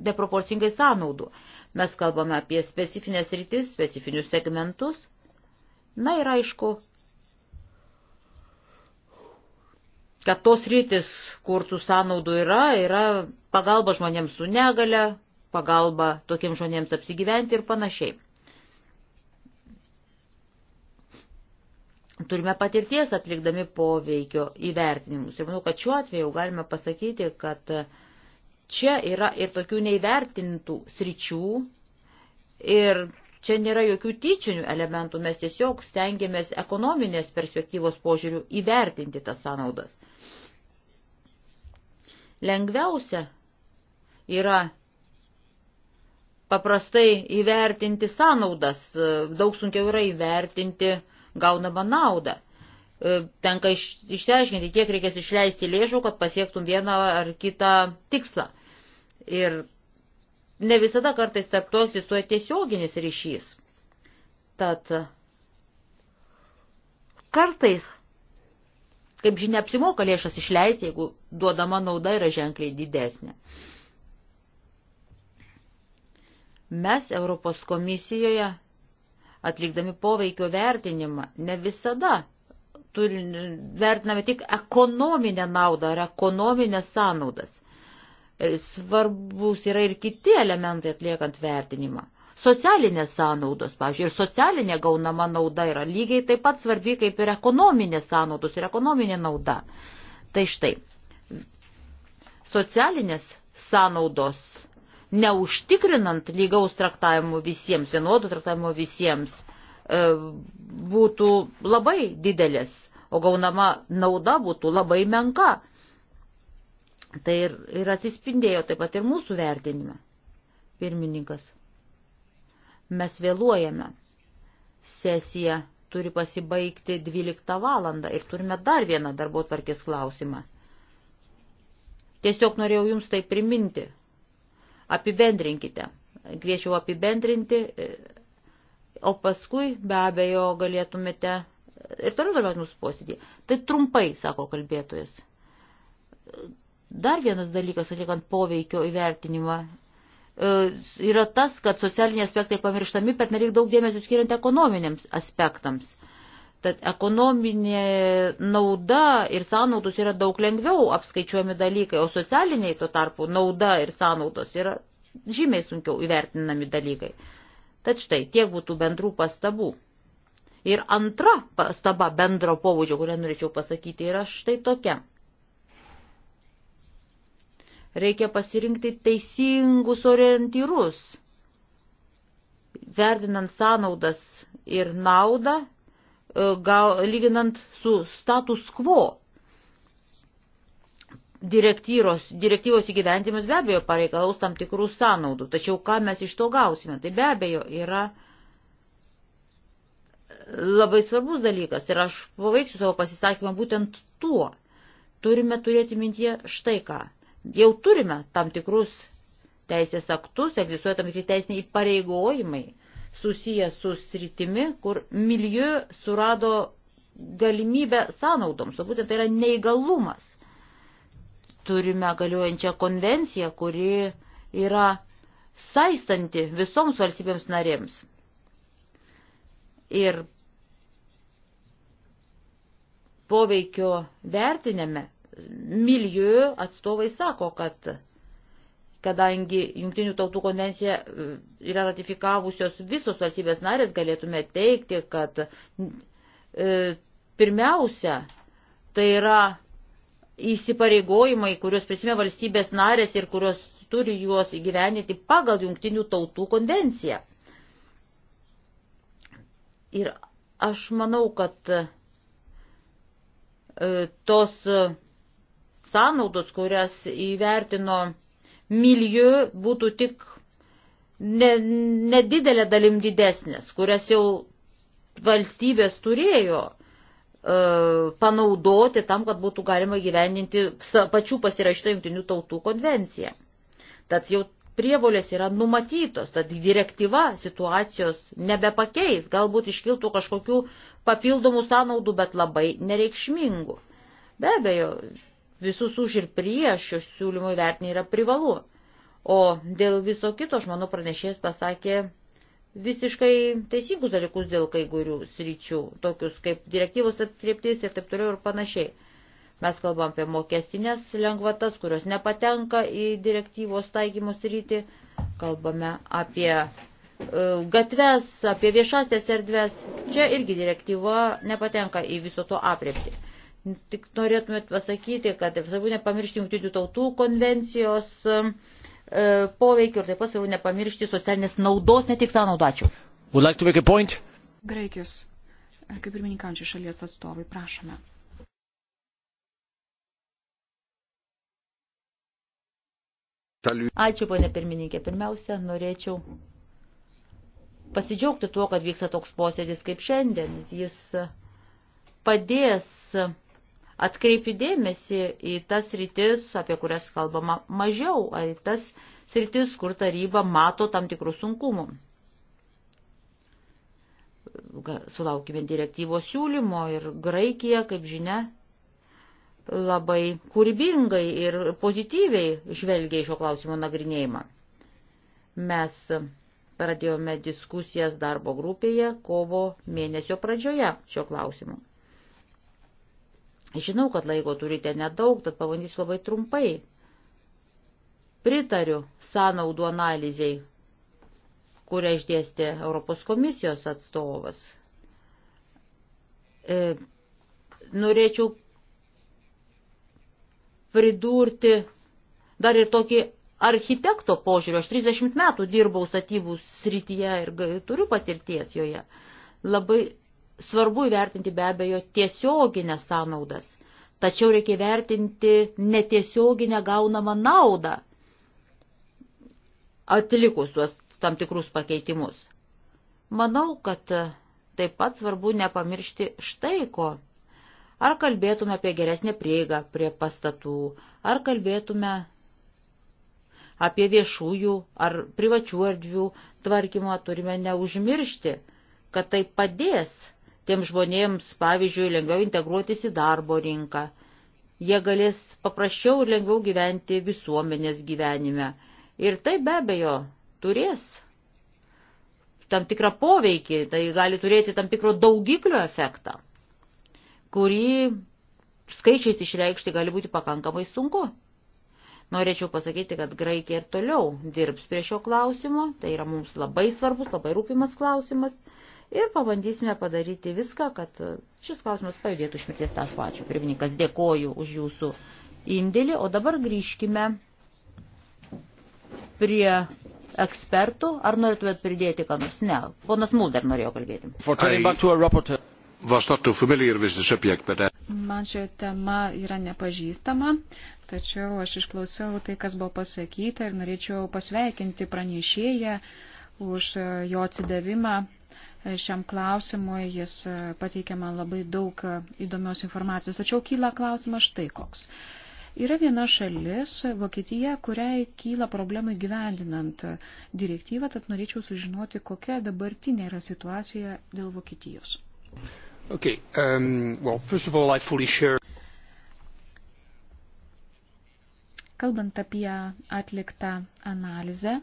neproporcingai sąnaudų. Mes kalbame apie specifines rytis, specifinius segmentus. Na ir aišku, kad tos rytis, kur tų sąnaudų yra, yra pagalba žmonėms su negale, pagalba tokiems žmonėms apsigyventi ir panašiai. Turime patirties atlikdami poveikio įvertinimus. Ir manau, kad šiuo atveju galime pasakyti, kad čia yra ir tokių neįvertintų sričių ir čia nėra jokių tyčinių elementų. Mes tiesiog stengiamės ekonominės perspektyvos požiūrių įvertinti tas sąnaudas. Lengviausia yra paprastai įvertinti sąnaudas, e, daug sunkiau yra įvertinti gaunamą naudą. E, tenka iš, išsiaiškinti, kiek reikės išleisti lėšų, kad pasiektum vieną ar kitą tikslą. Ir ne visada kartais tarp to egzistuoja tiesioginis ryšys. Tad kartais, kaip žinia, apsimoka lėšas išleisti, jeigu duodama nauda yra ženkliai didesnė. Mes Europos komisijoje, atlikdami poveikio vertinimą, ne visada turi, vertiname tik ekonominę naudą ar ekonominės sąnaudas. E, svarbus yra ir kiti elementai atliekant vertinimą. Socialinės sąnaudos, pavyzdžiui, ir socialinė gaunama nauda yra lygiai taip pat svarbi kaip ir ekonominės sąnaudos ir ekonominė nauda. Tai štai, socialinės sąnaudos neužtikrinant lygaus traktavimo visiems, vienodų traktavimo visiems, e, būtų labai didelis, o gaunama nauda būtų labai menka. Tai ir, ir atsispindėjo taip pat ir mūsų vertinime. Pirmininkas. Mes vėluojame. Sesija turi pasibaigti 12 valandą ir turime dar vieną darbo tvarkės klausimą. Tiesiog norėjau jums tai priminti, Apibendrinkite. Kviečiau apibendrinti, e, o paskui be abejo galėtumėte ir toliau dalyvauti mūsų posėdį. Tai trumpai, sako kalbėtojas. Dar vienas dalykas, atliekant poveikio įvertinimą, e, yra tas, kad socialiniai aspektai pamirštami, bet nereik daug dėmesio skiriant ekonominiams aspektams. Tad ekonominė nauda ir sąnaudos yra daug lengviau apskaičiuojami dalykai, o socialiniai tuo tarpu nauda ir sąnaudos yra žymiai sunkiau įvertinami dalykai. Tad štai tiek būtų bendrų pastabų. Ir antra pastaba bendro pobūdžio, kurią norėčiau pasakyti, yra štai tokia. Reikia pasirinkti teisingus orientyrus, vertinant sąnaudas ir naudą E, gal, lyginant su status quo. Direktyros, direktyvos įgyventimas be abejo pareikalaus tam tikrų sąnaudų, tačiau ką mes iš to gausime, tai be abejo yra labai svarbus dalykas ir aš paveiksiu savo pasisakymą būtent tuo. Turime turėti mintie štai ką. Jau turime tam tikrus teisės aktus, egzistuoja tam tikri teisiniai pareigojimai susijęs su sritimi, kur milieu surado galimybę sąnaudoms, o būtent tai yra neįgalumas. Turime galiojančią konvenciją, kuri yra saistanti visoms valstybėms narėms. Ir poveikio vertinėme, milieu atstovai sako, kad kadangi Junktinių tautų konvenciją e, yra ratifikavusios visos valstybės narės, galėtume teikti, kad e, pirmiausia, tai yra įsipareigojimai, kuriuos prisimė valstybės narės ir kurios turi juos įgyveninti pagal Junktinių tautų konvenciją. Ir aš manau, kad e, tos sąnaudos, kurias įvertino milieu būtų tik ne, nedidelė dalim didesnės, kurias jau valstybės turėjo e, panaudoti tam, kad būtų galima gyveninti pačių pasirašytą jungtinių tautų konvenciją. Tad jau prievolės yra numatytos, tad direktyva situacijos nebepakeis, galbūt iškiltų kažkokių papildomų sąnaudų, bet labai nereikšmingų. Be abejo, visus už ir prieš šio siūlymo įvertinį yra privalu. O dėl viso kito, aš manau, pranešėjas pasakė visiškai teisingus dalykus dėl kai kurių sričių, tokius kaip direktyvos atkreiptis ir taip toliau ir panašiai. Mes kalbam apie mokestinės lengvatas, kurios nepatenka į direktyvos taikymus rytį, kalbame apie e, gatves, apie viešasias erdves. Čia irgi direktyva nepatenka į viso to apriepti. Tik norėtumėt pasakyti, kad taip svarbu nepamiršti jungtinių tautų konvencijos e, poveikio ir taip pat svarbu nepamiršti socialinės naudos, ne tik savo naudačių. Would like to make a point? Graikijos, e, kaip ir mininkančių šalies atstovai, prašome. Ačiū, ponė pirmininkė. Pirmiausia, norėčiau pasidžiaugti tuo, kad vyksta toks posėdis kaip šiandien. Jis padės atkreipti dėmesį į tas rytis, apie kurias kalbama mažiau, ar į tas rytis, kur taryba mato tam tikrų sunkumų. Sulaukime direktyvos siūlymo ir Graikija, kaip žinia, labai kūrybingai ir pozityviai žvelgia į šio klausimo nagrinėjimą. Mes pradėjome diskusijas darbo grupėje kovo mėnesio pradžioje šio klausimu. Žinau, kad laiko turite nedaug, tad pabandysiu labai trumpai. Pritariu sąnaudų analizai, kurią išdėstė Europos komisijos atstovas. E, norėčiau pridurti dar ir tokį architekto požiūrio. Aš 30 metų dirbau statybų srityje ir turiu patirties joje. Labai Svarbu įvertinti be abejo tiesioginės sąnaudas, tačiau reikia įvertinti netiesioginę gaunamą naudą atlikus tuos tam tikrus pakeitimus. Manau, kad taip pat svarbu nepamiršti štai ko. Ar kalbėtume apie geresnę prieigą prie pastatų, ar kalbėtume apie viešųjų ar privačių erdvių tvarkymą, turime neužmiršti, kad tai padės Tiem žmonėms, pavyzdžiui, lengviau integruotis į darbo rinką. Jie galės paprasčiau ir lengviau gyventi visuomenės gyvenime. Ir tai be abejo turės tam tikrą poveikį, tai gali turėti tam tikro daugiklio efektą, kurį skaičiais išreikšti gali būti pakankamai sunku. Norėčiau pasakyti, kad Graikija ir toliau dirbs prie šio klausimo, tai yra mums labai svarbus, labai rūpimas klausimas ir pabandysime padaryti viską, kad e, šis klausimas pajudėtų iš mirties taško. Ačiū, pirmininkas, dėkoju už jūsų indėlį, o dabar grįžkime prie ekspertų. Ar norėtumėt pridėti, ką nors? Ne, ponas Mulder norėjo kalbėti. Uh, Man ši tema yra nepažįstama, tačiau aš išklausiau tai, kas buvo pasakyta ir norėčiau pasveikinti pranešėją už e, jo atsidavimą šiam klausimui, jis e, pateikė man labai daug e, įdomios informacijos. Tačiau kyla klausimas štai koks. Yra viena šalis, Vokietija, kuriai kyla problemų gyvendinant direktyvą, tad norėčiau sužinoti, kokia dabartinė yra situacija dėl Vokietijos. Okay, um, well, first of all, I fully share... Kalbant apie atliktą analizę,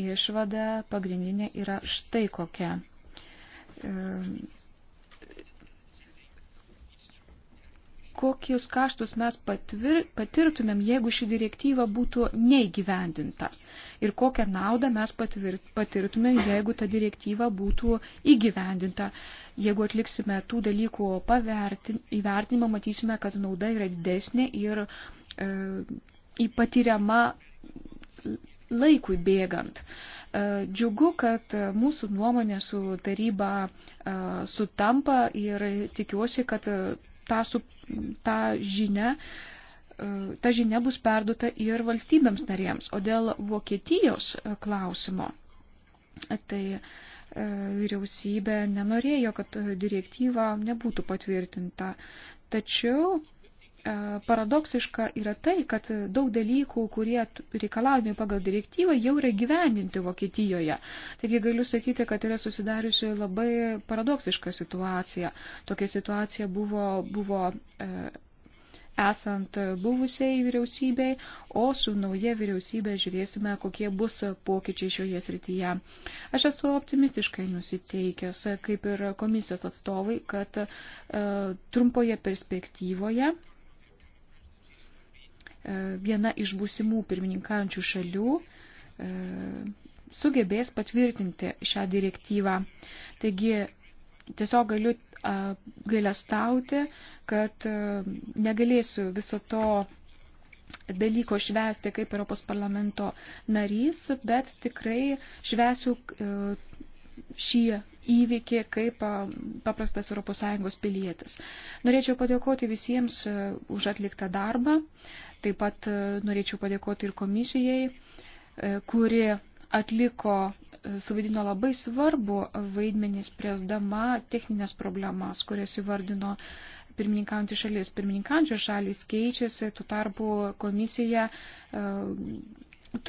išvada pagrindinė yra štai kokia. E, kokius kaštus mes patvir, patirtumėm, jeigu ši direktyva būtų neįgyvendinta? Ir kokią naudą mes patvir, patirtumėm, jeigu ta direktyva būtų įgyvendinta? Jeigu atliksime tų dalykų pavertin, įvertinimą, matysime, kad nauda yra didesnė ir e, patiriama laikui bėgant. E, džiugu, kad mūsų nuomonė su taryba e, sutampa ir tikiuosi, kad ta, su, ta žinia e, ta žinia bus perduota ir valstybėms narėms. O dėl Vokietijos klausimo, tai vyriausybė nenorėjo, kad direktyva nebūtų patvirtinta. Tačiau E, paradoksiška yra tai, kad daug dalykų, kurie reikalaujami pagal direktyvą, jau yra gyvendinti Vokietijoje. Taigi galiu sakyti, kad yra susidariusi labai paradoksiška situacija. Tokia situacija buvo, buvo e, esant buvusiai vyriausybei, o su nauja vyriausybė žiūrėsime, kokie bus pokyčiai šioje srityje. Aš esu optimistiškai nusiteikęs, kaip ir komisijos atstovai, kad e, trumpoje perspektyvoje e, E, viena iš būsimų pirmininkaujančių šalių e, sugebės patvirtinti šią direktyvą. Taigi tiesiog galiu gailestauti, kad e, negalėsiu viso to dalyko švęsti kaip Europos parlamento narys, bet tikrai švęsiu šį įvykį kaip paprastas ES pilietis. Norėčiau padėkoti visiems už atliktą darbą, taip pat norėčiau padėkoti ir komisijai, kuri atliko suvaidino labai svarbu vaidmenį spręsdama techninės problemas, kurias įvardino pirmininkaujantys šalis. Pirmininkančios šalis keičiasi, tuo tarpu komisija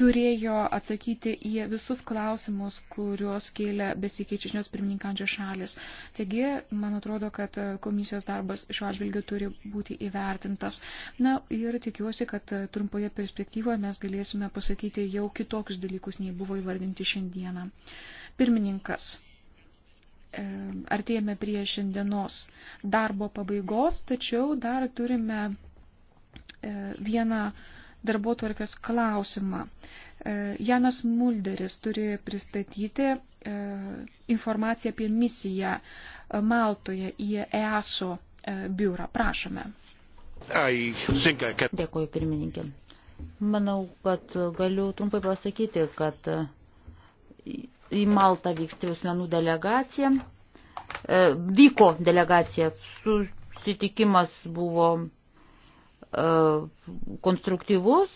turėjo atsakyti į visus klausimus, kuriuos kėlė besikeičiančios pirmininkančios šalis. Taigi, man atrodo, kad komisijos darbas šiuo atžvilgiu turi būti įvertintas. Na ir tikiuosi, kad trumpoje perspektyvoje mes galėsime pasakyti jau kitokius dalykus, nei buvo įvardinti šiandieną. Pirmininkas. E, artėjame prie šiandienos darbo pabaigos, tačiau dar turime e, vieną darbotvarkės klausimą. E, Janas Mulderis turi pristatyti e, informaciją apie misiją e, Maltoje į EASO biurą. Prašome. I I can... Dėkuoju pirmininkė. Manau, kad galiu trumpai pasakyti, kad į Maltą vyks trijų asmenų delegacija. Vyko delegacija, susitikimas buvo E, konstruktyvus,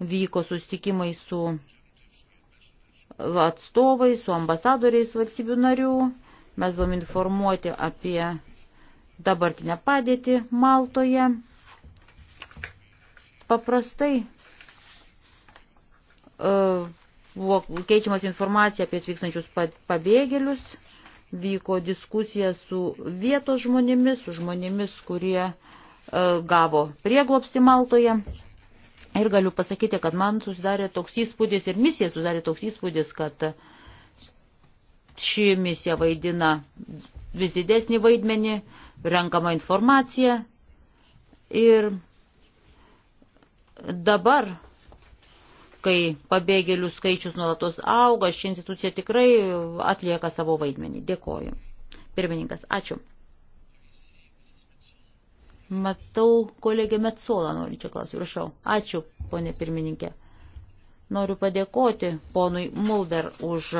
vyko susitikimai su atstovai, su ambasadoriais valstybių narių. Mes buvom informuoti apie dabartinę padėtį Maltoje. Paprastai e, buvo keičiamas informacija apie atvykstančius pabėgėlius, vyko diskusija su vietos žmonėmis, su žmonėmis, kurie uh, E, gavo prieglopsti Maltoje. Ir galiu pasakyti, kad man susidarė toks įspūdis ir misija susidarė toks įspūdis, kad ši misija vaidina vis didesnį vaidmenį, renkama informacija. Ir dabar, kai pabėgėlių skaičius nuolatos auga, ši institucija tikrai atlieka savo vaidmenį. Dėkoju. Pirmininkas, ačiū. Matau kolegė Metsola, noriu čia klausyti, prašau. Ačiū, ponė pirmininkė. Noriu padėkoti ponui Mulder už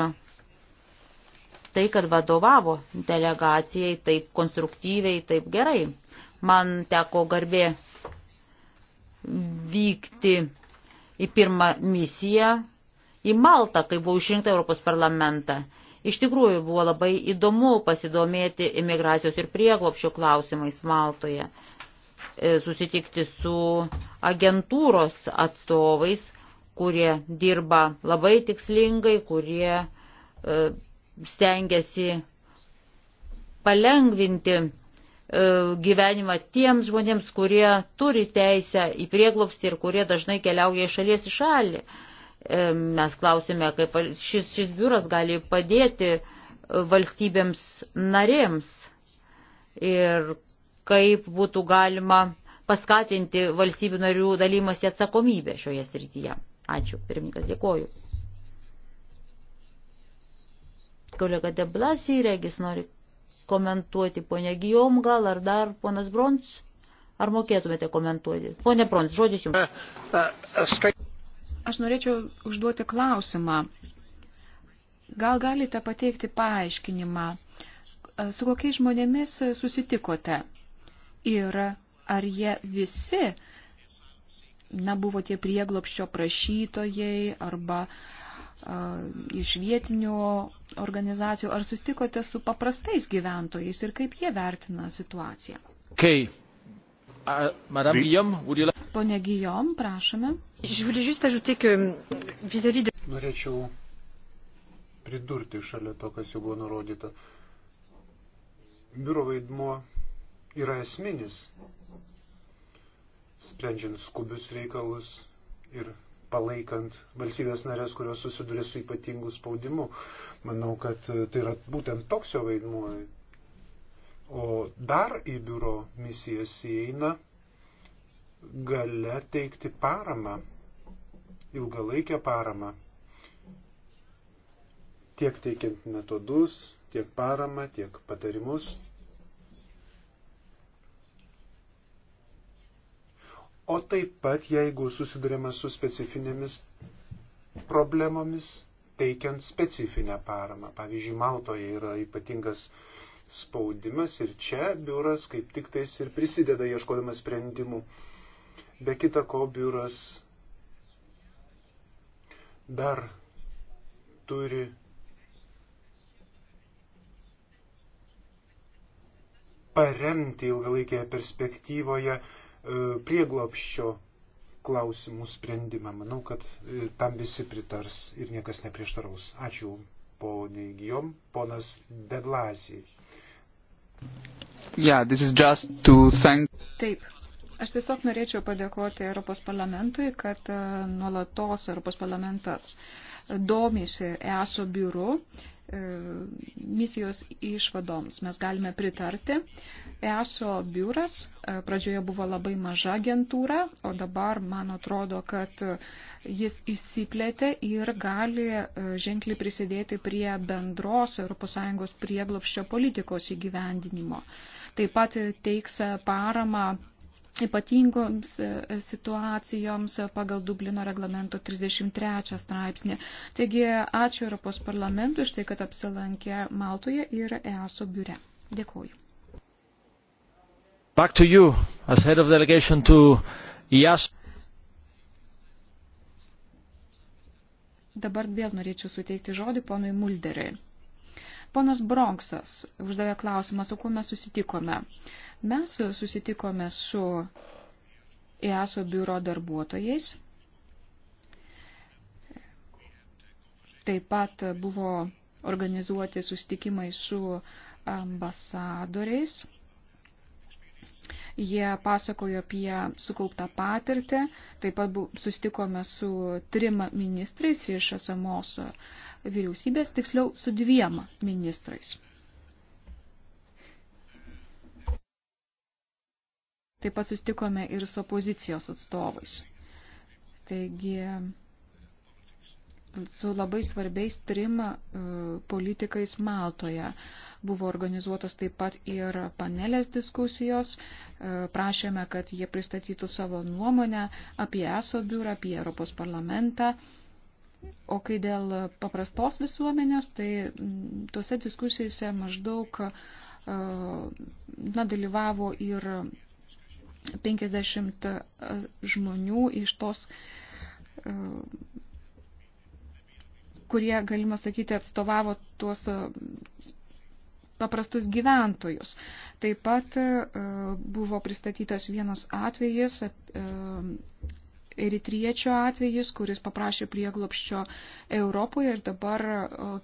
tai, kad vadovavo delegacijai taip konstruktyviai, taip gerai. Man teko garbė vykti į pirmą misiją į Maltą, kai buvau išrinkta Europos parlamentą. Iš tikrųjų buvo labai įdomu pasidomėti imigracijos ir prieglopšio klausimais Maltoje. E, susitikti su agentūros atstovais, kurie dirba labai tikslingai, kurie e, stengiasi palengvinti e, gyvenimą tiems žmonėms, kurie turi teisę į prieglobstį ir kurie dažnai keliauja iš šalies į šalį. Mes klausime, kaip šis, šis biuras gali padėti valstybėms narėms ir kaip būtų galima paskatinti valstybių narių dalymasi atsakomybę šioje srityje. Ačiū, pirmininkas, dėkoju. Kolega Deblasį, regis nori komentuoti ponia Gijom, gal ar dar ponas Brons, ar mokėtumėte komentuoti? Pone Brons, žodis jums. Aš norėčiau užduoti klausimą. Gal galite pateikti paaiškinimą, su kokiais žmonėmis susitikote? ir ar jie visi, na, buvo tie prieglopščio prašytojai arba a, iš vietinių organizacijų, ar sustikote su paprastais gyventojais ir kaip jie vertina situaciją. Okay. Uh, Madame Guillaume, would you like... Pone Guillaume, prašome. Je voulais juste ajouter que euh, vis-à-vis de... Norėčiau pridurti šalia to, kas jau buvo nurodyta. Biuro vaidmuo yra esminis, sprendžiant skubius reikalus ir palaikant valstybės narės, kurios susiduria su ypatingu spaudimu. Manau, kad e, tai yra būtent toks jo vaidmuo. O dar į biuro misijas įeina gale teikti paramą, ilgalaikę paramą, tiek teikiant metodus, tiek paramą, tiek patarimus o taip pat, jeigu susidurėme su specifinėmis problemomis, teikiant specifinę paramą. Pavyzdžiui, Maltoje yra ypatingas spaudimas ir čia biuras kaip tik tais ir prisideda ieškodamas sprendimų. Be kita ko, biuras dar turi paremti ilgalaikėje perspektyvoje E, prieglopščio klausimų sprendimą. Manau, kad e, tam visi pritars ir niekas neprieštaraus. Ačiū poniai Gijom, ponas Deglazijai. Yeah, thank... Taip, Aš tiesiog norėčiau padėkoti Europos parlamentui, kad e, nuolatos Europos parlamentas domysi ESO biuru E, misijos išvadoms mes galime pritarti. EASO biuras e, pradžioje buvo labai maža agentūra, o dabar man atrodo, kad jis įsiplėtė ir gali e, ženkliai prisidėti prie bendros ES prieglopščio politikos įgyvendinimo. Taip pat teiks paramą ypatingoms e, situacijoms pagal Dublino reglamento 33 straipsnį. Taigi ačiū Europos parlamentui iš tai, kad apsilankė Maltoje ir EASO biure. Dėkuoju. Back to you as head of delegation to EASO. Dabar vėl norėčiau suteikti žodį ponui Mulderiui. Ponas Bronksas uždavė klausimą, su kuo mes susitikome. Mes susitikome su EASO biuro darbuotojais. Taip pat buvo organizuoti susitikimai su ambasadoriais. Jie pasakojo apie sukauptą patirtį, taip pat susitikome su trim ministrais iš esamos vyriausybės, tiksliau su dviem ministrais. Taip pat sustikome ir su opozicijos atstovais. Taigi, su labai svarbiais trim e, politikais Maltoje. Buvo organizuotos taip pat ir panelės diskusijos. E, prašėme, kad jie pristatytų savo nuomonę apie ESO biurą, apie Europos parlamentą O kai dėl paprastos visuomenės, tai mm, tuose diskusijose maždaug e, na, dalyvavo ir 50 e, žmonių iš tos, e, kurie, galima sakyti, atstovavo tuos paprastus gyventojus. Taip pat buvo pristatytas vienas atvejis eritriečio atvejis, kuris paprašė prieglopščio Europoje ir dabar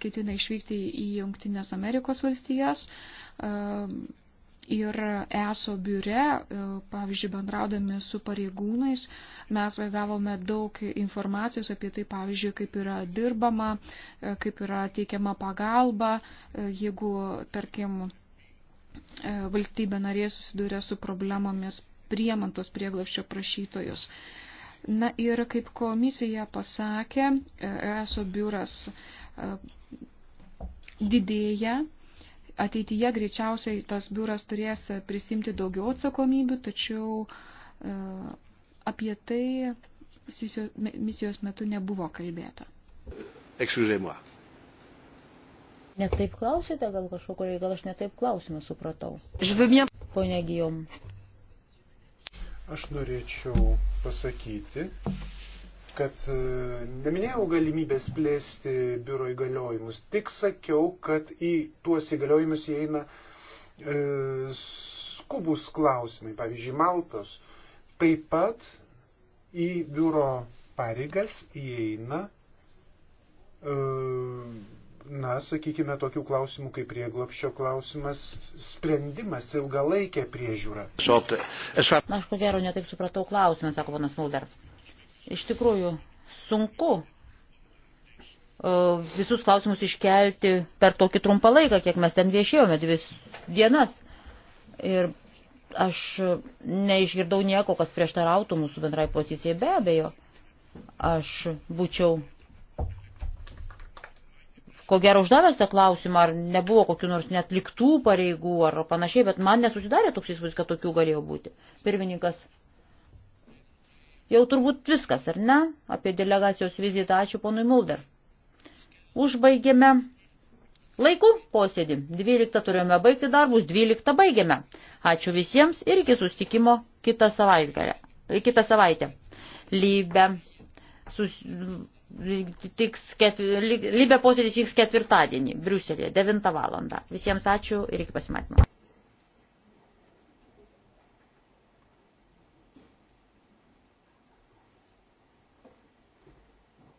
ketina išvykti į Junktinės Amerikos valstijas. Ir ESO biure, pavyzdžiui, bendraudami su pareigūnais, mes gavome daug informacijos apie tai, pavyzdžiui, kaip yra dirbama, kaip yra teikiama pagalba, jeigu, tarkim, valstybė narė susiduria su problemomis priemant tos prieglapščio prašytojus. Uh, Na ir kaip komisija pasakė, ESO biuras e, didėja. Ateityje greičiausiai tas biuras turės prisimti daugiau atsakomybių, tačiau e, apie tai misijos metu nebuvo kalbėta. Excusez-moi. Netaip klausėte gal kažko, gal aš netaip klausimą supratau. Žvimien. Pone Gijom. Aš norėčiau pasakyti, kad e, neminėjau galimybės plėsti biuro įgaliojimus, tik sakiau, kad į tuos įgaliojimus įeina e, skubus klausimai, pavyzdžiui, Maltos. Taip pat į biuro pareigas įeina e, na, sakykime, tokių klausimų kaip prieglopščio klausimas, sprendimas, ilgalaikė priežiūra. Na, aš ko gero netaip supratau klausimą, sako ponas Mulder. Iš tikrųjų, sunku e, visus klausimus iškelti per tokį trumpą laiką, kiek mes ten viešėjome, dvi dienas. Ir aš neišgirdau nieko, kas prieštarautų mūsų bendrai pozicijai, be abejo. Aš būčiau ko gero uždavęs tą klausimą, ar nebuvo kokiu nors netliktų pareigų ar panašiai, bet man nesusidarė toks įspūdis, kad tokių galėjo būti. Pirmininkas, jau turbūt viskas, ar ne, apie delegacijos vizitą, ačiū ponui Mulder. Užbaigėme laiku posėdį, 12 turėjome baigti darbus, 12 baigėme. Ačiū visiems ir iki sustikimo kitą savaitę. Kitą savaitę. Lybe. Sus... Libė posėdis vyks ketvirtadienį Briuselėje, 9 valandą. Visiems ačiū ir iki pasimatymo.